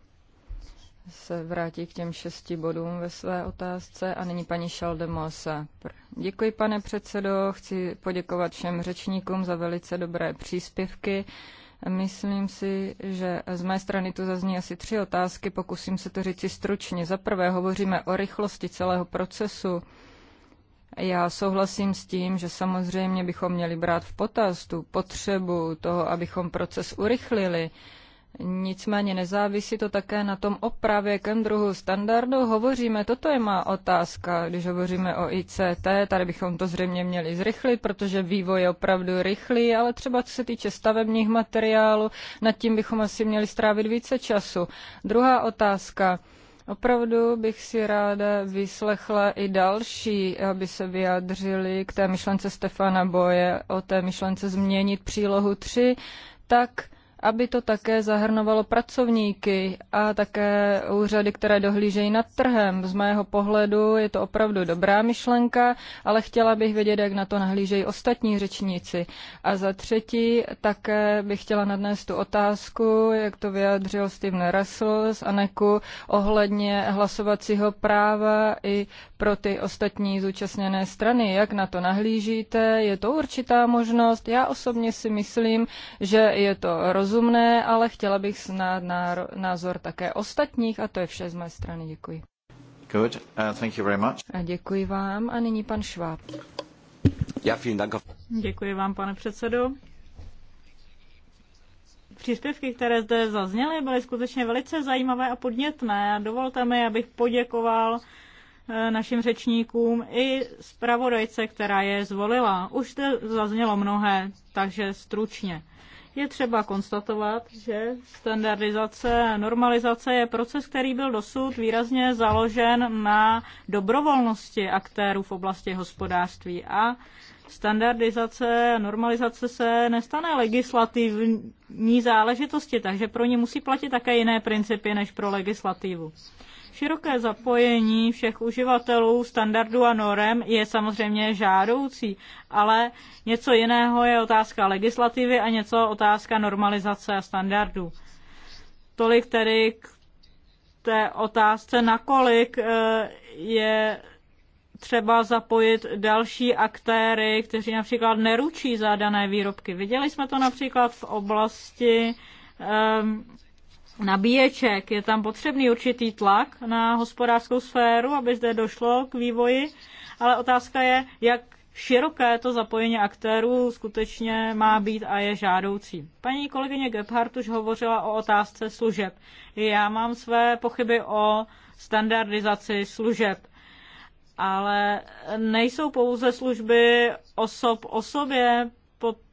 se vrátí k těm šesti bodům ve své otázce. A nyní paní Šaldemosa. Děkuji, pane předsedo. Chci poděkovat všem řečníkům za velice dobré příspěvky. Myslím si, že z mé strany tu zazní asi tři otázky. Pokusím se to říci stručně. Za prvé hovoříme o rychlosti celého procesu. Já souhlasím s tím, že samozřejmě bychom měli brát v potaz tu potřebu toho, abychom proces urychlili. Nicméně nezávisí to také na tom opravě, jakém druhu standardu hovoříme. Toto je má otázka, když hovoříme o ICT. Tady bychom to zřejmě měli zrychlit, protože vývoj je opravdu rychlý, ale třeba co se týče stavebních materiálů, nad tím bychom asi měli strávit více času. Druhá otázka. Opravdu bych si ráda vyslechla i další, aby se vyjádřili k té myšlence Stefana Boje, o té myšlence změnit přílohu 3, tak aby to také zahrnovalo pracovníky a také úřady, které dohlížejí nad trhem. Z mého pohledu je to opravdu dobrá myšlenka, ale chtěla bych vědět, jak na to nahlížejí ostatní řečníci. A za třetí také bych chtěla nadnést tu otázku, jak to vyjadřil Steven Russell z Aneku ohledně hlasovacího práva i pro ty ostatní zúčastněné strany. Jak na to nahlížíte? Je to určitá možnost? Já osobně si myslím, že je to rozumné rozumné, ale chtěla bych znát názor také ostatních a to je vše z mé strany. Děkuji. Good. Uh, thank you very much. A děkuji vám a nyní pan Šváb. Ja, Děkuji vám, pane předsedo. Příspěvky, které zde zazněly, byly skutečně velice zajímavé a podnětné. Dovolte mi, abych poděkoval eh, našim řečníkům i zpravodajce, která je zvolila. Už to zaznělo mnohé, takže stručně je třeba konstatovat, že standardizace a normalizace je proces, který byl dosud výrazně založen na dobrovolnosti aktérů v oblasti hospodářství a standardizace, normalizace se nestane legislativní záležitosti, takže pro ně musí platit také jiné principy než pro legislativu. Široké zapojení všech uživatelů standardů a norem je samozřejmě žádoucí, ale něco jiného je otázka legislativy a něco otázka normalizace a standardů. Tolik tedy k té otázce, nakolik eh, je třeba zapojit další aktéry, kteří například neručí za dané výrobky. Viděli jsme to například v oblasti ehm, nabíječek. Je tam potřebný určitý tlak na hospodářskou sféru, aby zde došlo k vývoji, ale otázka je, jak široké to zapojení aktérů skutečně má být a je žádoucí. Paní kolegyně Gebhardt už hovořila o otázce služeb. Já mám své pochyby o standardizaci služeb. Ale nejsou pouze služby osob osobě,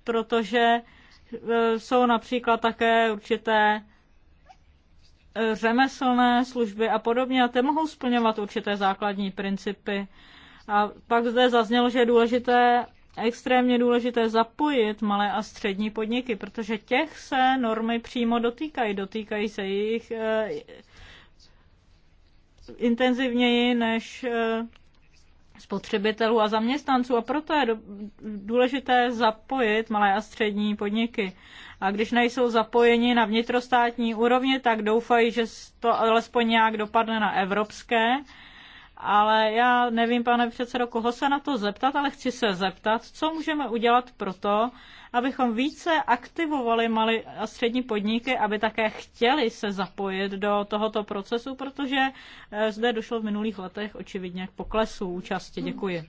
protože e, jsou například také určité řemeslné služby a podobně a ty mohou splňovat určité základní principy. A pak zde zaznělo, že je důležité, extrémně důležité zapojit malé a střední podniky, protože těch se normy přímo dotýkají, dotýkají se jich e, intenzivněji než eh, spotřebitelů a zaměstnanců a proto je důležité zapojit malé a střední podniky. A když nejsou zapojeni na vnitrostátní úrovni, tak doufají, že to alespoň nějak dopadne na evropské ale já nevím, pane předsedo, koho se na to zeptat, ale chci se zeptat, co můžeme udělat pro to, abychom více aktivovali malé a střední podniky, aby také chtěli se zapojit do tohoto procesu, protože eh, zde došlo v minulých letech očividně k poklesu účasti. Děkuji.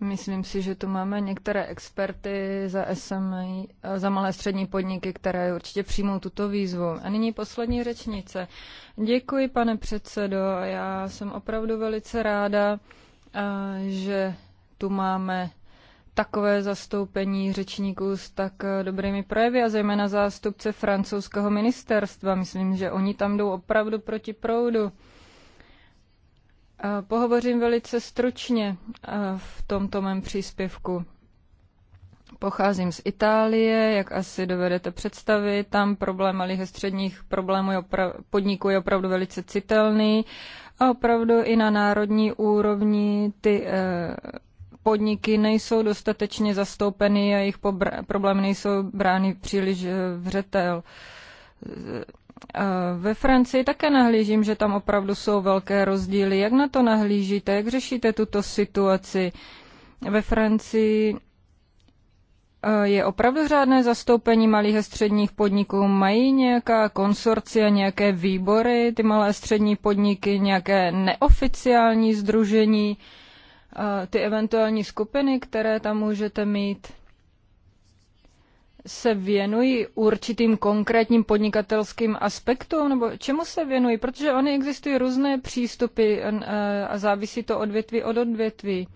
Myslím si, že tu máme některé experty za, SMI, eh, za malé střední podniky, které určitě přijmou tuto výzvu. A nyní poslední řečnice. Děkuji, pane předsedo. Já jsem opravdu velice ráda, eh, že tu máme takové zastoupení řečníků s tak eh, dobrými projevy a zejména zástupce francouzského ministerstva. Myslím, že oni tam jdou opravdu proti proudu. Eh, pohovořím velice stručně eh, v tomto mém příspěvku. Pocházím z Itálie, jak asi dovedete představit. Tam problém malých a středních problémů je podniků je opravdu velice citelný a opravdu i na národní úrovni ty eh, podniky nejsou dostatečně zastoupeny a jejich problémy nejsou brány příliš eh, vřetel. Ve Francii také nahlížím, že tam opravdu jsou velké rozdíly. Jak na to nahlížíte? Jak řešíte tuto situaci? Ve Francii e, je opravdu řádné zastoupení malých a středních podniků? Mají nějaká konsorcia, nějaké výbory, ty malé a střední podniky, nějaké neoficiální združení, e, ty eventuální skupiny, které tam můžete mít? se věnují určitým konkrétním podnikatelským aspektům, nebo čemu se věnují? Protože oni existují různé přístupy e, a závisí to odvětví od odvětví.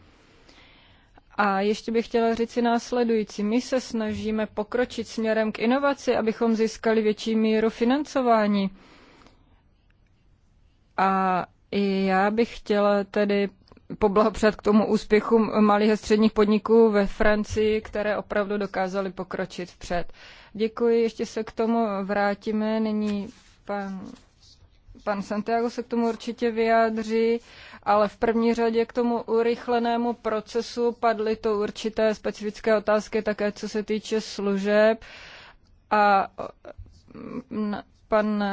A ještě bych chtěla říct si následující. My se snažíme pokročit směrem k inovaci, abychom získali větší míru financování. A já bych chtěla tedy poblahopřát k tomu úspěchu malých a středních podniků ve Francii, které opravdu dokázaly pokročit vpřed. Děkuji, ještě se k tomu vrátíme. Nyní pan, pan Santiago se k tomu určitě vyjádří, ale v první řadě k tomu urychlenému procesu padly to určité specifické otázky, také co se týče služeb. A pan,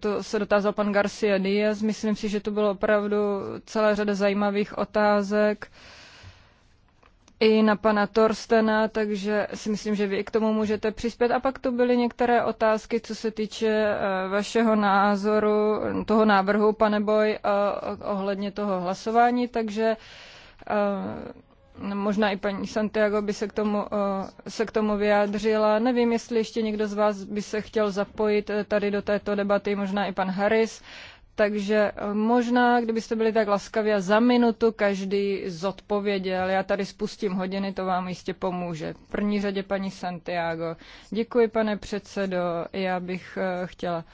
to se dotázal pan Garcia Díaz. Myslím si, že to bylo opravdu celá řada zajímavých otázek i na pana Torstena, takže si myslím, že vy k tomu můžete přispět. A pak to byly některé otázky, co se týče eh, vašeho názoru, toho návrhu, pane Boj, eh, ohledně toho hlasování, takže eh, Možná i paní Santiago by se k, tomu, eh, se k tomu vyjádřila. Nevím, jestli ještě někdo z vás by se chtěl zapojit eh, tady do této debaty, možná i pan Harris. Takže eh, možná, kdybyste byli tak laskaví a za minutu každý zodpověděl. Já tady spustím hodiny, to vám jistě pomůže. V první řadě paní Santiago. Děkuji, pane předsedo. Já bych chtěla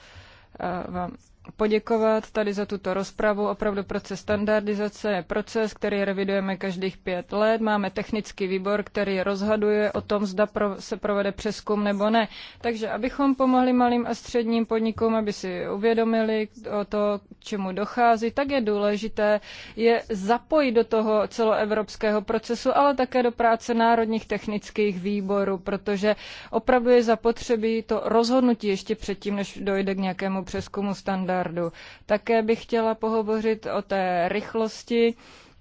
vám poděkovat tady za tuto rozpravu. Opravdu proces standardizace je proces, který revidujeme každých pět let. Máme technický výbor, který rozhoduje o tom, zda se provede přeskum nebo ne. Takže abychom pomohli malým a středním podnikům, aby si uvědomili o to, k čemu dochází, tak je důležité je zapojit do toho celoevropského procesu, ale také do práce národních technických výborů, protože opravdu je zapotřebí to rozhodnutí ještě předtím, než dojde k nějakému přeskumu standardu standardu. Také bych chtěla pohovořit o té rychlosti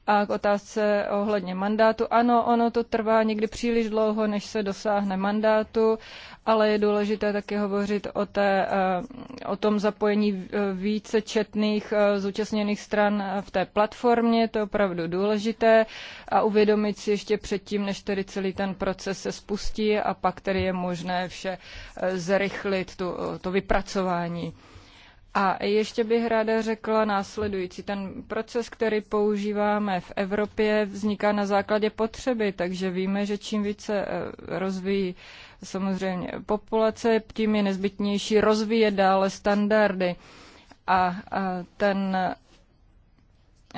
a k otázce ohledně mandátu. Ano, ono to trvá někdy příliš dlouho, než se dosáhne mandátu, ale je důležité také hovořit o, té, eh, o tom zapojení eh, více četných eh, zúčastněných stran v té platformě, to je opravdu důležité a uvědomit si ještě předtím, než tedy celý ten proces se spustí a pak tedy je možné vše zrychlit, to, to vypracování. A ještě bych ráda řekla následující. Ten proces, který používáme v Evropě, vzniká na základě potřeby, takže víme, že čím více eh, rozvíjí samozřejmě populace, tím je nezbytnější rozvíjet dále standardy. A ten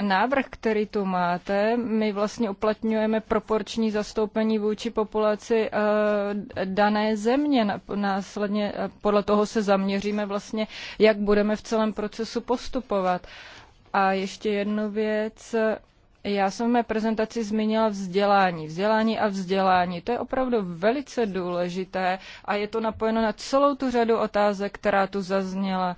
návrh, který tu máte, my vlastně uplatňujeme proporční zastoupení vůči populaci eh, dané země. Následně eh, podle toho se zaměříme vlastně, jak budeme v celém procesu postupovat. A ještě jednu věc, já jsem v mé prezentaci zmínila vzdělání. Vzdělání a vzdělání. To je opravdu velice důležité a je to napojeno na celou tu řadu otázek, která tu zazněla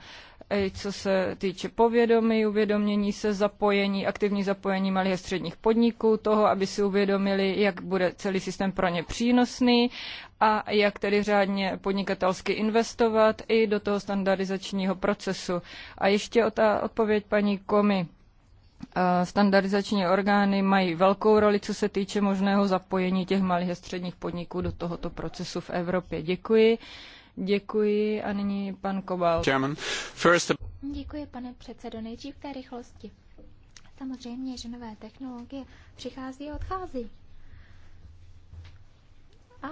co se týče povědomí, uvědomění se, zapojení, aktivní zapojení malých a středních podniků, toho, aby si uvědomili, jak bude celý systém pro ně přínosný a jak tedy řádně podnikatelsky investovat i do toho standardizačního procesu. A ještě o ta odpověď paní Komi. Standardizační orgány mají velkou roli, co se týče možného zapojení těch malých a středních podniků do tohoto procesu v Evropě. Děkuji. Děkuji a nyní pan Kobal. First... Děkuji, pane předsedo. Nejdřív té rychlosti. Samozřejmě, že nové technologie přichází a odchází. A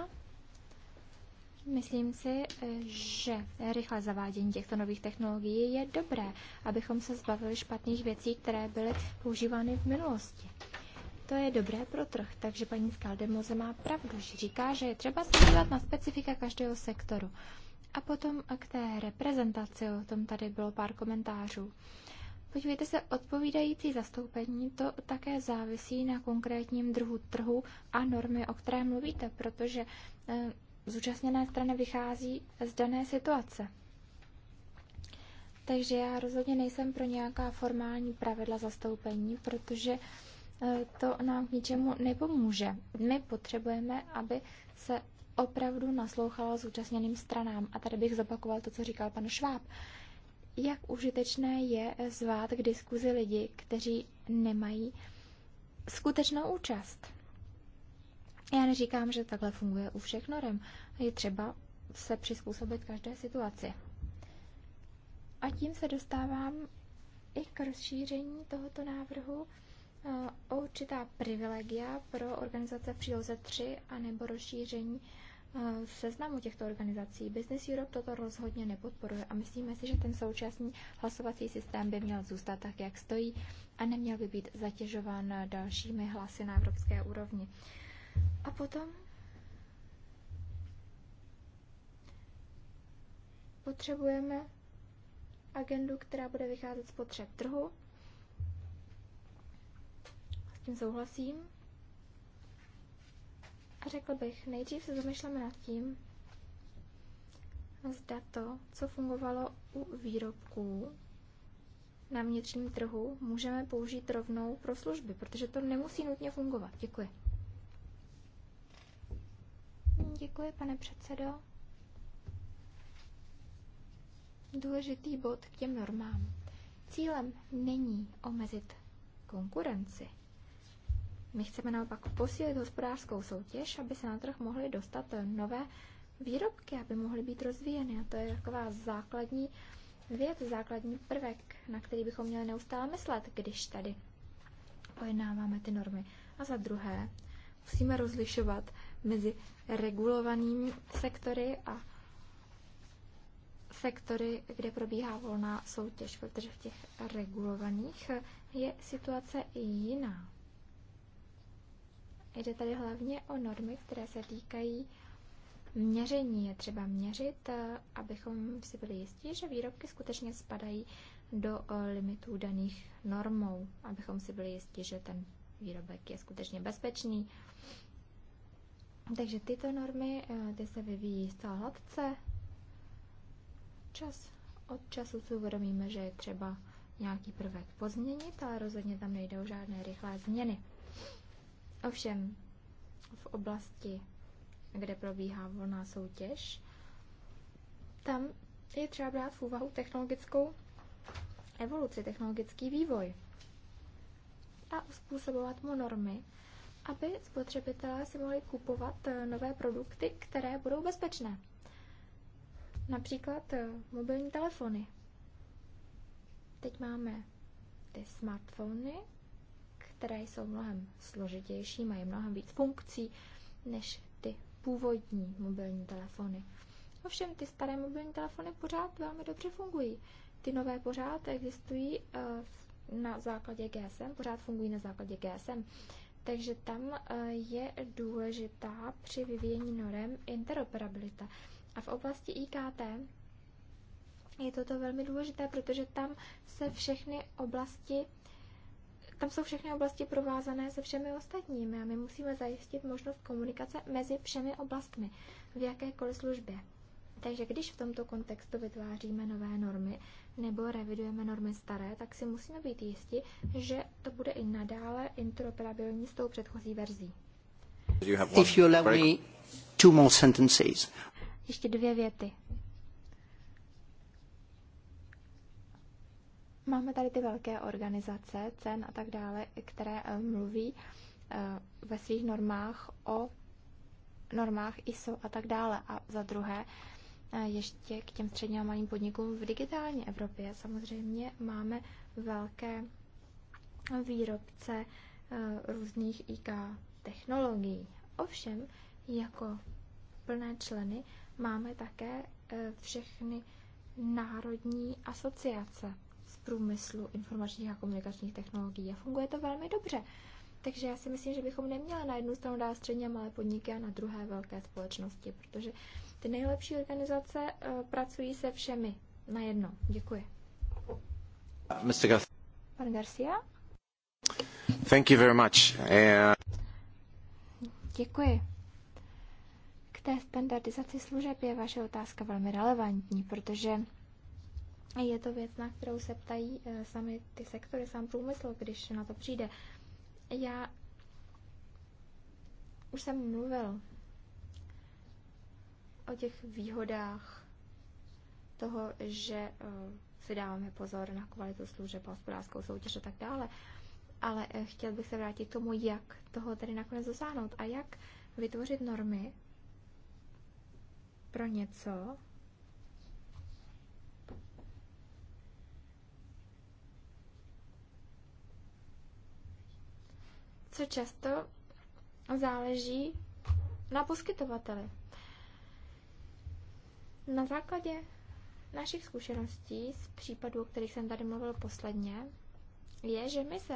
Myslím si, že rychlé zavádění těchto nových technologií je dobré, abychom se zbavili špatných věcí, které byly používány v minulosti to je dobré pro trh. Takže paní Skaldemoze má pravdu, že říká, že je třeba se dívat na specifika každého sektoru. A potom k té reprezentaci, o tom tady bylo pár komentářů. Podívejte se, odpovídající zastoupení to také závisí na konkrétním druhu trhu a normy, o které mluvíte, protože eh, zúčastněné strany vychází z dané situace. Takže já rozhodně nejsem pro nějaká formální pravidla zastoupení, protože E, to nám k ničemu nepomůže. My potřebujeme, aby se opravdu naslouchalo zúčastněným stranám. A tady bych zopakoval to, co říkal pan Šváb. Jak užitečné je zvát k diskuzi lidi, kteří nemají skutečnou účast. Já neříkám, že takhle funguje u všech norem. Je třeba se přizpůsobit každé situaci. A tím se dostávám i k rozšíření tohoto návrhu určitá privilegia pro organizace v příloze 3 nebo rozšíření eh, seznamu těchto organizací. Business Europe toto rozhodně nepodporuje a myslíme si, že ten současný hlasovací systém by měl zůstat tak, jak stojí a neměl by být zatěžován dalšími hlasy na evropské úrovni. A potom potřebujeme agendu, která bude vycházet z potřeb trhu tím souhlasím. A řekl bych, nejdřív se zamýšleme nad tím, zda to, co fungovalo u výrobků na vnitřním trhu, můžeme použít rovnou pro služby, protože to nemusí nutně fungovat. Děkuji. Děkuji, pane předsedo. Důležitý bod k těm normám. Cílem není omezit konkurenci. My chceme naopak posílit hospodářskou soutěž, aby se na trh mohly dostat eh, nové výrobky, aby mohly být rozvíjeny. A to je taková základní věc, základní prvek, na který bychom měli neustále myslet, když tady pojednáváme ty normy. A za druhé, musíme rozlišovat mezi regulovanými sektory a sektory, kde probíhá volná soutěž, protože v těch regulovaných je situace jiná. Jde tady hlavně o normy, které se týkají měření. Je třeba měřit, eh, abychom si byli jistí, že výrobky skutečně spadají do eh, limitů daných normou, abychom si byli jistí, že ten výrobek je skutečně bezpečný. Takže tyto normy eh, ty se vyvíjí zcela hladce. Čas od času si uvědomíme, že je třeba nějaký prvek pozměnit, ale rozhodně tam nejde o žádné rychlé změny. Ovšem, v oblasti, kde probíhá volná soutěž, tam je třeba brát v úvahu technologickou evoluci, technologický vývoj a uspůsobovat mu normy, aby spotřebitelé si mohli kupovat eh, nové produkty, které budou bezpečné. Například eh, mobilní telefony. Teď máme ty smartfony, které jsou mnohem složitější, mají mnohem víc funkcí než ty původní mobilní telefony. Ovšem, ty staré mobilní telefony pořád velmi dobře fungují. Ty nové pořád existují eh, na základě GSM, pořád fungují na základě GSM. Takže tam eh, je důležitá při vyvíjení norem interoperabilita. A v oblasti IKT je toto velmi důležité, protože tam se všechny oblasti tam jsou všechny oblasti provázané se všemi ostatními a my musíme zajistit možnost komunikace mezi všemi oblastmi v jakékoliv službě. Takže když v tomto kontextu vytváříme nové normy nebo revidujeme normy staré, tak si musíme být jisti, že to bude i nadále interoperabilní s tou předchozí verzí. If you allow me two more sentences. Ještě dvě věty. Máme tady ty velké organizace, cen a tak dále, které eh, mluví eh, ve svých normách o normách ISO a tak dále. A za druhé, eh, ještě k těm středním a malým podnikům v digitální Evropě. Samozřejmě máme velké výrobce různých IK technologií. Ovšem, jako plné členy máme také všechny národní asociace průmyslu informačních a komunikačních technologií a funguje to velmi dobře. Takže já si myslím, že bychom neměli na jednu stranu dát středně malé podniky a na druhé velké společnosti, protože ty nejlepší organizace uh, pracují se všemi na jedno. Děkuji. Mr. Gar- Pan Garcia? Thank you very much. Uh... Děkuji. K té standardizaci služeb je vaše otázka velmi relevantní, protože je to věc, na kterou se ptají eh, sami ty sektory, sám průmysl, když na to přijde. Já už jsem mluvil o těch výhodách toho, že eh, si dáváme pozor na kvalitu služeb, hospodářskou soutěž a tak dále. Ale eh, chtěl bych se vrátit k tomu, jak toho tedy nakonec dosáhnout a jak vytvořit normy pro něco, co často záleží na poskytovateli. Na základě našich zkušeností z případů, o kterých jsem tady mluvil posledně, je, že my se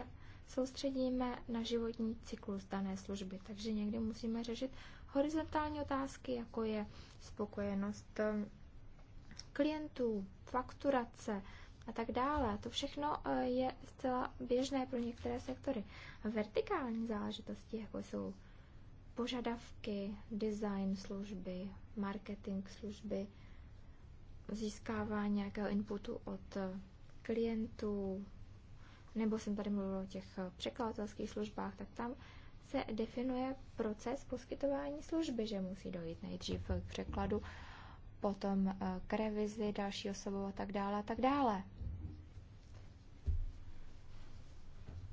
soustředíme na životní cyklus dané služby, takže někdy musíme řešit horizontální otázky, jako je spokojenost eh, klientů, fakturace, a tak dále. To všechno e, je zcela běžné pro některé sektory. Vertikální záležitosti, jako jsou požadavky, design služby, marketing služby, získávání nějakého inputu od e, klientů, nebo jsem tady mluvila o těch e, překladatelských službách, tak tam se definuje proces poskytování služby, že musí dojít nejdřív k překladu, potom k revizi další osobou a tak dále a tak dále.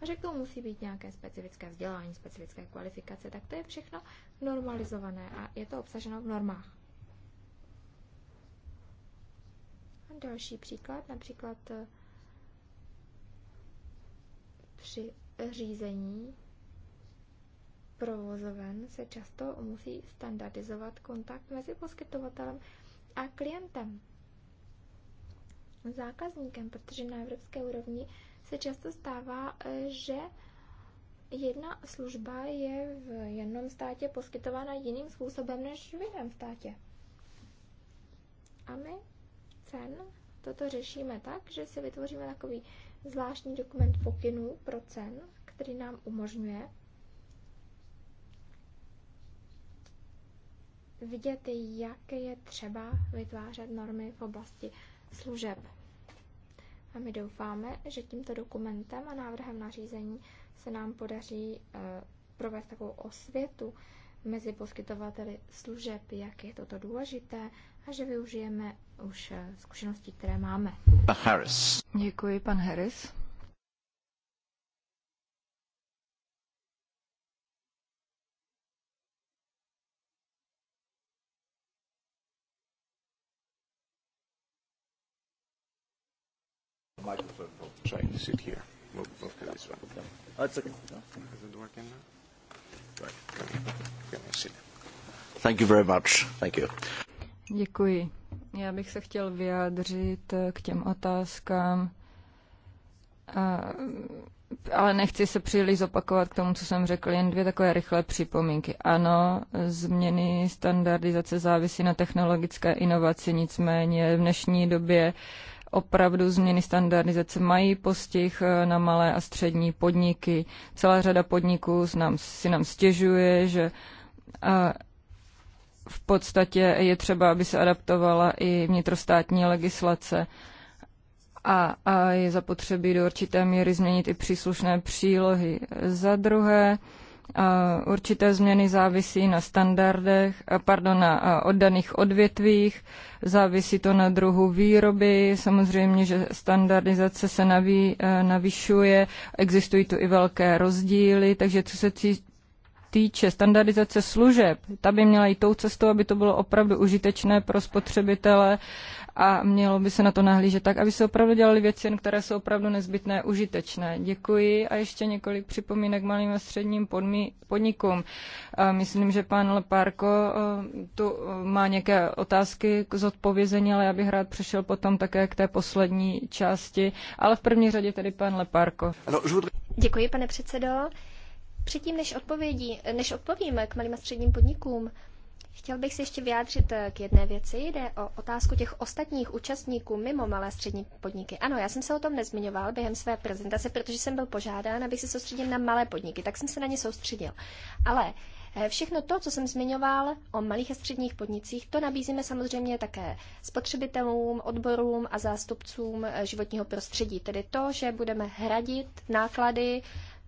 že k tomu musí být nějaké specifické vzdělání, specifické kvalifikace, tak to je všechno normalizované a je to obsaženo v normách. A další příklad, například eh, při řízení provozoven se často musí standardizovat kontakt mezi poskytovatelem a klientem, zákazníkem, protože na evropské úrovni se často stává, eh, že jedna služba je v jednom státě poskytována jiným způsobem než v jiném státě. A my cen toto řešíme tak, že si vytvoříme takový zvláštní dokument pokynů pro cen, který nám umožňuje vidět, jak je třeba vytvářet normy v oblasti služeb. A my doufáme, že tímto dokumentem a návrhem nařízení se nám podaří eh, provést takovou osvětu mezi poskytovateli služeb, jak je toto důležité a že využijeme už eh, zkušeností, které máme. Pan Harris. Děkuji, pan Harris. microphone for trying to sit here. this one. Oh, it's okay. No. Is it working now? Right. Come here. Come here, sit. Thank you very much. Thank you. Děkuji. Já bych se chtěl vyjádřit eh, k těm otázkám, ale nechci se příliš zopakovat k tomu, co jsem řekl, jen dvě takové rychlé připomínky. Ano, změny standardizace závisí na technologické inovaci, nicméně v dnešní době Opravdu změny standardizace mají postih eh, na malé a střední podniky. Celá řada podniků si nám stěžuje, že eh, v podstatě je třeba, aby se adaptovala i vnitrostátní legislace a, je zapotřebí do určité míry změnit i příslušné přílohy. Za druhé, Určité změny závisí na standardech, pardon, na oddaných odvětvích, závisí to na druhu výroby, samozřejmě, že standardizace se naví, e, navyšuje, existují tu i velké rozdíly, takže co se týče standardizace služeb, ta by měla jít tou cestou, aby to bylo opravdu užitečné pro spotřebitele a mělo by se na to nahlížet tak, aby se opravdu dělali věci, které jsou opravdu nezbytné, užitečné. Děkuji a ještě několik připomínek malým a středním podmí- podnikům. A myslím, že pan Lepárko eh, tu eh, má nějaké otázky k zodpovězení, ale já bych rád přešel potom také k té poslední části. Ale v první řadě tedy pan Lepárko. Děkuji, pane předsedo. Předtím, než, odpovědí, než odpovíme k malým a středním podnikům, Chtěl bych se ještě vyjádřit eh, k jedné věci. Jde o otázku těch ostatních účastníků mimo malé střední podniky. Ano, já jsem se o tom nezmiňoval během své prezentace, protože jsem byl požádán, abych se soustředil na malé podniky, tak jsem se na ně soustředil. Ale eh, všechno to, co jsem zmiňoval o malých a středních podnicích, to nabízíme samozřejmě také spotřebitelům, odborům a zástupcům eh, životního prostředí. Tedy to, že budeme hradit náklady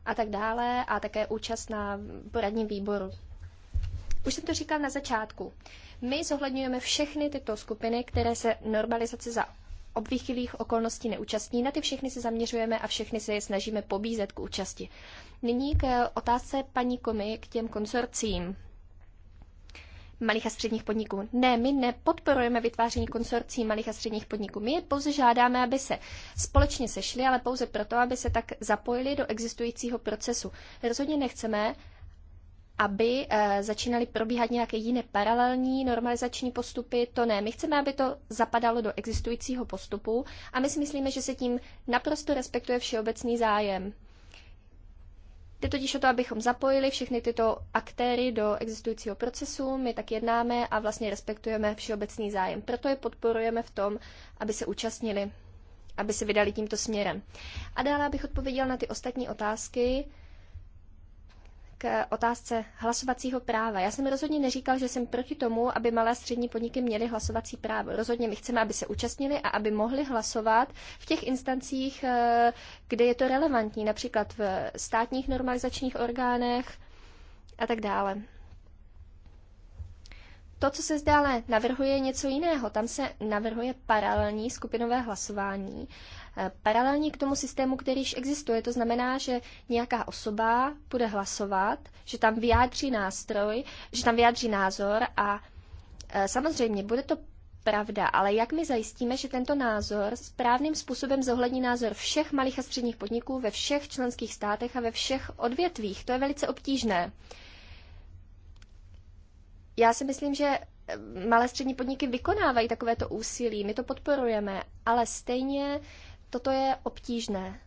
a tak dále a také účast na poradním výboru už jsem to říkal na začátku. My zohledňujeme všechny tyto skupiny, které se normalizace za obvyklých okolností neúčastní. Na ty všechny se zaměřujeme a všechny se je snažíme pobízet k účasti. Nyní k otázce paní Komy k těm konsorcím malých a středních podniků. Ne, my nepodporujeme vytváření konsorcí malých a středních podniků. My je pouze žádáme, aby se společně sešli, ale pouze proto, aby se tak zapojili do existujícího procesu. Rozhodně nechceme, aby eh, začínaly probíhat nějaké jiné paralelní normalizační postupy. To ne. My chceme, aby to zapadalo do existujícího postupu a my si myslíme, že se tím naprosto respektuje všeobecný zájem. Jde totiž o to, abychom zapojili všechny tyto aktéry do existujícího procesu, my tak jednáme a vlastně respektujeme všeobecný zájem. Proto je podporujeme v tom, aby se účastnili, aby se vydali tímto směrem. A dále, abych odpověděl na ty ostatní otázky, k otázce hlasovacího práva. Já jsem rozhodně neříkal, že jsem proti tomu, aby malé a střední podniky měly hlasovací právo. Rozhodně my chceme, aby se účastnili a aby mohli hlasovat v těch instancích, eh, kde je to relevantní, například v státních normalizačních orgánech a tak dále. To, co se zdále, navrhuje, je něco jiného. Tam se navrhuje paralelní skupinové hlasování paralelní k tomu systému, který již existuje. To znamená, že nějaká osoba bude hlasovat, že tam vyjádří nástroj, že tam vyjádří názor a e, samozřejmě bude to pravda, ale jak my zajistíme, že tento názor správným způsobem zohlední názor všech malých a středních podniků ve všech členských státech a ve všech odvětvích? To je velice obtížné. Já si myslím, že e, malé střední podniky vykonávají takovéto úsilí, my to podporujeme, ale stejně Toto je obtížné.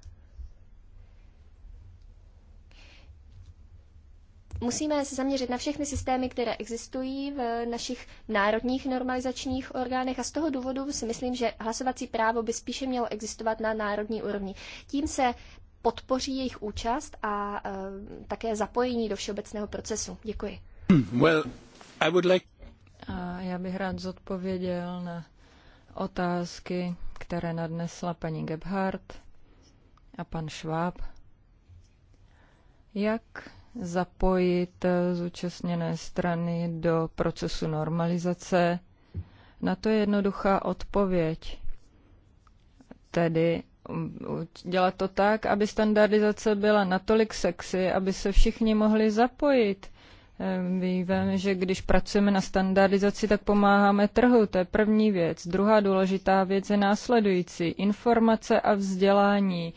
Musíme se zaměřit na všechny systémy, které existují v našich národních normalizačních orgánech a z toho důvodu si myslím, že hlasovací právo by spíše mělo existovat na národní úrovni. Tím se podpoří jejich účast a uh, také zapojení do všeobecného procesu. Děkuji. Hmm, well, I would like... A já bych rád zodpověděl na otázky které nadnesla paní Gebhardt a pan Schwab. Jak zapojit zúčastněné strany do procesu normalizace? Na to je jednoduchá odpověď. Tedy um, dělat to tak, aby standardizace byla natolik sexy, aby se všichni mohli zapojit. Ehm, víme, že když pracujeme na standardizaci, tak pomáháme trhu. To je první věc. Druhá důležitá věc je následující. Informace a vzdělání.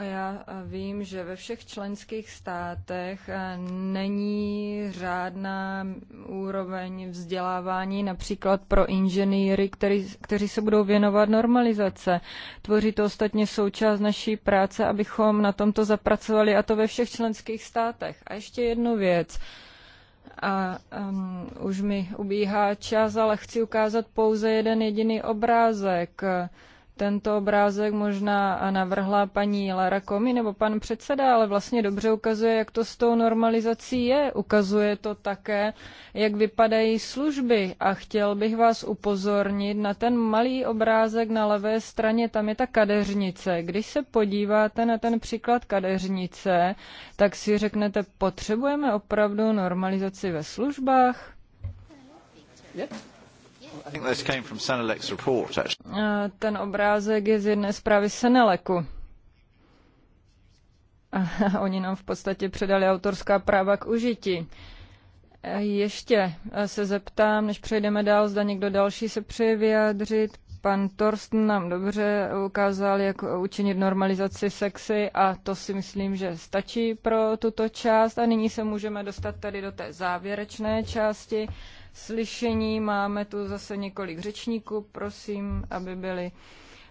Já vím, že ve všech členských státech eh, není řádná úroveň vzdělávání například pro inženýry, který, kteří se budou věnovat normalizace. Tvoří to ostatně součást naší práce, abychom na tomto zapracovali a to ve všech členských státech. A ještě jednu věc a um, už mi ubíhá čas, ale chci ukázat pouze jeden jediný obrázek. Tento obrázek možná navrhla paní Lara Komi nebo pan předseda, ale vlastně dobře ukazuje, jak to s tou normalizací je. Ukazuje to také, jak vypadají služby. A chtěl bych vás upozornit na ten malý obrázek na levé straně, tam je ta kadeřnice. Když se podíváte na ten příklad kadeřnice, tak si řeknete, potřebujeme opravdu normalizaci ve službách? Yep. Eh, ten obrázek je z jedné zprávy Seneleku. A oni nám v podstatě předali autorská práva k užití. Eh, ještě eh, se zeptám, než přejdeme dál, zda někdo další se přeje vyjádřit. Pan Torsten nám dobře ukázal, jak učinit normalizaci sexy a to si myslím, že stačí pro tuto část. A nyní se můžeme dostat tady do té závěrečné části slyšení. Máme tu zase několik řečníků, prosím, aby byli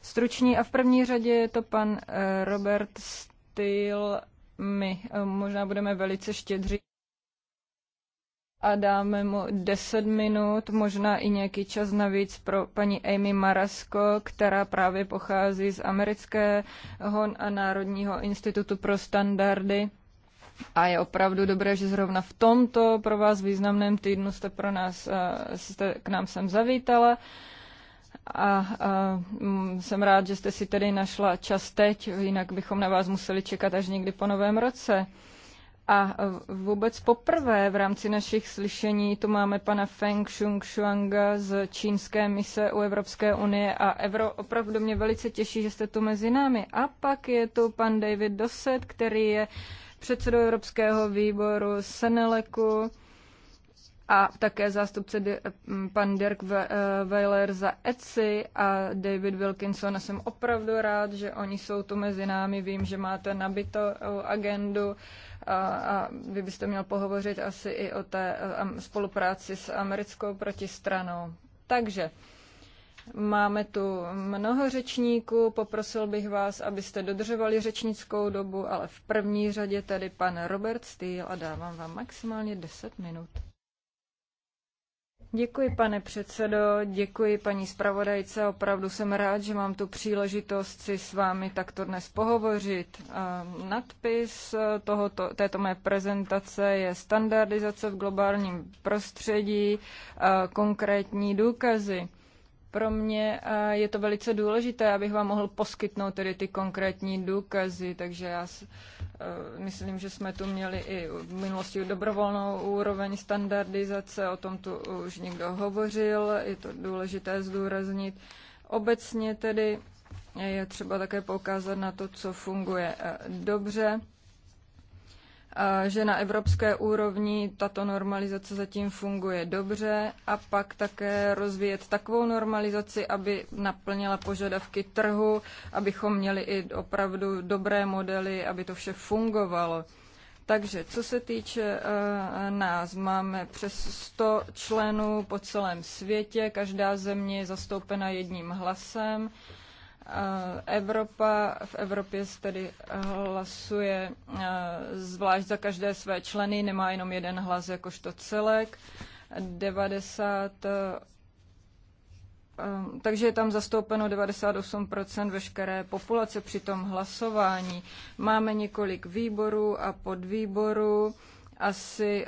struční. A v první řadě je to pan eh, Robert Styl. My eh, možná budeme velice štědří a dáme mu 10 minut, možná i nějaký čas navíc pro paní Amy Marasko, která právě pochází z amerického a Národního institutu pro standardy. A je opravdu dobré, že zrovna v tomto pro vás významném týdnu jste pro nás, eh, jste k nám sem zavítala. A, a eh, mm, jsem rád, že jste si tedy našla čas teď, jinak bychom na vás museli čekat až někdy po novém roce. A eh, vůbec poprvé v rámci našich slyšení tu máme pana Feng Shung Shuanga z čínské mise u Evropské unie a Evro opravdu mě velice těší, že jste tu mezi námi. A pak je tu pan David Doset, který je uh, předsedou Evropského výboru, Seneleku a také zástupce pan Dirk eh, Weiler za ECI a David Wilkinson. A jsem opravdu rád, že oni jsou tu mezi námi. Vím, že máte nabitou agendu a, a vy byste měl pohovořit asi i o té eh, spolupráci s americkou protistranou. Takže Máme tu mnoho řečníků, poprosil bych vás, abyste dodržovali řečnickou dobu, ale v první řadě tedy pan Robert Steele a dávám vám maximálně 10 minut. Děkuji, pane předsedo, děkuji paní zpravodajce. Opravdu jsem rád, že mám tu příležitost si s vámi takto dnes pohovořit. Nadpis tohoto, této mé prezentace je standardizace v globálním prostředí, konkrétní důkazy. Pro mě eh, je to velice důležité, abych vám mohl poskytnout tedy ty konkrétní důkazy, takže já eh, myslím, že jsme tu měli i v minulosti dobrovolnou úroveň standardizace, o tom tu už někdo hovořil, je to důležité zdůraznit. Obecně tedy je třeba také poukázat na to, co funguje eh, dobře že na evropské úrovni tato normalizace zatím funguje dobře a pak také rozvíjet takovou normalizaci, aby naplnila požadavky trhu, abychom měli i opravdu dobré modely, aby to vše fungovalo. Takže co se týče uh, nás, máme přes 100 členů po celém světě, každá země je zastoupena jedním hlasem. Uh, Evropa, v Evropě se tedy eh, hlasuje eh, zvlášť za každé své členy, nemá jenom jeden hlas jakožto celek. 90 eh, takže je tam zastoupeno 98% veškeré populace při tom hlasování. Máme několik výborů a podvýborů, asi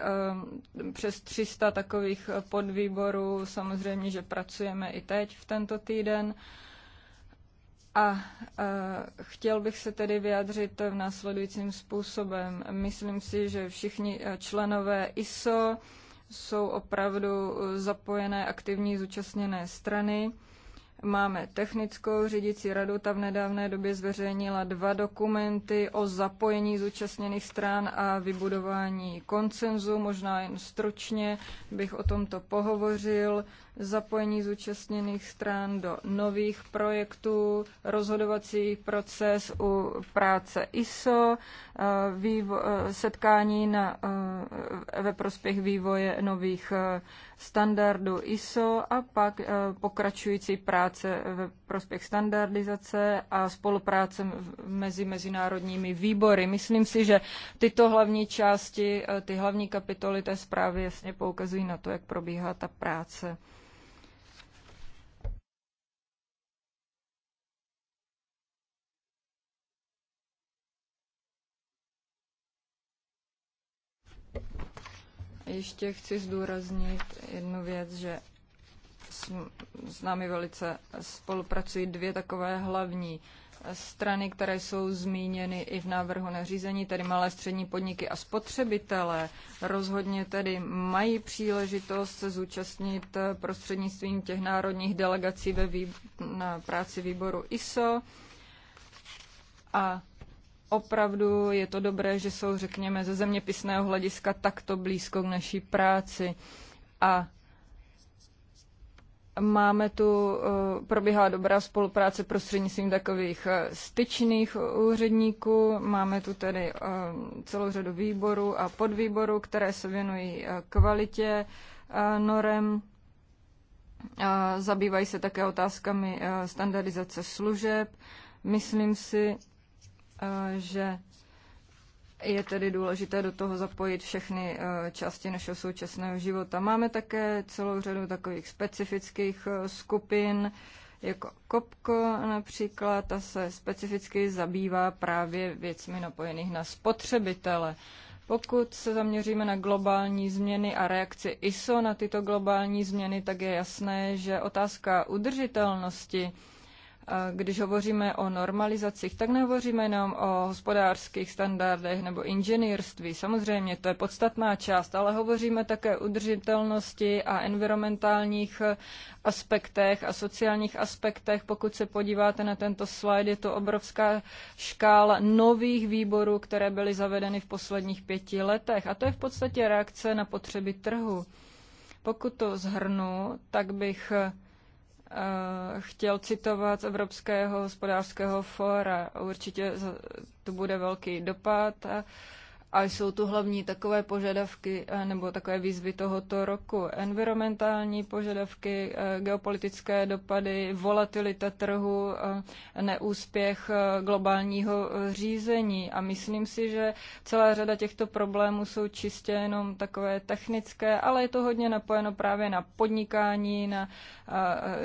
přes 300 takových podvýborů. Samozřejmě, že pracujeme i teď v tento týden. A e, chtěl bych se tedy vyjádřit v následujícím způsobem. Myslím si, že všichni e, členové ISO jsou opravdu zapojené aktivní zúčastněné strany. Máme technickou řídící radu, ta v nedávné době zveřejnila dva dokumenty o zapojení zúčastněných stran a vybudování koncenzu. Možná jen stručně bych o tomto pohovořil zapojení zúčastněných stran do nových projektů, rozhodovací proces u práce ISO, eh, eh, setkání na, eh, ve prospěch vývoje nových standardů ISO a pak pokračující práce ve prospěch standardizace a spolupráce mezi mezinárodními výbory. Myslím si, že tyto hlavní části, ty hlavní kapitoly té zprávy jasně poukazují na to, jak probíhá ta práce. Ještě chci zdůraznit jednu věc, že s, s námi velice spolupracují dvě takové hlavní strany, které jsou zmíněny i v návrhu nařízení, tedy malé střední podniky a spotřebitelé, rozhodně tedy mají příležitost se zúčastnit prostřednictvím těch národních delegací ve výb- na práci výboru ISO a opravdu je to dobré, že jsou, řekněme, ze zeměpisného hlediska takto blízko k naší práci. A Máme tu, eh, probíhá dobrá spolupráce prostřednictvím takových eh, styčných úředníků. Máme tu tedy eh, celou řadu výborů a podvýborů, které se věnují kvalitě norem. Zabývají se také otázkami standardizace služeb. Myslím si, že je tedy důležité do toho zapojit všechny části našeho současného života. Máme také celou řadu takových specifických skupin, jako Kopko například, ta se specificky zabývá právě věcmi napojených na spotřebitele. Pokud se zaměříme na globální změny a reakci ISO na tyto globální změny, tak je jasné, že otázka udržitelnosti když hovoříme o normalizacích, tak nehovoříme jenom o hospodářských standardech nebo inženýrství. Samozřejmě to je podstatná část, ale hovoříme také o udržitelnosti a environmentálních eh, aspektech a sociálních aspektech. Pokud se podíváte na tento slide, je to obrovská škála nových výborů, které byly zavedeny v posledních pěti letech. A to je v podstatě reakce na potřeby trhu. Pokud to zhrnu, tak bych eh, Eh, chtěl citovat z Evropského hospodářského fóra. Určitě to bude velký dopad. A a jsou tu hlavní takové požadavky eh, nebo takové výzvy tohoto roku. Environmentální požadavky, eh, geopolitické dopady, volatilita trhu, eh, neúspěch globálního řízení. A myslím si, že celá řada těchto problémů jsou čistě jenom takové technické, ale je to hodně napojeno právě na podnikání, na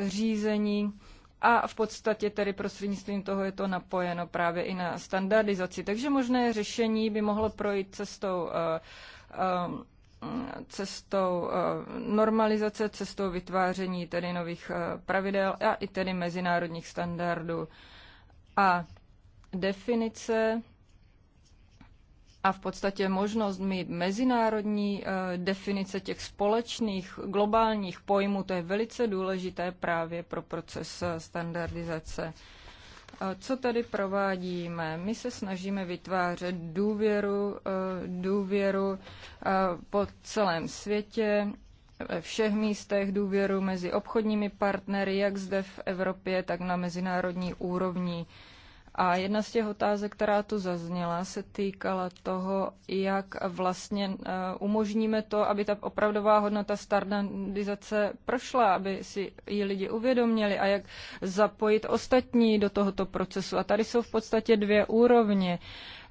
řízení a v podstatě tedy prostřednictvím toho je to napojeno právě i na standardizaci. Takže možné řešení by mohlo projít cestou eh, eh, cestou eh, normalizace, cestou vytváření tedy nových pravidel a i tedy mezinárodních standardů. A definice a v podstatě možnost mít mezinárodní eh, definice těch společných globálních pojmů, to je velice důležité právě pro proces eh, standardizace. Eh, co tady provádíme? My se snažíme vytvářet důvěru, důvěru po celém světě, ve všech místech důvěru mezi obchodními partnery, jak zde v Evropě, tak na mezinárodní úrovni. A jedna z těch otázek, která tu zazněla, se týkala toho, jak vlastně eh, umožníme to, aby ta opravdová hodnota standardizace prošla, aby si ji lidi uvědomili a jak zapojit ostatní do tohoto procesu. A tady jsou v podstatě dvě úrovně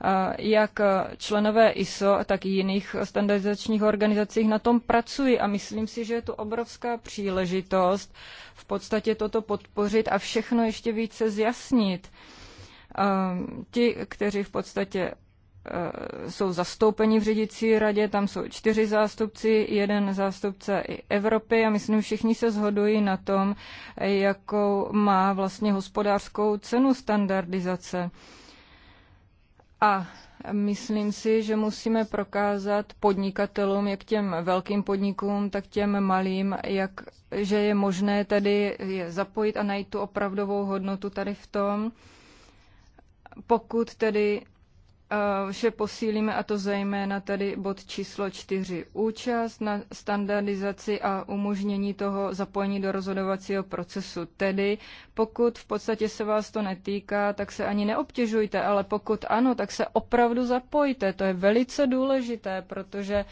eh, jak členové ISO, tak i jiných standardizačních organizacích na tom pracují a myslím si, že je tu obrovská příležitost v podstatě toto podpořit a všechno ještě více zjasnit. Ehm, ti, kteří v podstatě eh, jsou zastoupeni v řídící radě, tam jsou čtyři zástupci, jeden zástupce i Evropy a myslím, všichni se zhodují na tom, jakou má vlastně hospodářskou cenu standardizace. A myslím si, že musíme prokázat podnikatelům, jak těm velkým podnikům, tak těm malým, jak, že je možné tady je zapojit a najít tu opravdovou hodnotu tady v tom pokud tedy vše posílíme, a to zejména tady bod číslo čtyři. Účast na standardizaci a umožnění toho zapojení do rozhodovacího procesu. Tedy pokud v podstatě se vás to netýká, tak se ani neobtěžujte, ale pokud ano, tak se opravdu zapojte. To je velice důležité, protože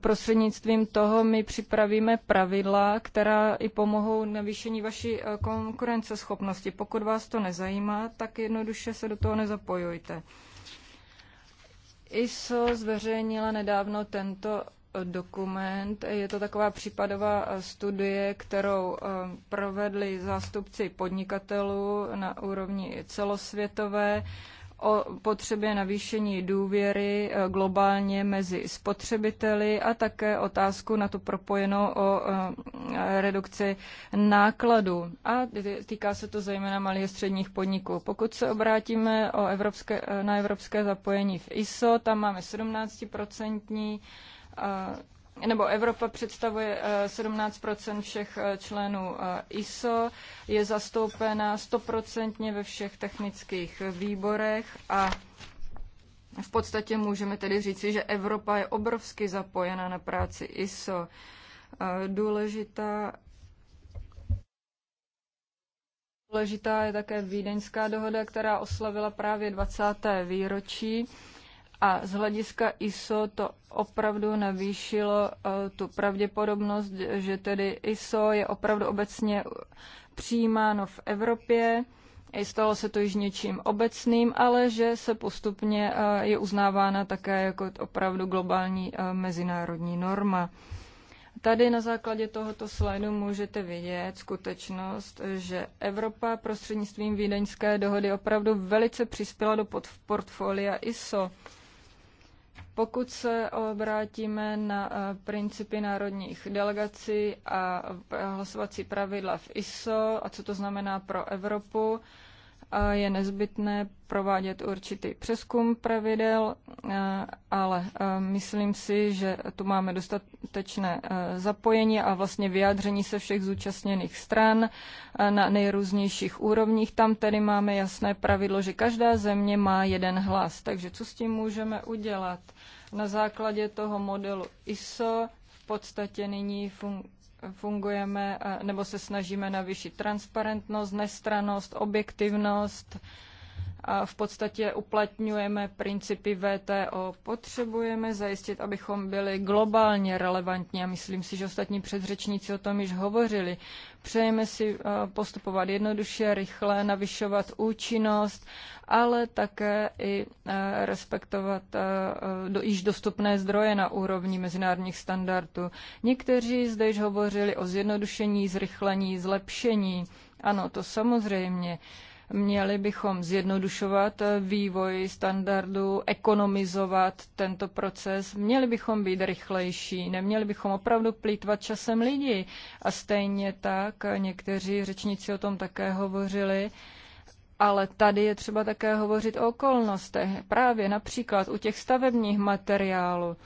prostřednictvím toho my připravíme pravidla, která i pomohou navýšení vaší konkurenceschopnosti. Pokud vás to nezajímá, tak jednoduše se do toho nezapojujte. ISO zveřejnila nedávno tento e, dokument. Je to taková případová e, studie, kterou e, provedli zástupci podnikatelů na úrovni celosvětové o potřebě navýšení důvěry eh, globálně mezi spotřebiteli a také otázku na to propojeno o eh, redukci nákladu. A týká se to zejména malých a středních podniků. Pokud se obrátíme o evropské, eh, na evropské zapojení v ISO, tam máme 17% nebo Evropa představuje 17 eh, všech eh, členů eh, ISO, je zastoupena 100 ve všech technických výborech a v podstatě můžeme tedy říci, že Evropa je obrovsky zapojena na práci ISO. Důležitá Důležitá je také Vídeňská dohoda, která oslavila právě 20. výročí. A z hlediska ISO to opravdu navýšilo eh, tu pravděpodobnost, že tedy ISO je opravdu obecně přijímáno v Evropě. Stalo se to již něčím obecným, ale že se postupně eh, je uznávána také jako opravdu globální eh, mezinárodní norma. Tady na základě tohoto slajdu můžete vidět skutečnost, že Evropa prostřednictvím Vídeňské dohody opravdu velice přispěla do portfolia ISO. Pokud se obrátíme na eh, principy národních delegací a hlasovací pravidla v ISO a co to znamená pro Evropu, je nezbytné provádět určitý přeskum pravidel, eh, ale eh, myslím si, že tu máme dostatečné eh, zapojení a vlastně vyjádření se všech zúčastněných stran na nejrůznějších úrovních. Tam tedy máme jasné pravidlo, že každá země má jeden hlas. Takže co s tím můžeme udělat? Na základě toho modelu ISO v podstatě nyní funguje fungujeme eh, nebo se snažíme navýšit transparentnost, nestranost, objektivnost, v podstatě uplatňujeme principy VTO. Potřebujeme zajistit, abychom byli globálně relevantní a myslím si, že ostatní předřečníci o tom již hovořili. Přejeme si eh, postupovat jednoduše, rychle, navyšovat účinnost, ale také i eh, respektovat eh, již dostupné zdroje na úrovni mezinárodních standardů. Někteří zde již hovořili o zjednodušení, zrychlení, zlepšení. Ano, to samozřejmě. Měli bychom zjednodušovat eh, vývoj standardu, ekonomizovat tento proces, měli bychom být rychlejší, neměli bychom opravdu plítvat časem lidí. A stejně tak, eh, někteří řečníci o tom také hovořili, ale tady je třeba také hovořit o okolnostech, právě například u těch stavebních materiálů.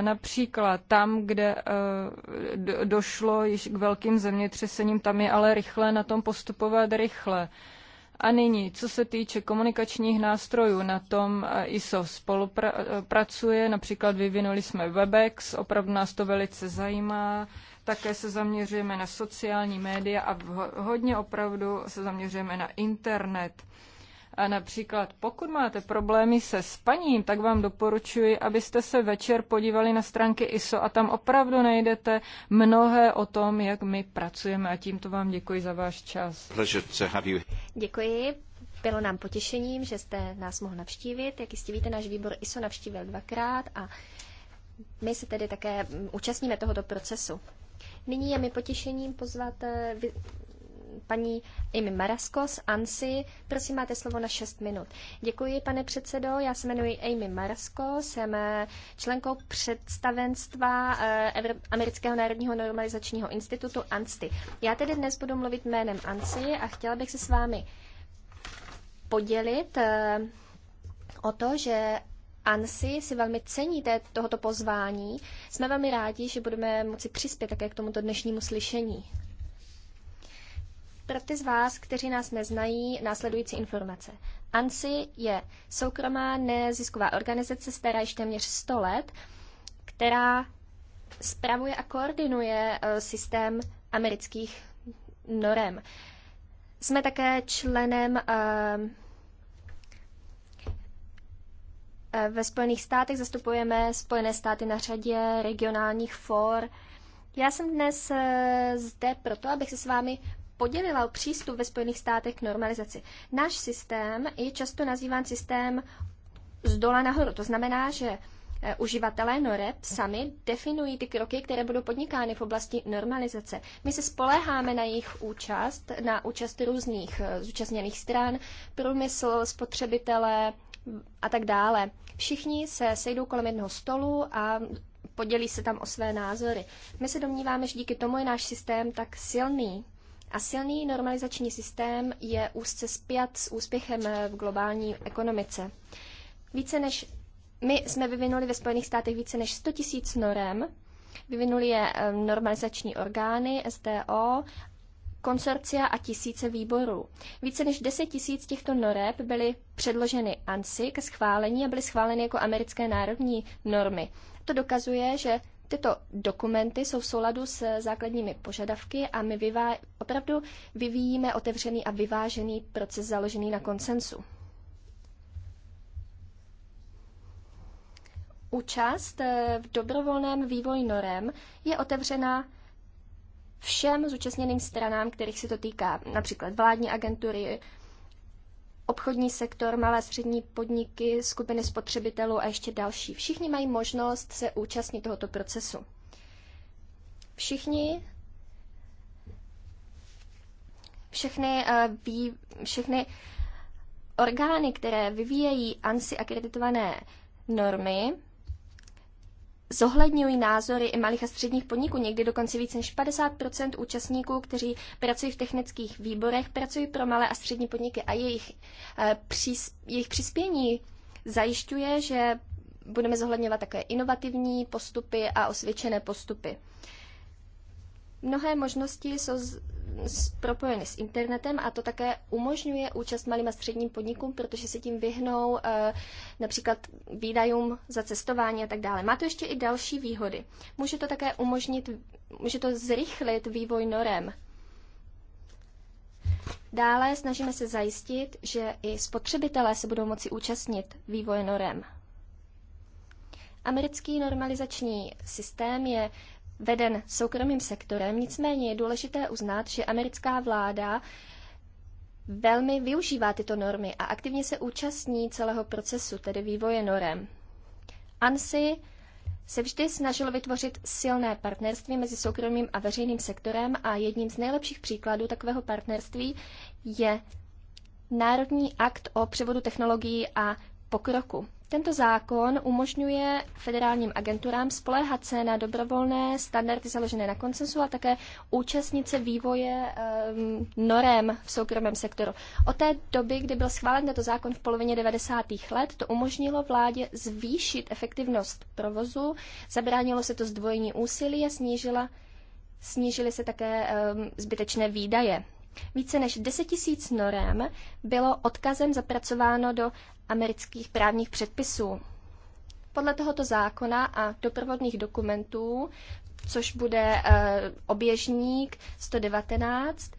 Například tam, kde eh, došlo již k velkým zemětřesením, tam je ale rychle na tom postupovat rychle. A nyní, co se týče komunikačních nástrojů, na tom eh, ISO spolupracuje, eh, například vyvinuli jsme Webex, opravdu nás to velice zajímá, také se zaměřujeme na sociální média a hodně opravdu se zaměřujeme na internet. A například, pokud máte problémy se spaním, tak vám doporučuji, abyste se večer podívali na stránky ISO a tam opravdu najdete mnohé o tom, jak my pracujeme. A tímto vám děkuji za váš čas. Děkuji. Bylo nám potěšením, že jste nás mohl navštívit. Jak jistě víte, náš výbor ISO navštívil dvakrát a my se tedy také účastníme tohoto procesu. Nyní je mi potěšením pozvat eh, paní Amy Maraskos, ANSI. Prosím, máte slovo na 6 minut. Děkuji, pane předsedo. Já se jmenuji Amy Marasko, jsem eh, členkou představenstva eh, Amerického národního normalizačního institutu ANSTI. Já tedy dnes budu mluvit jménem ANSI a chtěla bych se s vámi podělit eh, o to, že ANSI si velmi cení té, tohoto pozvání. Jsme velmi rádi, že budeme moci přispět také k tomuto dnešnímu slyšení. Pro ty z vás, kteří nás neznají, následující informace. ANSI je soukromá nezisková organizace stará již téměř 100 let, která spravuje a koordinuje eh, systém amerických norem. Jsme také členem eh, eh, ve Spojených státech, zastupujeme Spojené státy na řadě regionálních for. Já jsem dnes zde proto, abych se s vámi podělila o přístup ve Spojených státech k normalizaci. Náš systém je často nazýván systém z dola nahoru. To znamená, že eh, uživatelé NOREP sami definují ty kroky, které budou podnikány v oblasti normalizace. My se spoléháme na jejich účast, na účast různých eh, zúčastněných stran, průmysl, spotřebitele a tak dále. Všichni se sejdou kolem jednoho stolu a podělí se tam o své názory. My se domníváme, že díky tomu je náš systém tak silný. A silný normalizační systém je úzce spjat s úspěchem v globální ekonomice. Více než my jsme vyvinuli ve Spojených státech více než 100 tisíc norem, vyvinuli je normalizační orgány, SDO, konsorcia a tisíce výborů. Více než 10 tisíc těchto noreb byly předloženy ANSI ke schválení a byly schváleny jako americké národní normy. To dokazuje, že Tyto dokumenty jsou v souladu s základními požadavky a my vyvá- opravdu vyvíjíme otevřený a vyvážený proces založený na konsensu. Účast eh, v dobrovolném vývoji norem je otevřena všem zúčastněným stranám, kterých se to týká, například vládní agentury, obchodní sektor, malé střední podniky, skupiny spotřebitelů a ještě další. Všichni mají možnost se účastnit tohoto procesu. Všichni všechny, eh, vý, všechny orgány, které vyvíjejí ANSI akreditované normy, zohledňují názory i malých a středních podniků. Někdy dokonce více než 50 účastníků, kteří pracují v technických výborech, pracují pro malé a střední podniky a jejich, eh, přís, jejich přispění zajišťuje, že budeme zohledňovat také inovativní postupy a osvědčené postupy. Mnohé možnosti jsou propojeny s internetem a to také umožňuje účast malým a středním podnikům, protože se tím vyhnou eh, například výdajům za cestování a tak dále. Má to ještě i další výhody. Může to také umožnit, může to zrychlit vývoj norem. Dále snažíme se zajistit, že i spotřebitelé se budou moci účastnit vývoje norem. Americký normalizační systém je veden soukromým sektorem, nicméně je důležité uznat, že americká vláda velmi využívá tyto normy a aktivně se účastní celého procesu, tedy vývoje norem. ANSI se vždy snažil vytvořit silné partnerství mezi soukromým a veřejným sektorem a jedním z nejlepších příkladů takového partnerství je Národní akt o převodu technologií a pokroku. Tento zákon umožňuje federálním agenturám spoléhat se na dobrovolné standardy založené na konsensu a také účastnit se vývoje um, norem v soukromém sektoru. Od té doby, kdy byl schválen tento zákon v polovině 90. let, to umožnilo vládě zvýšit efektivnost provozu, zabránilo se to zdvojení úsilí a snížila, snížily se také um, zbytečné výdaje. Více než 10 tisíc norem bylo odkazem zapracováno do amerických právních předpisů. Podle tohoto zákona a doprovodných dokumentů, což bude eh, oběžník 119,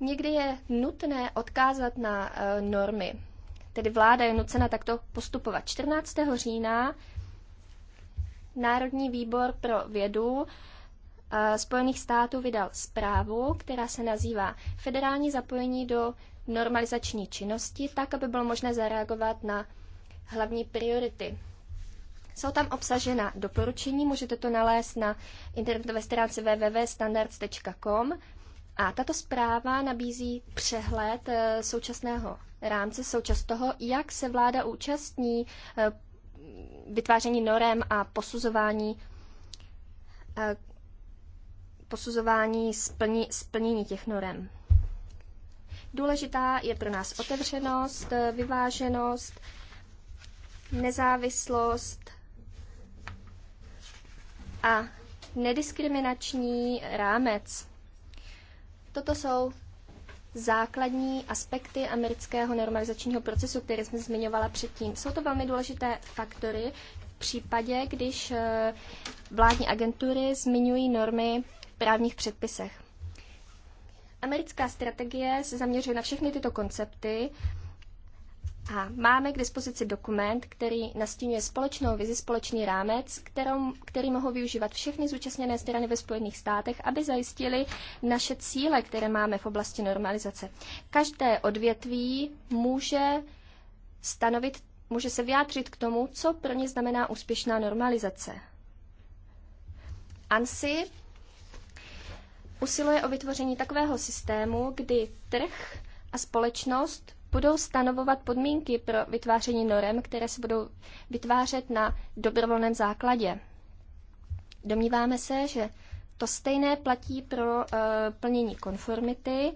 někdy je nutné odkázat na eh, normy. Tedy vláda je nucena takto postupovat. 14. října Národní výbor pro vědu Eh, Spojených států vydal zprávu, která se nazývá Federální zapojení do normalizační činnosti, tak, aby bylo možné zareagovat na hlavní priority. Jsou tam obsažena doporučení, můžete to nalézt na internetové stránce www.standards.com a tato zpráva nabízí přehled eh, současného rámce, součas toho, jak se vláda účastní eh, vytváření norem a posuzování posuzování splní, splnění těch norem. Důležitá je pro nás otevřenost, vyváženost, nezávislost a nediskriminační rámec. Toto jsou základní aspekty amerického normalizačního procesu, který jsme zmiňovala předtím. Jsou to velmi důležité faktory v případě, když eh, vládní agentury zmiňují normy právních předpisech. Americká strategie se zaměřuje na všechny tyto koncepty a máme k dispozici dokument, který nastínuje společnou vizi, společný rámec, kterou, který mohou využívat všechny zúčastněné strany ve Spojených státech, aby zajistili naše cíle, které máme v oblasti normalizace. Každé odvětví může stanovit, může se vyjádřit k tomu, co pro ně znamená úspěšná normalizace. ANSI usiluje o vytvoření takového systému, kdy trh a společnost budou stanovovat podmínky pro vytváření norem, které se budou vytvářet na dobrovolném základě. Domníváme se, že to stejné platí pro uh, plnění konformity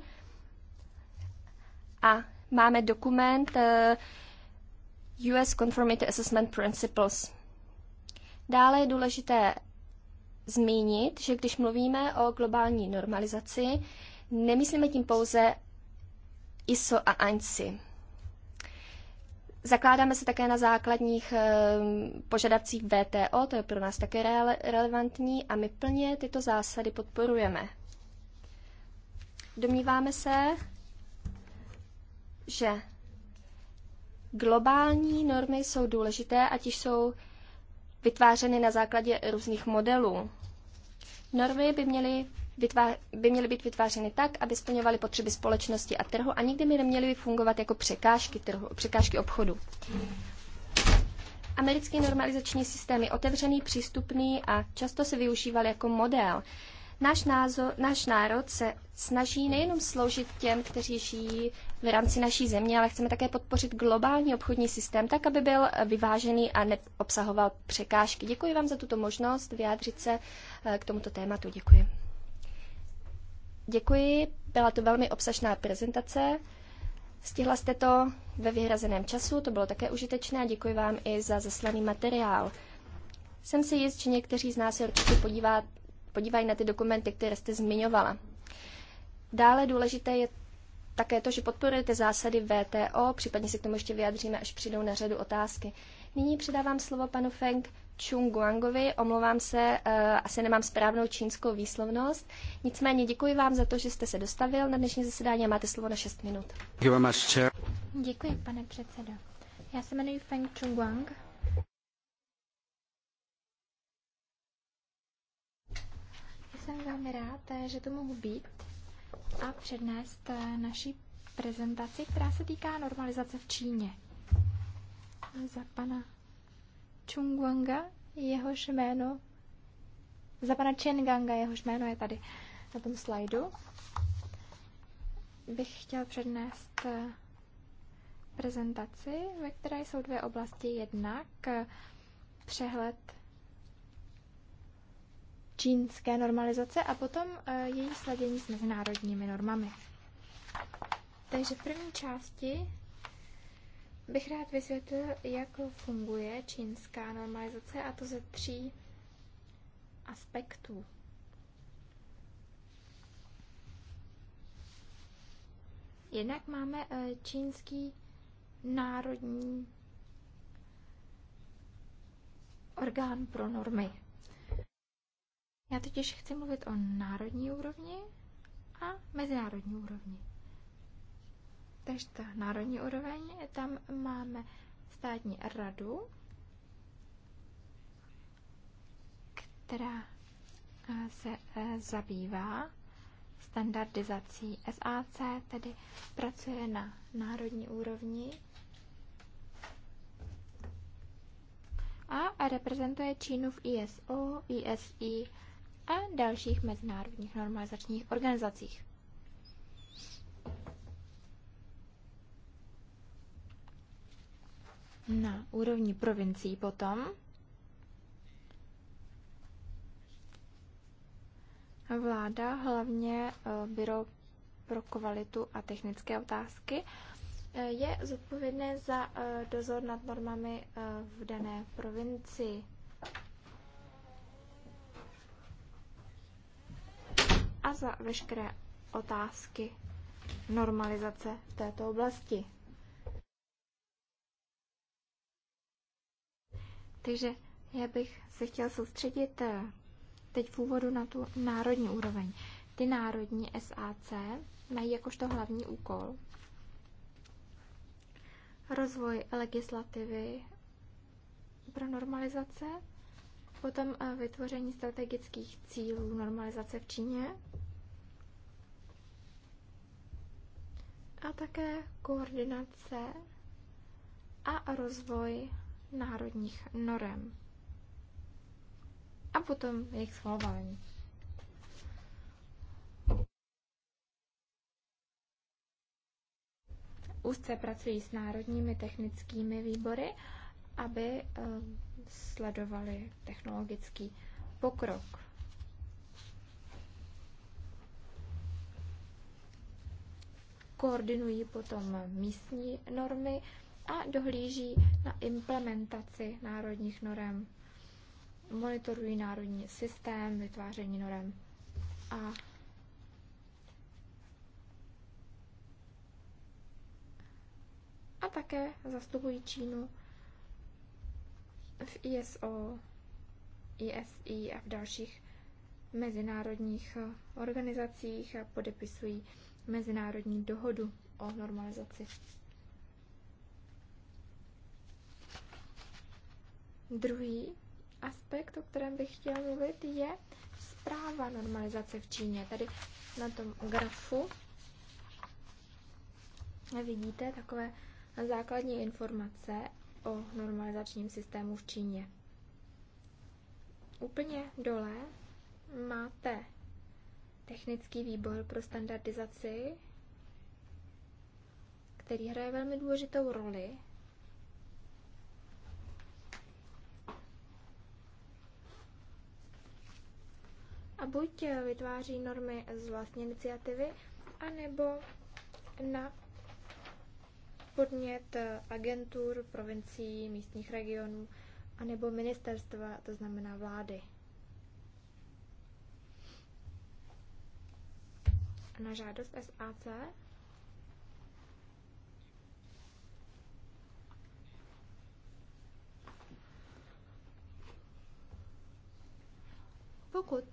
a máme dokument uh, eh, US Conformity Assessment Principles. Dále je důležité zmínit, že když mluvíme o globální normalizaci, nemyslíme tím pouze ISO a ANSI. Zakládáme se také na základních eh, požadavcích VTO, to je pro nás také relevantní a my plně tyto zásady podporujeme. Domníváme se, že globální normy jsou důležité, ať jsou vytvářeny na základě různých modelů. Normy by měly, vytvář, by měly být vytvářeny tak, aby splňovaly potřeby společnosti a trhu a nikdy by neměly fungovat jako překážky, trhu, překážky obchodu. Americký normalizační systém je otevřený, přístupný a často se využíval jako model. Náš, názor, náš národ se snaží nejenom sloužit těm, kteří žijí v rámci naší země, ale chceme také podpořit globální obchodní systém tak, aby byl vyvážený a neobsahoval překážky. Děkuji vám za tuto možnost vyjádřit se eh, k tomuto tématu. Děkuji. Děkuji, byla to velmi obsažná prezentace. Stihla jste to ve vyhrazeném času, to bylo také užitečné a děkuji vám i za zaslaný materiál. Jsem si jist, že někteří z nás se určitě podívá, podívají na ty dokumenty, které jste zmiňovala. Dále důležité je také to, že podporujete zásady VTO, případně se k tomu ještě vyjádříme, až přijdou na řadu otázky. Nyní předávám slovo panu Feng Guangovi, omlouvám se, eh, asi nemám správnou čínskou výslovnost. Nicméně děkuji vám za to, že jste se dostavil na dnešní zasedání a máte slovo na 6 minut. Děkuji, pane předsedo. Já se jmenuji Feng Guang. Jsem velmi rád, eh, že tu mohu být a přednést eh, naši prezentaci, která se týká normalizace v Číně. Za pana Chungwanga, jehož jméno, za pana Chenganga, jehož jméno je tady na tom slajdu, bych chtěl přednést eh, prezentaci, ve které jsou dvě oblasti. Jednak eh, přehled čínské normalizace a potom eh, její sladění s mezinárodními normami. Takže v první části bych rád vysvětlil, jak funguje čínská normalizace a to ze tří aspektů. Jednak máme eh, čínský národní orgán pro normy. Já totiž chci mluvit o národní úrovni a mezinárodní úrovni. Takže ta národní úroveň, tam máme státní radu, která eh, se eh, zabývá standardizací SAC, tedy pracuje na národní úrovni a reprezentuje Čínu v ISO, ISI a dalších mezinárodních normalizačních organizacích. Na úrovni provincií potom vláda, hlavně eh, Byro pro kvalitu a technické otázky, eh, je zodpovědné za eh, dozor nad normami v dané provincii. a za veškeré otázky normalizace v této oblasti. Takže já bych se chtěl soustředit eh, teď v úvodu na tu národní úroveň. Ty národní SAC mají jakožto hlavní úkol rozvoj legislativy pro normalizace Potom eh, vytvoření strategických cílů normalizace v Číně. A také koordinace a rozvoj národních norem. A potom jejich schvalování. Úzce pracují s národními technickými výbory, aby eh, sledovali technologický pokrok. Koordinují potom místní normy a dohlíží na implementaci národních norem. Monitorují národní systém vytváření norem a a také zastupují Čínu v ISO, ISI a v dalších mezinárodních eh, organizacích a podepisují mezinárodní dohodu o normalizaci. Druhý aspekt, o kterém bych chtěla mluvit, je zpráva normalizace v Číně. Tady na tom grafu vidíte takové základní informace o normalizačním systému v Číně. Úplně dole máte technický výbor pro standardizaci, který hraje velmi důležitou roli a buď vytváří normy z vlastní iniciativy, anebo na podnět eh, agentur, provincií, místních regionů anebo ministerstva, to znamená vlády. Na žádost SAC pokud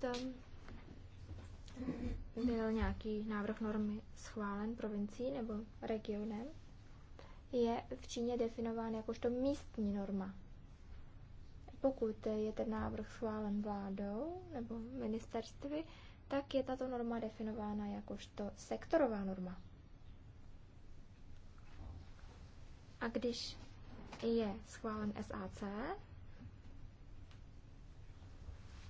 byl nějaký návrh normy schválen provincií nebo regionem, je v Číně definován jakožto místní norma. Pokud je ten návrh schválen vládou nebo ministerství, tak je tato norma definována jakožto sektorová norma. A když je schválen SAC,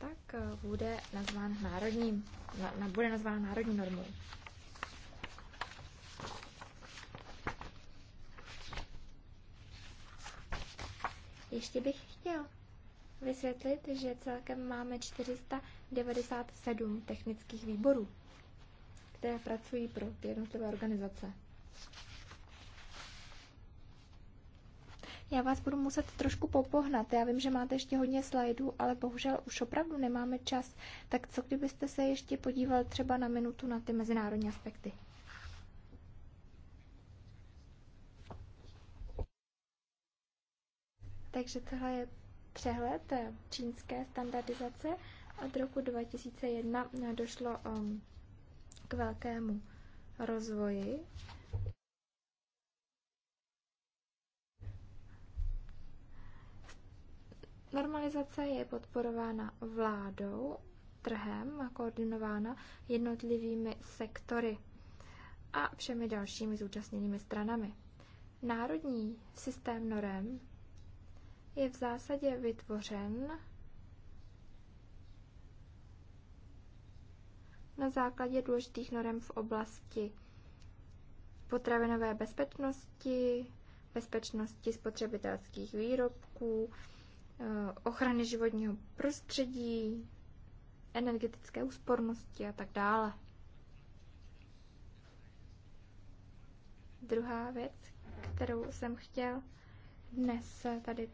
tak eh, bude nazván národním, bude nazván národní normou. Ještě bych chtěl vysvětlit, že celkem máme 497 technických výborů, které pracují pro ty jednotlivé organizace. Já vás budu muset trošku popohnat. Já vím, že máte ještě hodně slajdů, ale bohužel už opravdu nemáme čas. Tak co kdybyste se ještě podíval třeba na minutu na ty mezinárodní aspekty? Takže tohle je přehled eh, čínské standardizace. Od roku 2001 eh, došlo ehm, k velkému rozvoji. Normalizace je podporována vládou, trhem a koordinována jednotlivými sektory a všemi dalšími zúčastněnými stranami. Národní systém norem je v zásadě vytvořen na základě důležitých norem v oblasti potravinové bezpečnosti, bezpečnosti spotřebitelských výrobků, eh, ochrany životního prostředí, energetické úspornosti a tak dále. Druhá věc, kterou jsem chtěl dnes tady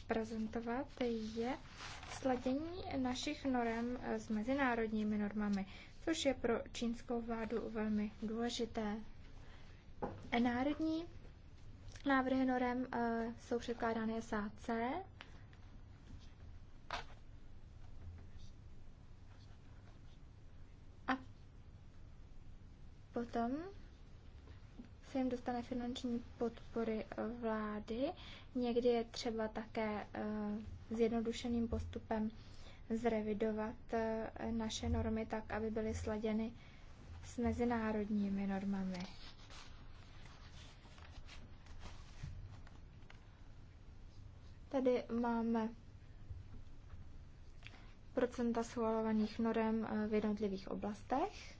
prezentovat, je sladění našich norem s mezinárodními normami, což je pro čínskou vládu velmi důležité. Národní návrhy norem eh, jsou předkládány SAC. A potom se jim dostane finanční podpory eh, vlády Někdy je třeba také eh, zjednodušeným postupem zrevidovat eh, naše normy tak, aby byly sladěny s mezinárodními normami. Tady máme procenta schvalovaných norem eh, v jednotlivých oblastech.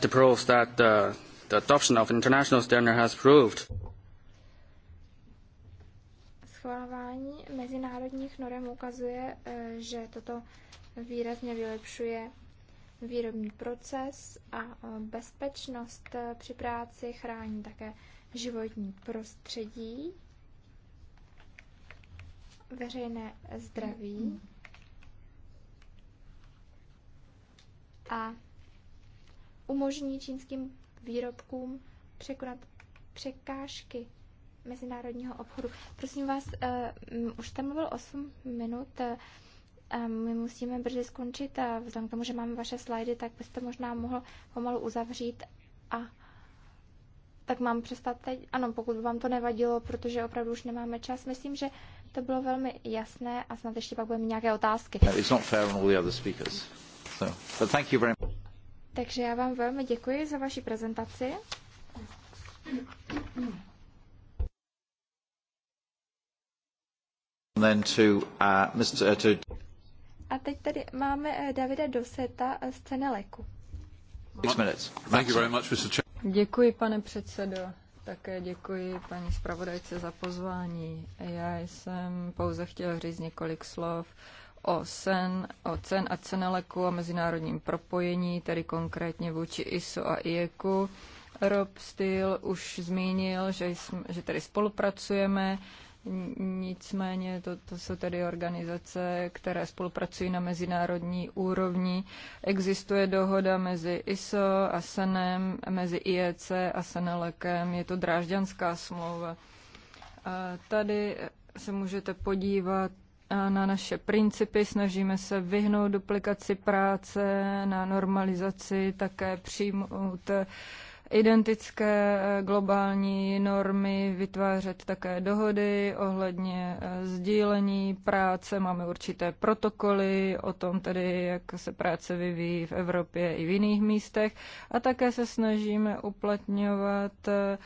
to prove that uh, the adoption of international standard has proved. Schvalování mezinárodních norm ukazuje, eh, že toto výrazně vylepšuje výrobní proces a eh, bezpečnost eh, při práci chrání také životní prostředí, veřejné zdraví a umožní čínským výrobkům překonat překážky mezinárodního obchodu. Prosím vás, uh, už tam bylo 8 minut. uh, my musíme brzy skončit a vzhledem k tomu, že máme vaše slajdy, tak byste možná mohl pomalu uzavřít a tak mám přestat teď? Ano, pokud by vám to nevadilo, protože opravdu už nemáme čas. Myslím, že to bylo velmi jasné a snad ještě pak budeme nějaké otázky. No, it's not fair on all the other speakers. So, but thank you very much. Takže já vám velmi děkuji za vaši prezentaci. Uh, A teď tady máme eh, Davida Doseta eh, z Ceneleku. Děkuji, pane předsedo. Také děkuji paní zpravodajce za pozvání. Já jsem pouze chtěl říct několik slov o sen, o cen a ceneleku a mezinárodním propojení, tedy konkrétně vůči ISO a IEKu. Rob Steele už zmínil, že, jsme, že tedy spolupracujeme, nicméně to, to jsou tedy organizace, které spolupracují na mezinárodní úrovni. Existuje dohoda mezi ISO a SENem, mezi IEC a SENELEKem, je to drážďanská smlouva. A tady se můžete podívat na naše principy, snažíme se vyhnout duplikaci práce, na normalizaci, také přijmout identické eh, globální normy, vytvářet také dohody ohledně eh, sdílení práce. Máme určité protokoly o tom tedy, jak se práce vyvíjí v Evropě i v jiných místech. A také se snažíme uplatňovat eh,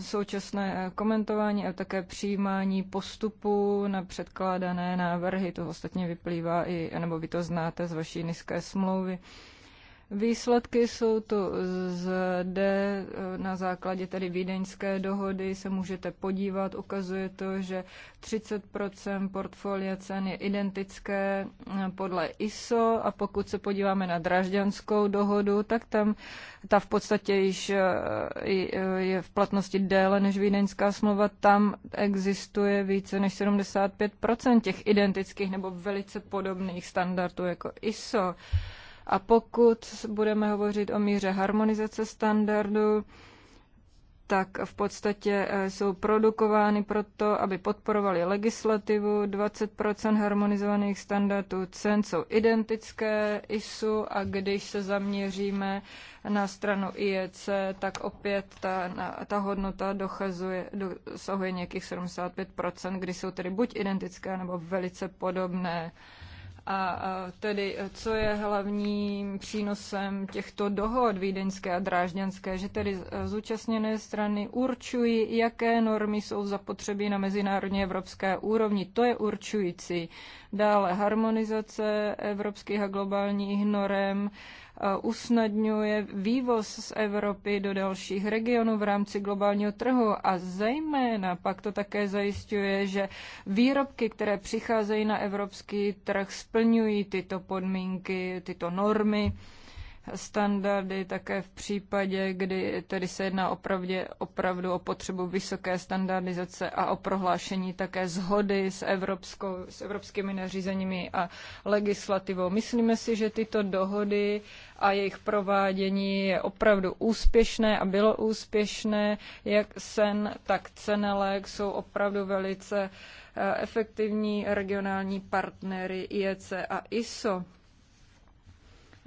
současné komentování a také přijímání postupu na předkládané návrhy. To ostatně vyplývá i, nebo vy to znáte z vaší nízké smlouvy. Výsledky jsou to zde na základě tedy vídeňské dohody, se můžete podívat, ukazuje to, že 30% portfolia cen je identické eh, podle ISO a pokud se podíváme na dražďanskou dohodu, tak tam ta v podstatě již eh, eh, je v platnosti déle než vídeňská smlouva, tam existuje více než 75% těch identických nebo velice podobných standardů jako ISO. A pokud budeme hovořit o míře harmonizace standardů, tak v podstatě eh, jsou produkovány proto, aby podporovali legislativu. 20 harmonizovaných standardů cen jsou identické ISU a když se zaměříme na stranu IEC, tak opět ta, ta hodnota dochazuje, dosahuje nějakých 75 kdy jsou tedy buď identické nebo velice podobné. A tedy, co je hlavním přínosem těchto dohod vídeňské a drážďanské, že tedy e, zúčastněné strany určují, jaké normy jsou zapotřebí na mezinárodní evropské úrovni. To je určující. Dále harmonizace evropských a globálních norem, Eh, usnadňuje vývoz z Evropy do dalších regionů v rámci globálního trhu a zejména pak to také zajišťuje, že výrobky, které přicházejí na evropský trh, splňují tyto podmínky, tyto normy standardy také v případě, kdy tedy se jedná opravdě, opravdu o potřebu vysoké standardizace a o prohlášení také zhody s, evropskou, s evropskými nařízeními a legislativou. Myslíme si, že tyto dohody a jejich provádění je opravdu úspěšné a bylo úspěšné. Jak sen, tak cenelek jsou opravdu velice eh, efektivní regionální partnery IEC a ISO.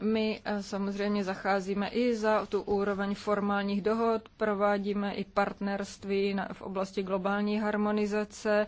My eh, samozřejmě zacházíme i za tu úroveň formálních dohod, provádíme i partnerství v oblasti globální harmonizace,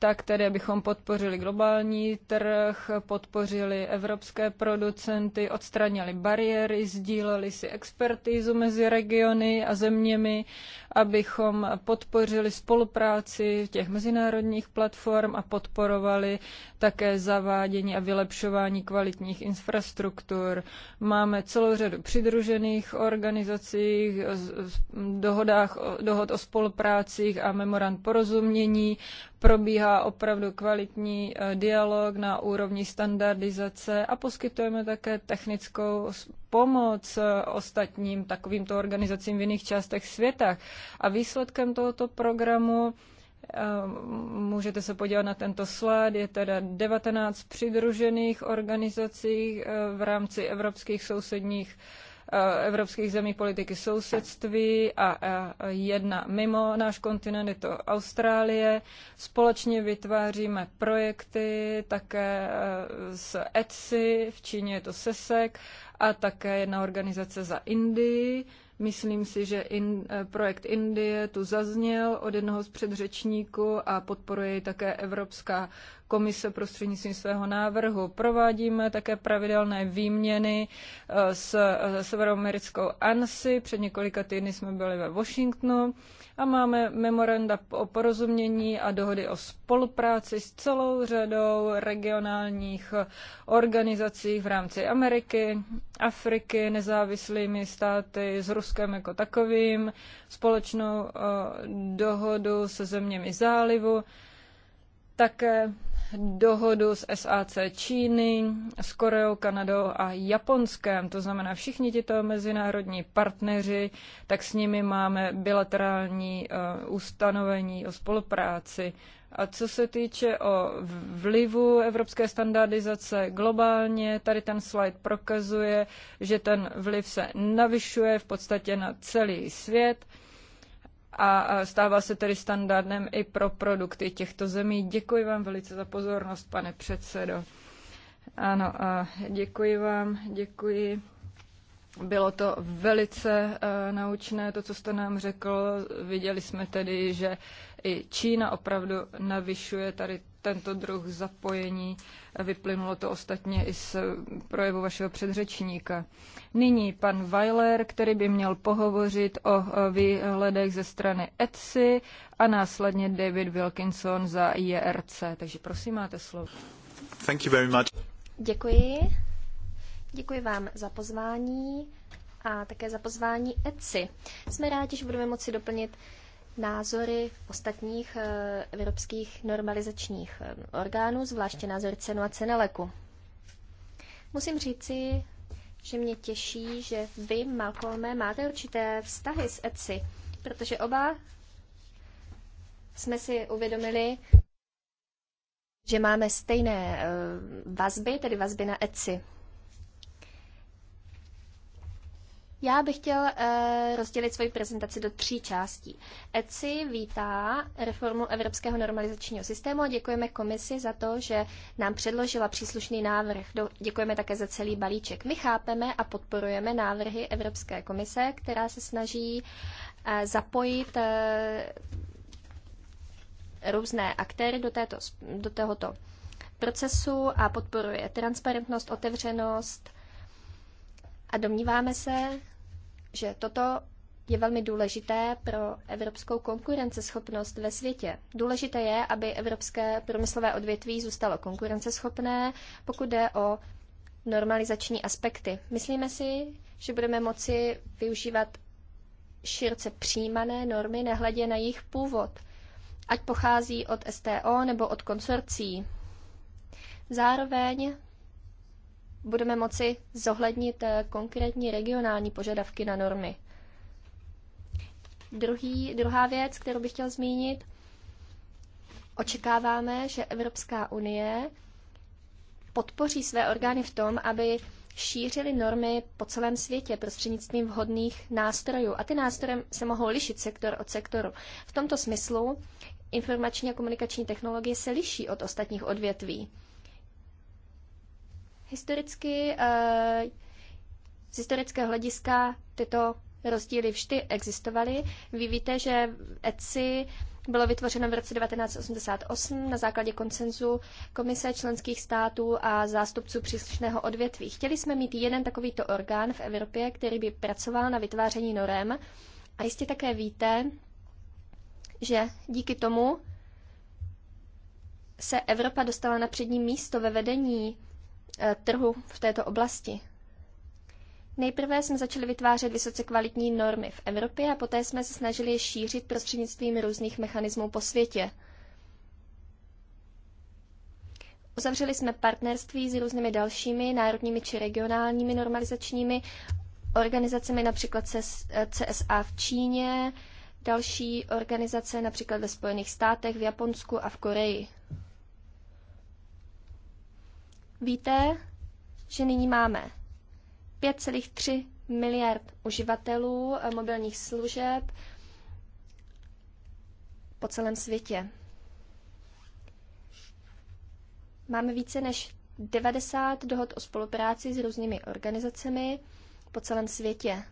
tak tedy, abychom podpořili globální trh, podpořili evropské producenty, odstranili bariéry, sdíleli si expertízu mezi regiony a zeměmi, abychom podpořili spolupráci těch mezinárodních platform a podporovali také zavádění a vylepšování kvalitních infrastruktur. Máme celou řadu přidružených organizací, dohodách, dohod o spoluprácích a memorand porozumění probíhá opravdu kvalitní eh, dialog na úrovni standardizace a poskytujeme také technickou pomoc eh, ostatním takovýmto organizacím v jiných částech světa. A výsledkem tohoto programu eh, Můžete se podívat na tento slide. Je teda 19 přidružených organizací v rámci evropských sousedních Eh, evropských zemí politiky sousedství a jedna mimo náš kontinent, je to Austrálie. Společně vytváříme projekty také eh, s ETSI, v Číně je to SESEK a také jedna organizace za Indii. Myslím si, že in, eh, projekt Indie tu zazněl od jednoho z předřečníků a podporuje ji také Evropská komise prostřednictvím svého návrhu. Provádíme také pravidelné výměny eh, eh, s severoamerickou ANSI. Před několika týdny jsme byli ve Washingtonu a máme memoranda o porozumění a dohody o spolupráci s celou řadou regionálních organizací v rámci Ameriky, Afriky, nezávislými státy, s Ruskem jako takovým, společnou eh, dohodu se zeměmi zálivu. Také dohodu s SAC Číny, s Koreou, Kanadou a Japonskem. To znamená, všichni tito mezinárodní partneři, tak s nimi máme bilaterální uh, ustanovení o spolupráci. A co se týče o vlivu evropské standardizace globálně, tady ten slide prokazuje, že ten vliv se navyšuje v podstatě na celý svět. Uh, a stává se tedy standardem i pro produkty těchto zemí. Děkuji vám velice za pozornost, pane předsedo. Ano, a děkuji vám, děkuji. Bylo to velice uh, naučné, to, co jste nám řekl. Viděli jsme tedy, že i Čína opravdu navyšuje tady tento druh zapojení uh, Vyplynulo to ostatně i z projevu vašeho předřečníka. Nyní pan Weiler, který by měl pohovořit o výhledech ze strany ETSI a následně David Wilkinson za IRC. Takže prosím, máte slovo. Thank you very much. Děkuji. Děkuji vám za pozvání a také za pozvání ETSI. Jsme rádi, že budeme moci doplnit názory ostatních eh, evropských normalizačních eh, orgánů, zvláště názor cenu a ceneleku. Musím říci, že mě těší, že vy, Malcolme, máte určité vztahy s ECI, protože oba jsme si uvědomili, že máme stejné eh, vazby, tedy vazby na ECI. Já bych chtěl uh, eh, rozdělit svoji prezentaci do tří částí. ECI vítá reformu Evropského normalizačního systému a děkujeme komisi za to, že nám předložila příslušný návrh. Děkujeme také za celý balíček. My chápeme a podporujeme návrhy Evropské komise, která se snaží uh, zapojit uh, různé aktéry do, této, do tohoto procesu a podporuje transparentnost, otevřenost, a domníváme se, že toto je velmi důležité pro evropskou konkurenceschopnost ve světě. Důležité je, aby evropské průmyslové odvětví zůstalo konkurenceschopné, pokud jde o normalizační aspekty. Myslíme si, že budeme moci využívat široce přijímané normy nehledě na jejich původ, ať pochází od STO nebo od konsorcí. Zároveň budeme moci zohlednit eh, konkrétní regionální požadavky na normy. Druhý, druhá věc, kterou bych chtěl zmínit, očekáváme, že Evropská unie podpoří své orgány v tom, aby šířili normy po celém světě prostřednictvím vhodných nástrojů. A ty nástroje se mohou lišit sektor od sektoru. V tomto smyslu informační a komunikační technologie se liší od ostatních odvětví. Historicky, eh, z historického hlediska tyto rozdíly vždy existovaly. Vy víte, že ECI bylo vytvořeno v roce 1988 na základě konsenzu Komise členských států a zástupců příslušného odvětví. Chtěli jsme mít jeden takovýto orgán v Evropě, který by pracoval na vytváření norem. A jistě také víte, že díky tomu se Evropa dostala na přední místo ve vedení Eh, trhu v této oblasti. Nejprve jsme začali vytvářet vysoce kvalitní normy v Evropě a poté jsme se snažili je šířit prostřednictvím různých mechanismů po světě. Uzavřeli jsme partnerství s různými dalšími národními či regionálními normalizačními organizacemi, například eh, CSA v Číně, další organizace například ve Spojených státech, v Japonsku a v Koreji. Víte, že nyní máme 5,3 miliard uživatelů eh, mobilních služeb po celém světě. Máme více než 90 dohod o spolupráci s různými organizacemi po celém světě.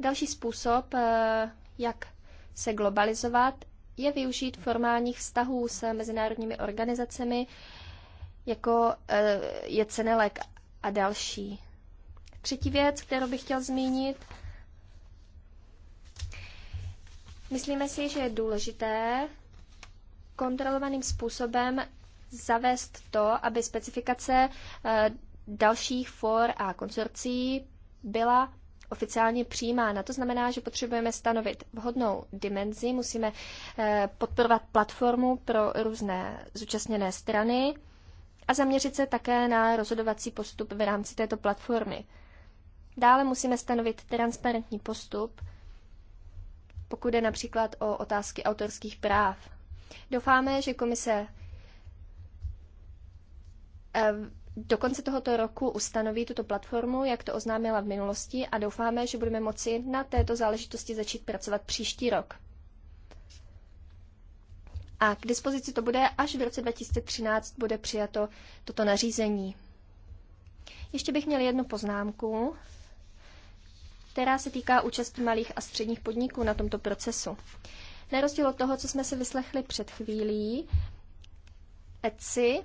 Další způsob, eh, jak se globalizovat, je využít formálních vztahů s mezinárodními organizacemi, jako eh, je cenelek a další. Třetí věc, kterou bych chtěl zmínit, myslíme si, že je důležité kontrolovaným způsobem zavést to, aby specifikace eh, dalších for a konsorcí byla oficiálně přijímána. To znamená, že potřebujeme stanovit vhodnou dimenzi, musíme eh, podporovat platformu pro různé zúčastněné strany a zaměřit se také na rozhodovací postup v rámci této platformy. Dále musíme stanovit transparentní postup, pokud je například o otázky autorských práv. Doufáme, že komise eh, do konce tohoto roku ustanoví tuto platformu, jak to oznámila v minulosti, a doufáme, že budeme moci na této záležitosti začít pracovat příští rok a k dispozici to bude, až v roce 2013 bude přijato toto nařízení. Ještě bych měl jednu poznámku, která se týká účasti malých a středních podniků na tomto procesu. Na rozdíl od toho, co jsme si vyslechli před chvílí, ECI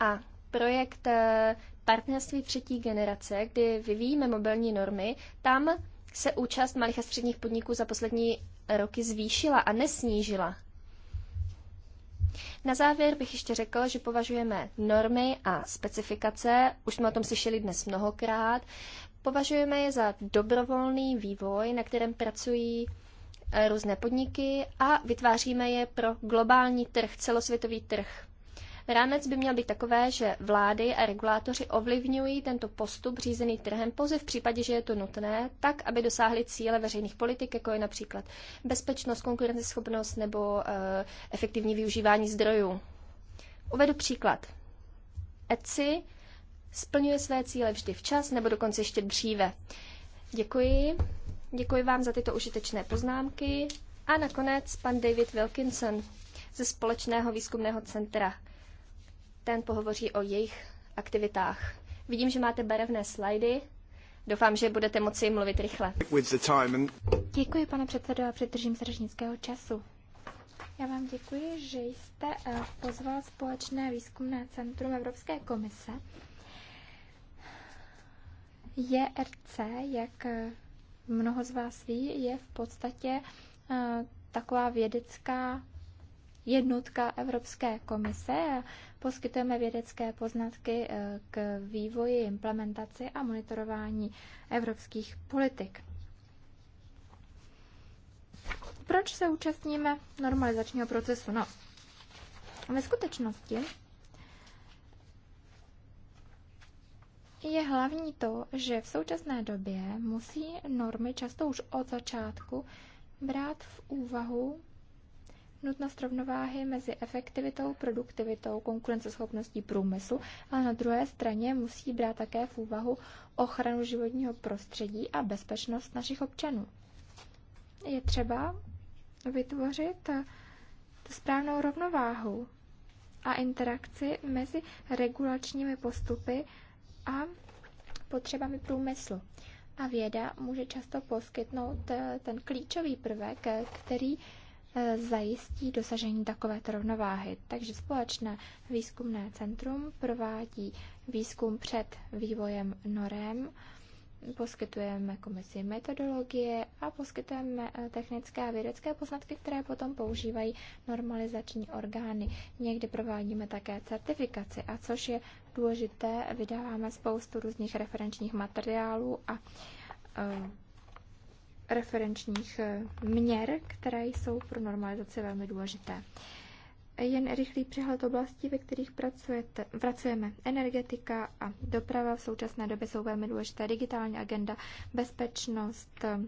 a projekt eh, partnerství třetí generace, kdy vyvíjíme mobilní normy, tam se účast malých a středních podniků za poslední roky zvýšila a nesnížila. Na závěr bych ještě řekl, že považujeme normy a specifikace, už jsme o tom slyšeli dnes mnohokrát, považujeme je za dobrovolný vývoj, na kterém pracují eh, různé podniky a vytváříme je pro globální trh, celosvětový trh. Rámec by měl být takové, že vlády a regulátoři ovlivňují tento postup řízený trhem pouze v případě, že je to nutné, tak, aby dosáhli cíle veřejných politik, jako je například bezpečnost, konkurenceschopnost nebo uh, efektivní využívání zdrojů. Uvedu příklad. ECI splňuje své cíle vždy včas nebo dokonce ještě dříve. Děkuji. Děkuji vám za tyto užitečné poznámky. A nakonec pan David Wilkinson ze Společného výzkumného centra ten pohovoří o jejich aktivitách. Vidím, že máte barevné slajdy. Doufám, že budete moci mluvit rychle. Děkuji, pane předsedo, a přidržím se řečnického času. Já vám děkuji, že jste eh, pozval Společné výzkumné centrum Evropské komise. JRC, jak eh, mnoho z vás ví, je v podstatě eh, taková vědecká jednotka Evropské komise. Poskytujeme vědecké poznatky eh, k vývoji, implementaci a monitorování evropských politik. Proč se účastníme normalizačního procesu? No, ve skutečnosti je hlavní to, že v současné době musí normy často už od začátku brát v úvahu nutnost rovnováhy mezi efektivitou, produktivitou, konkurenceschopností průmyslu, ale na druhé straně musí brát také v úvahu ochranu životního prostředí a bezpečnost našich občanů. Je třeba vytvořit eh, správnou rovnováhu a interakci mezi regulačními postupy a potřebami průmyslu. A věda může často poskytnout eh, ten klíčový prvek, eh, který Eh, zajistí dosažení takovéto rovnováhy. Takže společné výzkumné centrum provádí výzkum před vývojem norem, poskytujeme komisi metodologie a poskytujeme eh, technické a vědecké poznatky, které potom používají normalizační orgány. Někdy provádíme také certifikaci a což je důležité, vydáváme spoustu různých referenčních materiálů a eh, referenčních eh, měr, které jsou pro normalizaci velmi důležité. Jen rychlý přehled oblastí, ve kterých pracujete, pracujeme. Energetika a doprava v současné době jsou velmi důležité. Digitální agenda, bezpečnost eh,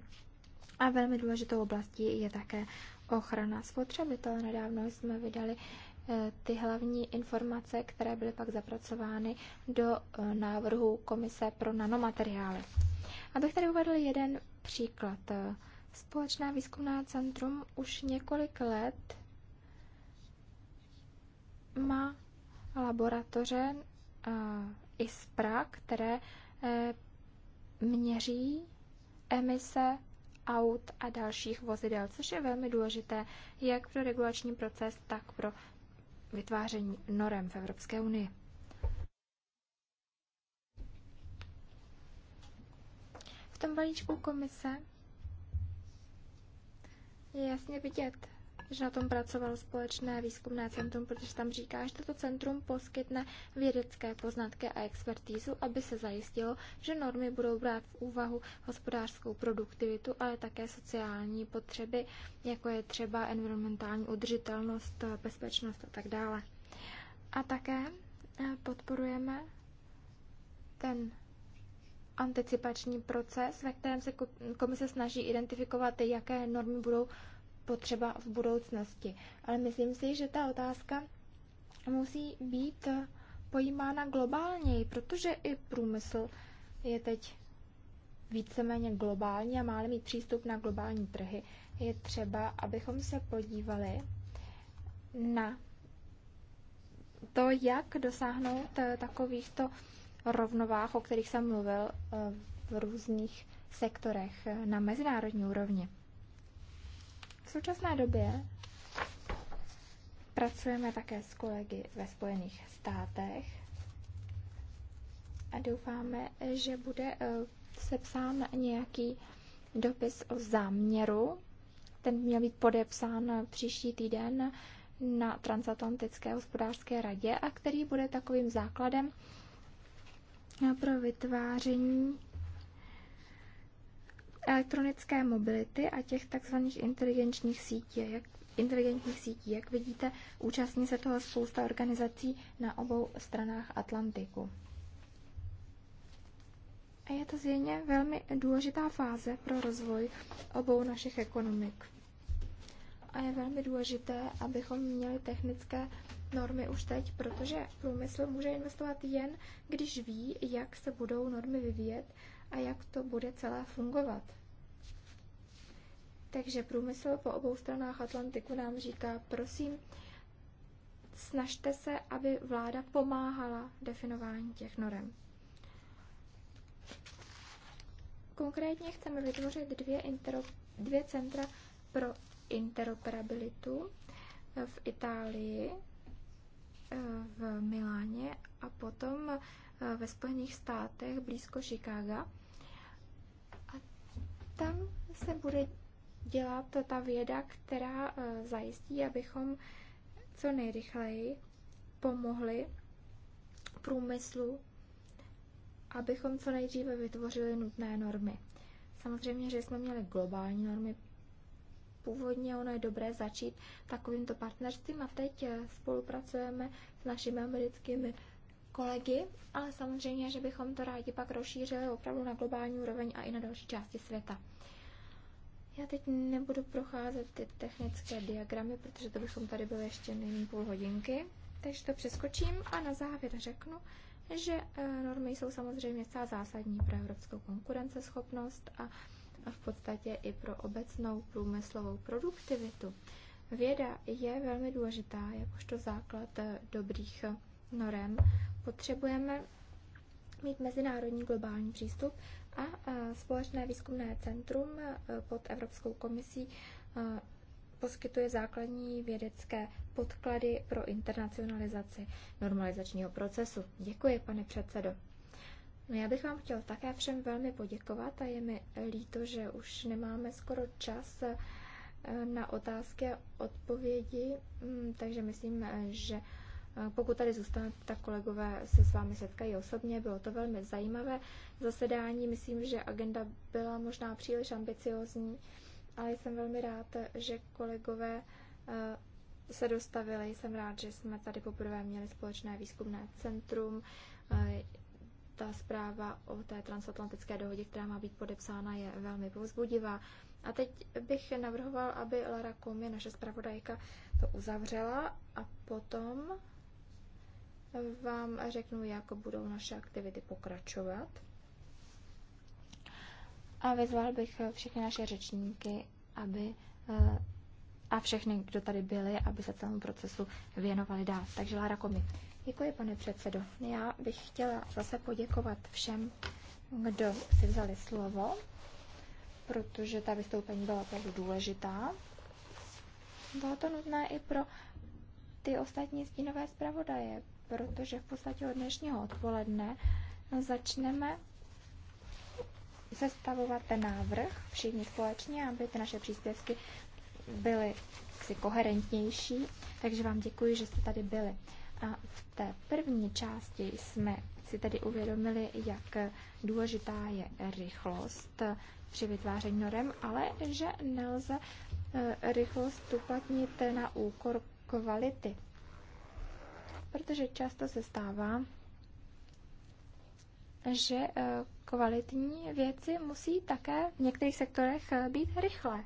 a velmi důležitou oblastí je také ochrana spotřebitele. Nedávno jsme vydali eh, ty hlavní informace, které byly pak zapracovány do návrhu Komise pro nanomateriály. Abych tady uvedl jeden příklad. Eh, společná výzkumná centrum už několik let má laboratoře eh, ISPRA, které eh, měří emise aut a dalších vozidel, což je velmi důležité jak pro regulační proces, tak pro vytváření norem v Evropské unii. tom balíčku komise je jasně vidět, že na tom pracoval společné výzkumné centrum, protože tam říká, že toto centrum poskytne vědecké poznatky a expertízu, aby se zajistilo, že normy budou brát v úvahu hospodářskou produktivitu, ale také sociální potřeby, jako je třeba environmentální udržitelnost, bezpečnost a tak dále. A také eh, podporujeme ten anticipační proces, ve kterém se komise snaží identifikovat, jaké normy budou potřeba v budoucnosti. Ale myslím si, že ta otázka musí být pojímána globálněji, protože i průmysl je teď víceméně globální a má mít přístup na globální trhy. Je třeba, abychom se podívali na to, jak dosáhnout takovýchto rovnovách, o kterých jsem mluvil eh, v různých sektorech eh, na mezinárodní úrovni. V současné době pracujeme také s kolegy ve Spojených státech a doufáme, že bude eh, sepsán nějaký dopis o záměru. Ten měl být podepsán příští týden na Transatlantické hospodářské radě a který bude takovým základem pro vytváření elektronické mobility a těch takzvaných inteligentních sítí. Jak, inteligentních sítí. Jak vidíte, účastní se toho spousta organizací na obou stranách Atlantiku. A je to zjevně velmi důležitá fáze pro rozvoj obou našich ekonomik a je velmi důležité, abychom měli technické normy už teď, protože průmysl může investovat jen, když ví, jak se budou normy vyvíjet a jak to bude celé fungovat. Takže průmysl po obou stranách Atlantiku nám říká, prosím, snažte se, aby vláda pomáhala definování těch norem. Konkrétně chceme vytvořit dvě, intero, dvě centra pro interoperabilitu eh, v Itálii, eh, v Miláně a potom eh, ve Spojených státech blízko Chicaga. A tam se bude dělat ta věda, která zajistí, abychom co nejrychleji pomohli průmyslu, abychom co nejdříve vytvořili nutné normy. Samozřejmě, že jsme měli globální normy původně ono je dobré začít takovýmto partnerstvím a teď eh, spolupracujeme s našimi americkými kolegy, ale samozřejmě, že bychom to rádi pak rozšířili opravdu na globální úroveň a i na další části světa. Já teď nebudu procházet ty technické diagramy, protože to bychom tady byli ještě nyní půl hodinky, takže to přeskočím a na závěr řeknu, že eh, normy jsou samozřejmě zcela zásadní pro evropskou konkurenceschopnost a a v podstatě i pro obecnou průmyslovou produktivitu. Věda je velmi důležitá jakožto základ eh, dobrých eh, norem. Potřebujeme mít mezinárodní globální přístup a eh, společné výzkumné centrum pod Evropskou komisí poskytuje základní vědecké podklady pro internacionalizaci normalizačního procesu. Děkuji, pane předsedo. No, Já bych vám chtěl také všem velmi poděkovat a je mi líto, že už nemáme skoro čas eh, na otázky a odpovědi, mm, takže myslím, eh, že eh, pokud tady zůstanete, tak kolegové se s vámi setkají osobně. Bylo to velmi zajímavé zasedání. Myslím, že agenda byla možná příliš ambiciozní, ale jsem velmi rád, že kolegové se dostavili. Jsem rád, že jsme tady poprvé měli společné výzkumné centrum ta zpráva o té transatlantické dohodě, která má být podepsána, je velmi povzbudivá. A teď bych navrhoval, aby Lara Komi, naše zpravodajka, to uzavřela a potom vám řeknu, jak budou naše aktivity pokračovat. A vyzval bych všechny naše řečníky, aby eh, a všechny, kdo tady byli, aby se celému procesu věnovali dál. Takže Lara Komi. Děkuji, pane předsedo. Já bych chtěla zase poděkovat všem, kdo si vzali slovo, protože ta vystoupení byla opravdu důležitá. Bylo to nutné i pro ty ostatní stínové zpravodaje, protože v podstatě od dnešního odpoledne začneme sestavovat ten návrh všichni společně, aby ty naše příspěvky byly si koherentnější. Takže vám děkuji, že jste tady byli. A v té první části jsme si tedy uvědomili, jak důležitá je rychlost při vytváření norem, ale že nelze eh, rychlost uplatnit na úkor kvality. Protože často se stává, že eh, kvalitní věci musí také v některých sektorech eh, být rychlé.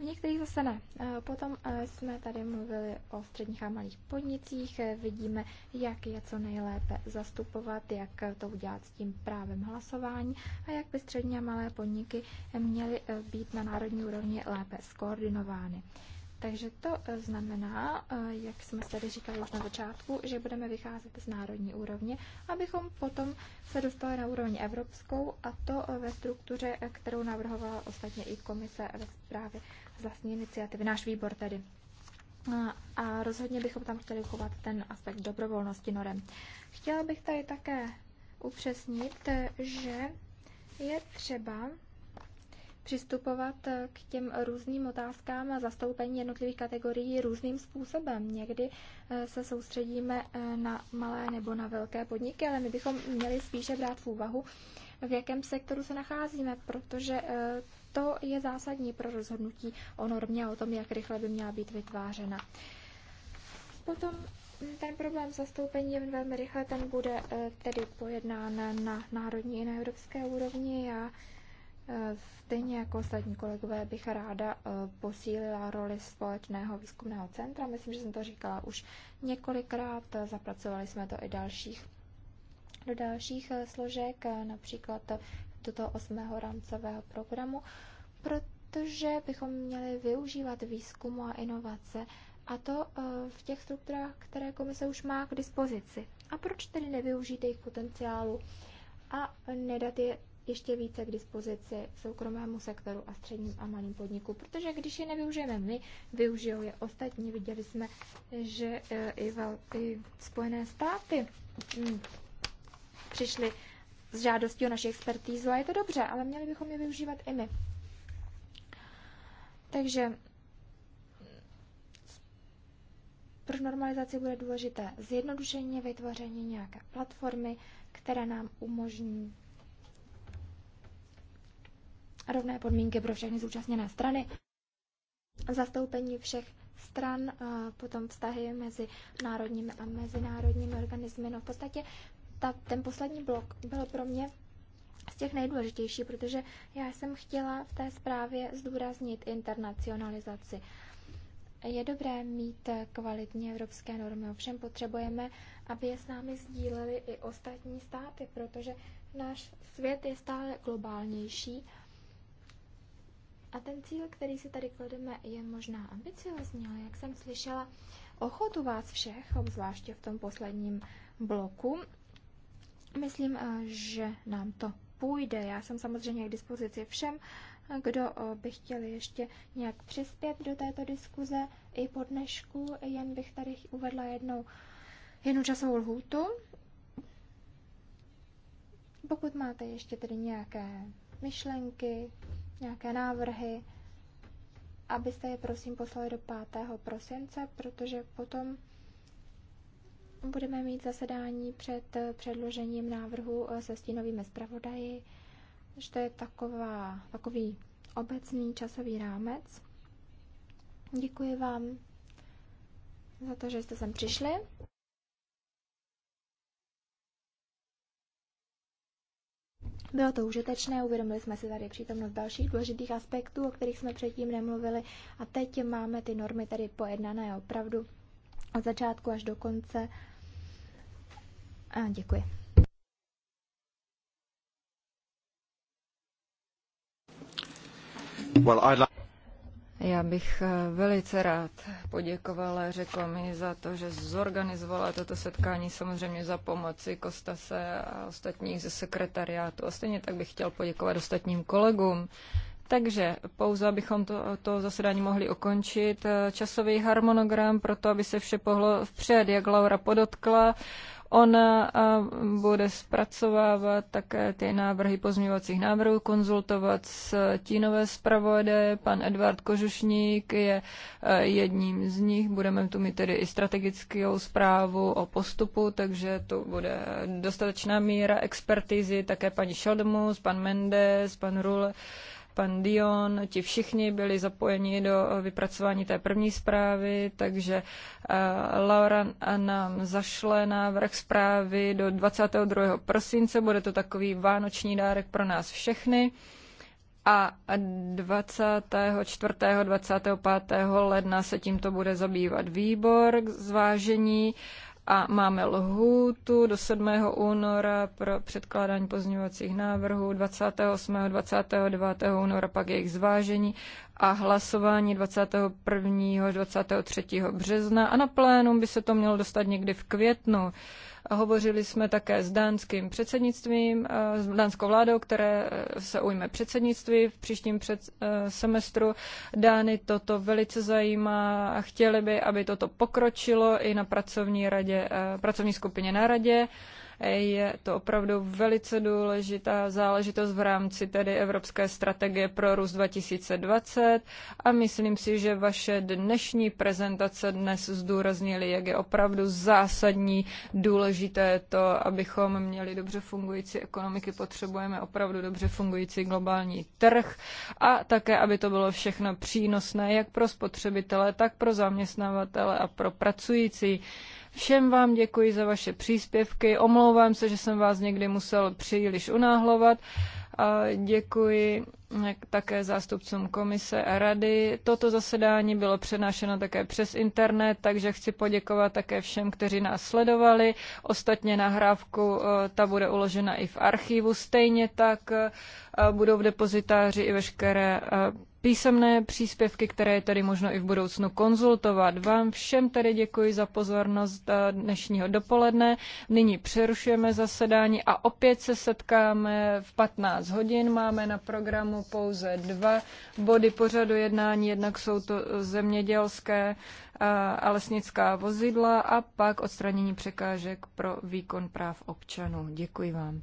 U některých zase ne. Eh, potom eh, jsme tady mluvili o středních a malých podnicích. Eh, vidíme, jak je co nejlépe zastupovat, jak to udělat s tím právem hlasování a jak by střední a malé podniky měly být na národní úrovni lépe skoordinovány. Takže to znamená, jak jsme tady říkali už na začátku, že budeme vycházet z národní úrovně, abychom potom se dostali na úroveň evropskou a to ve struktuře, kterou navrhovala ostatně i komise ve zprávě z vlastní iniciativy, náš výbor tedy. A rozhodně bychom tam chtěli uchovat ten aspekt dobrovolnosti norem. Chtěla bych tady také upřesnit, že je třeba přistupovat k těm různým otázkám a zastoupení jednotlivých kategorií různým způsobem. Někdy eh, se soustředíme eh, na malé nebo na velké podniky, ale my bychom měli spíše brát v úvahu, v jakém sektoru se nacházíme, protože eh, to je zásadní pro rozhodnutí o normě a o tom, jak rychle by měla být vytvářena. Potom ten problém zastoupení velmi rychle, ten bude eh, tedy pojednán na národní i na evropské úrovni. Já eh, Stejně jako ostatní kolegové bych ráda eh, posílila roli společného výzkumného centra. Myslím, že jsem to říkala už několikrát. Zapracovali jsme to i dalších do dalších složek, například do toho osmého rámcového programu, protože bychom měli využívat výzkumu a inovace a to e, v těch strukturách, které komise už má k dispozici. A proč tedy nevyužít jejich potenciálu a nedat je ještě více k dispozici soukromému sektoru a středním a malým podniku, protože když je nevyužijeme my, využijou je ostatní. Viděli jsme, že e, i, vel, i Spojené státy hm, přišly s žádostí o naši expertízu a je to dobře, ale měli bychom je využívat i my. Takže pro normalizaci bude důležité zjednodušení vytvoření nějaké platformy, která nám umožní rovné podmínky pro všechny zúčastněné strany, zastoupení všech stran, eh, potom vztahy mezi národními a mezinárodními organismy. No v podstatě ta, ten poslední blok byl pro mě z těch nejdůležitější, protože já jsem chtěla v té zprávě zdůraznit internacionalizaci. Je dobré mít kvalitní evropské normy, ovšem potřebujeme, aby je s námi sdíleli i ostatní státy, protože náš svět je stále globálnější a ten cíl, který si tady klademe, je možná ambiciozní, ale jak jsem slyšela, ochotu vás všech, obzvláště v tom posledním bloku, Myslím, eh, že nám to půjde. Já jsem samozřejmě k dispozici všem, eh, kdo eh, by chtěl ještě nějak přispět do této diskuze i po dnešku. Jen bych tady uvedla jednou, jednu časovou lhůtu. Pokud máte ještě tedy nějaké myšlenky, nějaké návrhy, abyste je prosím poslali do 5. prosince, protože potom Budeme mít zasedání před eh, předložením návrhu eh, se stínovými zpravodaji. Že to je taková, takový obecný časový rámec. Děkuji vám za to, že jste sem přišli. Bylo to užitečné, uvědomili jsme si tady přítomnost dalších důležitých aspektů, o kterých jsme předtím nemluvili a teď máme ty normy tady pojednané opravdu od začátku až do konce a děkuji. Well, I'd like... Já bych eh, velice rád poděkovala, řekla mi za to, že zorganizovala toto setkání samozřejmě za pomoci Kostase a ostatních ze sekretariátu. A stejně tak bych chtěl poděkovat ostatním kolegům. Takže pouze, abychom to, to zasedání mohli ukončit, eh, časový harmonogram pro to, aby se vše pohlo vpřed, jak Laura podotkla. Ona eh, bude zpracovávat také ty návrhy pozměňovacích návrhů, konzultovat s tínové zpravodaje. Pan Edvard Kožušník je eh, jedním z nich. Budeme tu mít tedy i strategickou zprávu o postupu, takže tu bude dostatečná míra expertizy. Také paní Šodmus, pan Mendes, pan Rule pan Dion, ti všichni byli zapojeni do eh, vypracování té první zprávy, takže eh, Laura nám zašle návrh zprávy do 22. prosince, bude to takový vánoční dárek pro nás všechny a 24. 25. ledna se tímto bude zabývat výbor k zvážení a máme lhůtu do 7. února pro předkládání pozměňovacích návrhů, 28. 29. února pak jejich zvážení a hlasování 21. 23. března a na plénum by se to mělo dostat někdy v květnu. Hovořili jsme také s dánským předsednictvím, eh, s dánskou vládou, které eh, se ujme předsednictví v příštím před eh, semestru. Dány toto velice zajímá a chtěli by, aby toto pokročilo i na pracovní, radě, pracovní skupině na radě. Je to opravdu velice důležitá záležitost v rámci tedy Evropské strategie pro růst 2020 a myslím si, že vaše dnešní prezentace dnes zdůraznili, jak je opravdu zásadní důležité to, abychom měli dobře fungující ekonomiky, potřebujeme opravdu dobře fungující globální trh a také, aby to bylo všechno přínosné jak pro spotřebitele, tak pro zaměstnavatele a pro pracující. Všem vám děkuji za vaše příspěvky. Omlouvám se, že jsem vás někdy musel příliš unáhlovat. A děkuji také zástupcům komise a rady. Toto zasedání bylo přenášeno také přes internet, takže chci poděkovat také všem, kteří nás sledovali. Ostatně nahrávku eh, ta bude uložena i v archivu. Stejně tak eh, budou v depozitáři i veškeré eh, písemné příspěvky, které je tady možno i v budoucnu konzultovat. Vám všem tedy děkuji za pozornost eh, dnešního dopoledne. Nyní přerušujeme zasedání a opět se setkáme v 15 hodin. Máme na programu pouze dva body pořadu jednání, jednak jsou to eh, zemědělské eh, a lesnická vozidla a pak odstranění překážek pro výkon práv občanů. Děkuji vám.